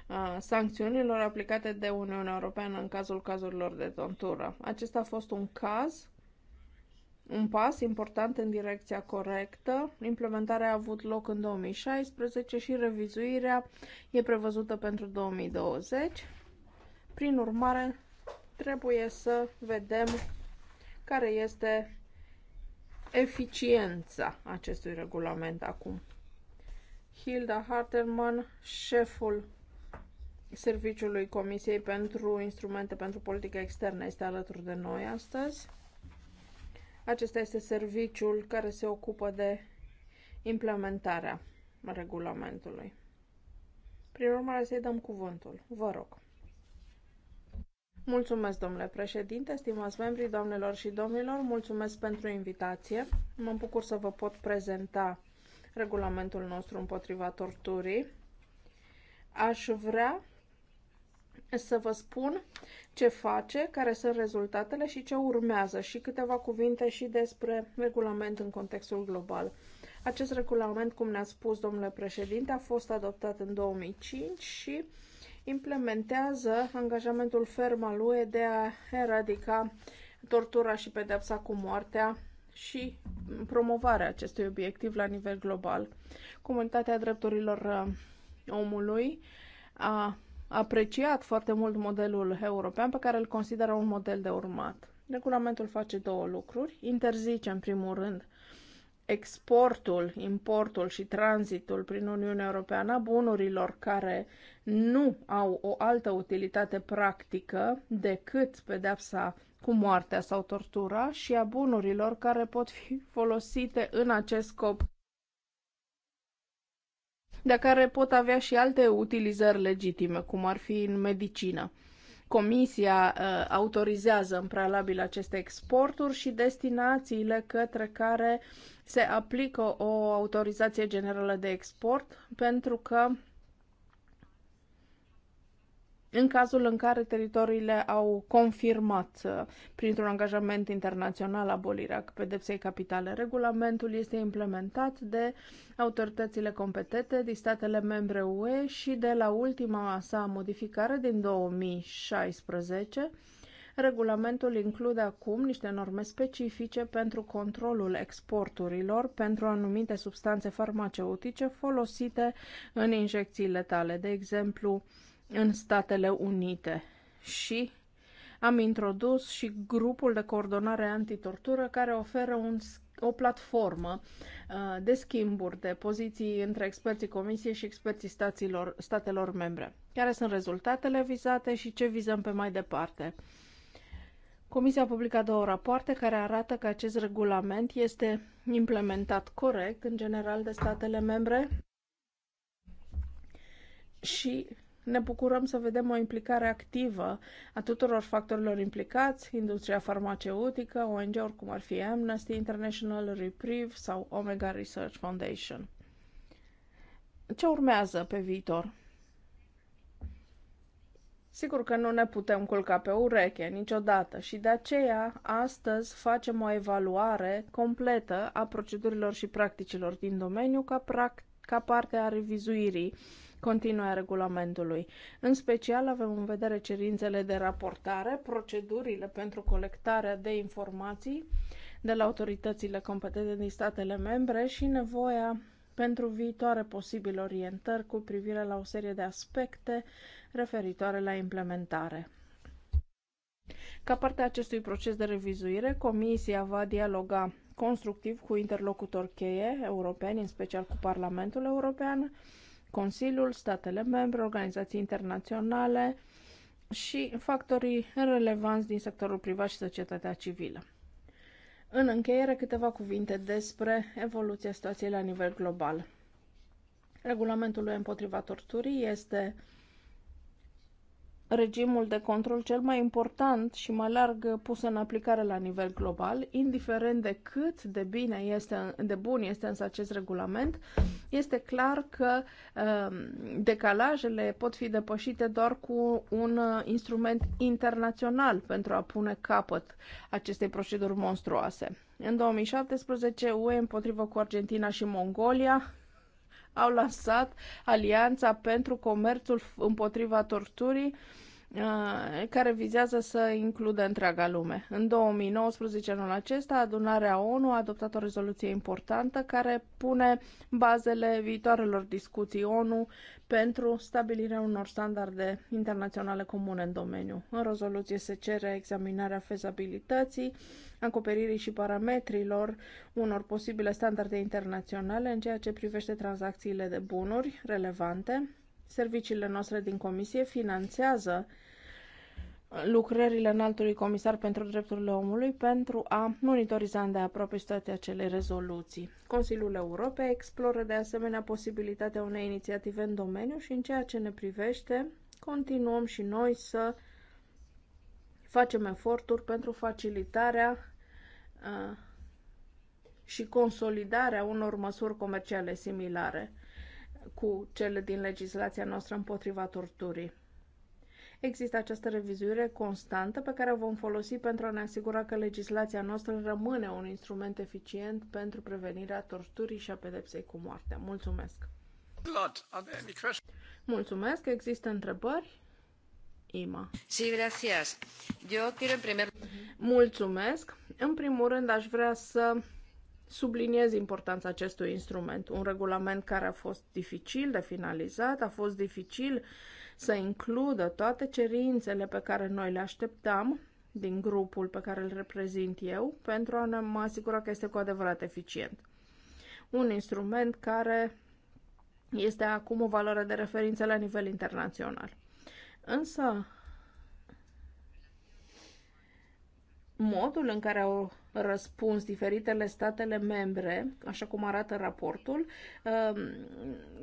uh, sancțiunilor aplicate de Uniunea Europeană în cazul cazurilor de tontură. Acesta a fost un caz un pas important în direcția corectă. Implementarea a avut loc în 2016 și revizuirea e prevăzută pentru 2020. Prin urmare, trebuie să vedem care este eficiența acestui regulament acum. Hilda Harterman, șeful Serviciului Comisiei pentru Instrumente pentru Politică Externă, este alături de noi astăzi. Acesta este serviciul care se ocupă de implementarea regulamentului. Prin urmare, să-i dăm cuvântul. Vă rog. Mulțumesc, domnule președinte, stimați membri, doamnelor și domnilor, mulțumesc pentru invitație. Mă bucur să vă pot prezenta regulamentul nostru împotriva torturii. Aș vrea să vă spun ce face, care sunt rezultatele și ce urmează și câteva cuvinte și despre regulament în contextul global. Acest regulament, cum ne-a spus domnule președinte, a fost adoptat în 2005 și implementează angajamentul ferm al UE de a eradica tortura și pedepsa cu moartea și promovarea acestui obiectiv la nivel global. Comunitatea drepturilor uh, omului a apreciat foarte mult modelul european pe care îl consideră un model de urmat. Regulamentul face două lucruri. Interzice, în primul rând, exportul, importul și tranzitul prin Uniunea Europeană a bunurilor care nu au o altă utilitate practică decât pedepsa cu moartea sau tortura și a bunurilor care pot fi folosite în acest scop de care pot avea și alte utilizări legitime, cum ar fi în medicină. Comisia uh, autorizează în prealabil aceste exporturi și destinațiile către care se aplică o autorizație generală de export, pentru că în cazul în care teritoriile au confirmat uh, printr-un angajament internațional abolirea pedepsei capitale. Regulamentul este implementat de autoritățile competente din statele membre UE și de la ultima sa modificare din 2016, Regulamentul include acum niște norme specifice pentru controlul exporturilor pentru anumite substanțe farmaceutice folosite în injecții letale, de exemplu în Statele Unite și am introdus și grupul de coordonare antitortură care oferă un, o platformă uh, de schimburi de poziții între experții Comisiei și experții staților, statelor membre. Care sunt rezultatele vizate și ce vizăm pe mai departe? Comisia a publicat două rapoarte care arată că acest regulament este implementat corect, în general, de statele membre și ne bucurăm să vedem o implicare activă a tuturor factorilor implicați, industria farmaceutică, ONG-uri cum ar fi Amnesty International, Reprieve sau Omega Research Foundation. Ce urmează pe viitor? Sigur că nu ne putem culca pe ureche niciodată și de aceea astăzi facem o evaluare completă a procedurilor și practicilor din domeniu ca, ca parte a revizuirii continuă regulamentului. În special avem în vedere cerințele de raportare, procedurile pentru colectarea de informații de la autoritățile competente din statele membre și nevoia pentru viitoare posibile orientări cu privire la o serie de aspecte referitoare la implementare. Ca parte a acestui proces de revizuire, Comisia va dialoga constructiv cu interlocutori cheie europeni, în special cu Parlamentul European, Consiliul, statele membre, organizații internaționale și factorii relevanți din sectorul privat și societatea civilă. În încheiere, câteva cuvinte despre evoluția situației la nivel global. Regulamentul împotriva torturii este regimul de control cel mai important și mai larg pus în aplicare la nivel global, indiferent de cât de bine este, de bun este însă acest regulament, este clar că um, decalajele pot fi depășite doar cu un uh, instrument internațional pentru a pune capăt acestei proceduri monstruoase. În 2017, UE împotrivă cu Argentina și Mongolia au lansat Alianța pentru Comerțul împotriva Torturii, Uh, care vizează să includă întreaga lume. În 2019, anul acesta, adunarea ONU a adoptat o rezoluție importantă care pune bazele viitoarelor discuții ONU pentru stabilirea unor standarde internaționale comune în domeniu. În rezoluție se cere examinarea fezabilității, acoperirii și parametrilor unor posibile standarde internaționale în ceea ce privește tranzacțiile de bunuri relevante, Serviciile noastre din comisie finanțează lucrările înaltului comisar pentru drepturile omului pentru a monitoriza îndeaproape și toate acele rezoluții. Consiliul Europei exploră de asemenea posibilitatea unei inițiative în domeniu și în ceea ce ne privește continuăm și noi să facem eforturi pentru facilitarea uh, și consolidarea unor măsuri comerciale similare cu cele din legislația noastră împotriva torturii. Există această revizuire constantă pe care o vom folosi pentru a ne asigura că legislația noastră rămâne un instrument eficient pentru prevenirea torturii și a pedepsei cu moartea. Mulțumesc! Mulțumesc! Există întrebări? Ima. Sí, gracias. Yo quiero primer... Mulțumesc! În primul rând aș vrea să Subliniez importanța acestui instrument, un regulament care a fost dificil de finalizat, a fost dificil să includă toate cerințele pe care noi le așteptam din grupul pe care îl reprezint eu, pentru a ne asigura că este cu adevărat eficient. Un instrument care este acum o valoare de referință la nivel internațional. Însă, modul în care au răspuns diferitele statele membre, așa cum arată raportul, um,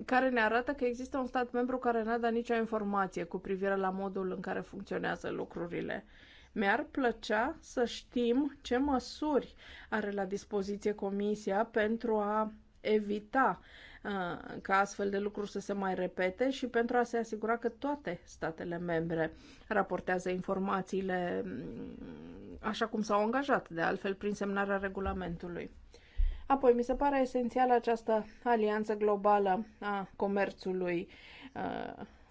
care ne arată că există un stat membru care n-a dat nicio informație cu privire la modul în care funcționează lucrurile. Mi-ar plăcea să știm ce măsuri are la dispoziție Comisia pentru a evita uh, ca astfel de lucruri să se mai repete și pentru a se asigura că toate statele membre raportează informațiile mm, așa cum s-au angajat, de altfel prin semnarea regulamentului. Apoi, mi se pare esențială această alianță globală a comerțului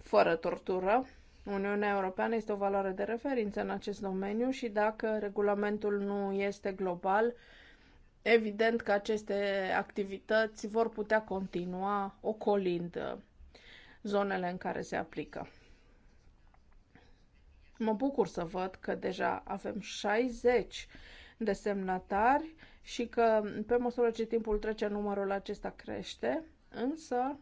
fără tortură. Uniunea Europeană este o valoare de referință în acest domeniu și dacă regulamentul nu este global, Evident că aceste activități vor putea continua ocolind uh, zonele în care se aplică. Mă bucur să văd că deja avem 60 de semnatari și că pe măsură ce timpul trece numărul acesta crește, însă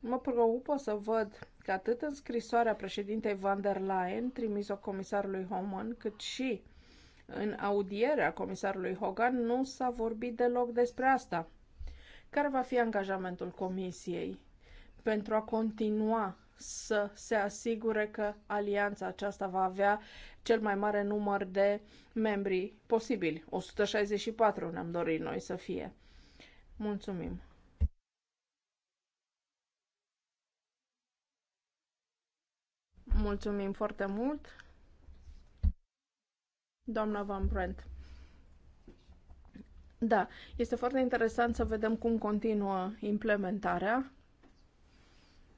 mă preocupă să văd că atât în scrisoarea președintei van der Leyen trimis-o comisarului Homan, cât și în audierea comisarului Hogan nu s-a vorbit deloc despre asta. Care va fi angajamentul comisiei pentru a continua să se asigure că alianța aceasta va avea cel mai mare număr de membri posibil. 164 ne-am dorit noi să fie. Mulțumim! Mulțumim foarte mult! doamna Van Brent. Da, este foarte interesant să vedem cum continuă implementarea.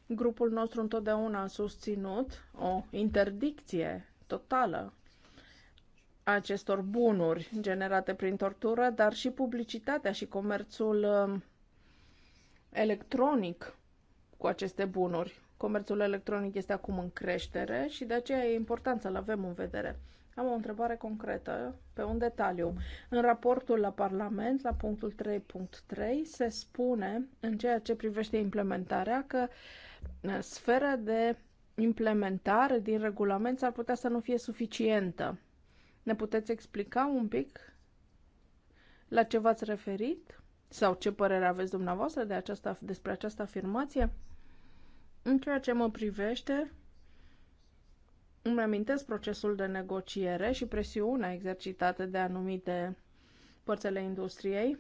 Grupul nostru întotdeauna a susținut o interdicție totală acestor bunuri generate prin tortură, dar și publicitatea și comerțul um, electronic cu aceste bunuri. Comerțul electronic este acum în creștere și de aceea e important să-l avem în vedere. Am o întrebare concretă pe un detaliu. În raportul la Parlament, la punctul 3.3, se spune, în ceea ce privește implementarea, că uh, sfera de implementare din regulament ar putea să nu fie suficientă. Ne puteți explica un pic la ce v-ați referit? Sau ce părere aveți dumneavoastră de aceasta, despre această afirmație? În ceea ce mă privește, îmi amintesc procesul de negociere și presiunea exercitată de anumite părțele industriei.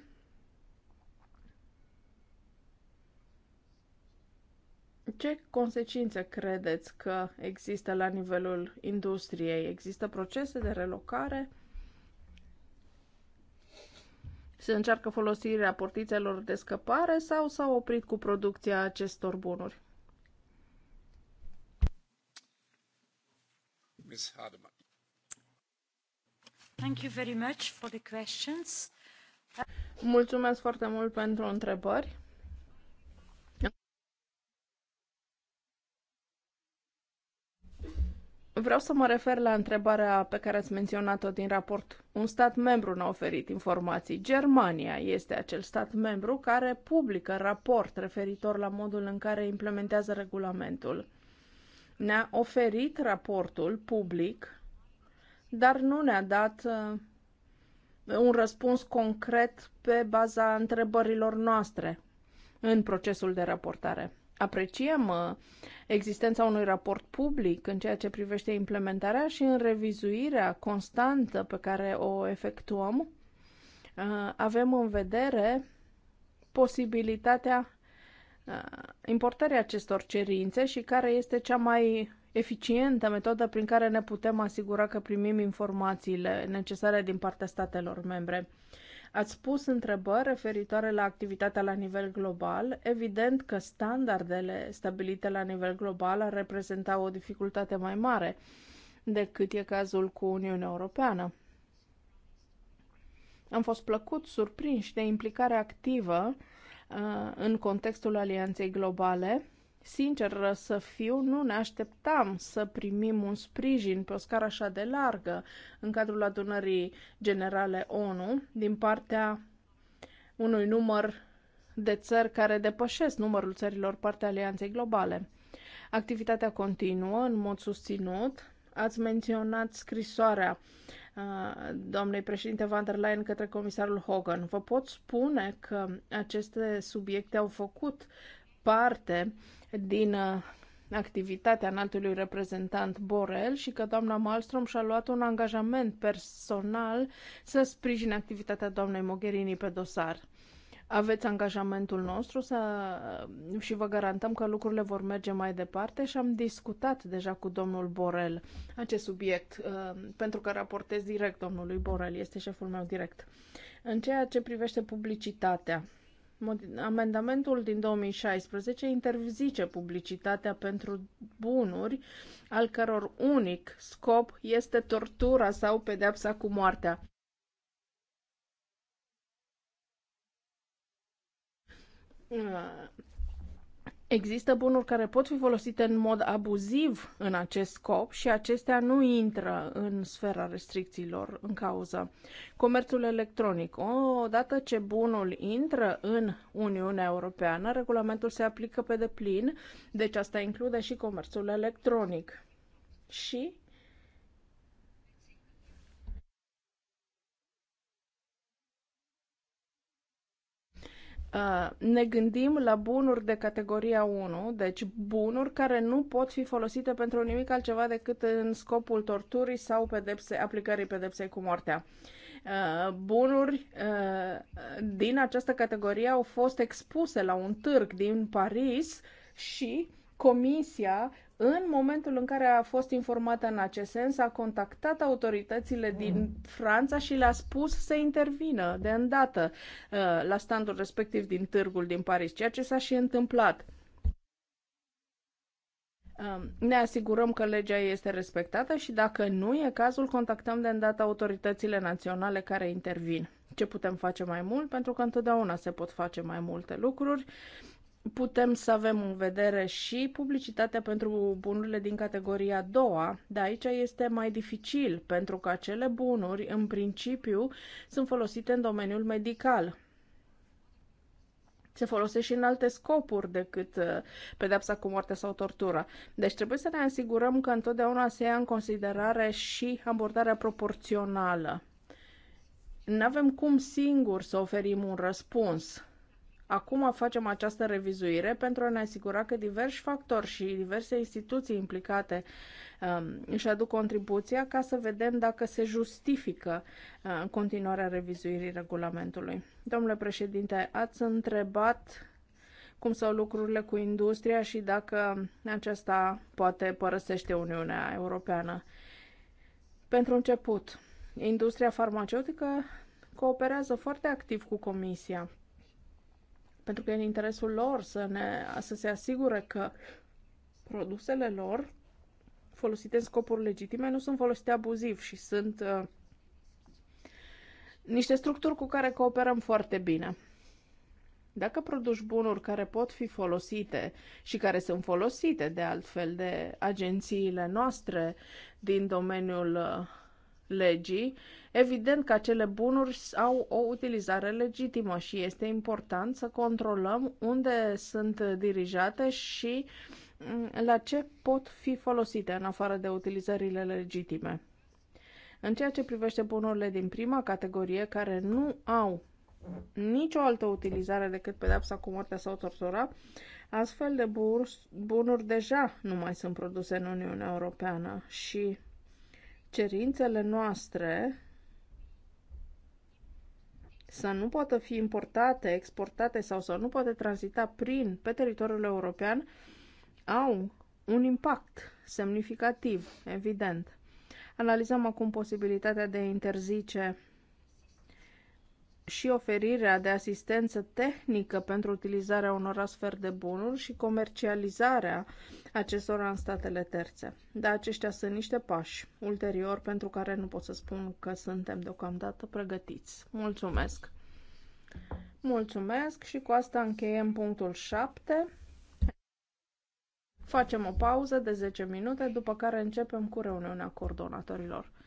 Ce consecințe credeți că există la nivelul industriei? Există procese de relocare? Se încearcă folosirea portițelor de scăpare sau s au oprit cu producția acestor bunuri? Mulțumesc foarte mult pentru întrebări. Vreau să mă refer la întrebarea pe care ați menționat-o din raport. Un stat membru ne-a oferit informații. Germania este acel stat membru care publică raport referitor la modul în care implementează regulamentul ne-a oferit raportul public, dar nu ne-a dat uh, un răspuns concret pe baza întrebărilor noastre în procesul de raportare. Apreciem uh, existența unui raport public în ceea ce privește implementarea și în revizuirea constantă pe care o efectuăm, uh, avem în vedere posibilitatea Uh, importării acestor cerințe și care este cea mai eficientă metodă prin care ne putem asigura că primim informațiile necesare din partea statelor membre. Ați spus întrebări referitoare la activitatea la nivel global. Evident că standardele stabilite la nivel global ar reprezenta o dificultate mai mare decât e cazul cu Uniunea Europeană. Am fost plăcut surprinși de implicarea activă Uh, în contextul alianței globale. Sincer să fiu, nu ne așteptam să primim un sprijin pe o scară așa de largă în cadrul adunării generale ONU din partea unui număr de țări care depășesc numărul țărilor parte alianței globale. Activitatea continuă în mod susținut. Ați menționat scrisoarea doamnei președinte van der Leyen către comisarul Hogan. Vă pot spune că aceste subiecte au făcut parte din activitatea înaltului reprezentant Borel și că doamna Malmström și-a luat un angajament personal să sprijine activitatea doamnei Mogherini pe dosar. Aveți angajamentul nostru să, și vă garantăm că lucrurile vor merge mai departe și am discutat deja cu domnul Borel acest subiect, uh, pentru că raportez direct domnului Borel, este șeful meu direct. În ceea ce privește publicitatea, Amendamentul din 2016 interzice publicitatea pentru bunuri, al căror unic scop este tortura sau pedepsa cu moartea. Uh, există bunuri care pot fi folosite în mod abuziv în acest scop și acestea nu intră în sfera restricțiilor în cauză. Comerțul electronic. Odată ce bunul intră în Uniunea Europeană, regulamentul se aplică pe deplin, deci asta include și comerțul electronic. Și Uh, ne gândim la bunuri de categoria 1, deci bunuri care nu pot fi folosite pentru nimic altceva decât în scopul torturii sau pedepse, aplicării pedepsei cu moartea. Uh, bunuri uh, din această categorie au fost expuse la un târg din Paris și comisia în momentul în care a fost informată în acest sens, a contactat autoritățile din mm. Franța și le-a spus să intervină de îndată uh, la standul respectiv din târgul din Paris, ceea ce s-a și întâmplat. Um, ne asigurăm că legea este respectată și dacă nu e cazul, contactăm de îndată autoritățile naționale care intervin. Ce putem face mai mult? Pentru că întotdeauna se pot face mai multe lucruri putem să avem în vedere și publicitatea pentru bunurile din categoria a doua, dar aici este mai dificil pentru că acele bunuri, în principiu, sunt folosite în domeniul medical. Se folosește și în alte scopuri decât uh, pedepsa cu moartea sau tortura. Deci trebuie să ne asigurăm că întotdeauna se ia în considerare și abordarea proporțională. Nu avem cum singur să oferim un răspuns Acum facem această revizuire pentru a ne asigura că diversi factori și diverse instituții implicate um, își aduc contribuția ca să vedem dacă se justifică uh, în continuarea revizuirii regulamentului. Domnule președinte, ați întrebat cum sunt lucrurile cu industria și dacă aceasta poate părăsește Uniunea Europeană. Pentru început, industria farmaceutică cooperează foarte activ cu Comisia pentru că e în interesul lor să, ne, să se asigure că produsele lor folosite în scopuri legitime nu sunt folosite abuziv și sunt uh, niște structuri cu care cooperăm foarte bine. Dacă produci bunuri care pot fi folosite și care sunt folosite de altfel de agențiile noastre din domeniul uh, legii, Evident că acele bunuri au o utilizare legitimă și este important să controlăm unde sunt dirijate și mm, la ce pot fi folosite în afară de utilizările legitime. În ceea ce privește bunurile din prima categorie care nu au nicio altă utilizare decât pedepsa cu moartea sau tortura, astfel de bunuri deja nu mai sunt produse în Uniunea Europeană și cerințele noastre să nu poată fi importate, exportate sau să nu poată tranzita prin pe teritoriul european au un impact semnificativ, evident. Analizăm acum posibilitatea de a interzice și oferirea de asistență tehnică pentru utilizarea unor astfel de bunuri și comercializarea acestora în statele terțe. Dar aceștia sunt niște pași ulterior pentru care nu pot să spun că suntem deocamdată pregătiți. Mulțumesc! Mulțumesc și cu asta încheiem punctul 7. Facem o pauză de 10 minute, după care începem cu reuniunea coordonatorilor.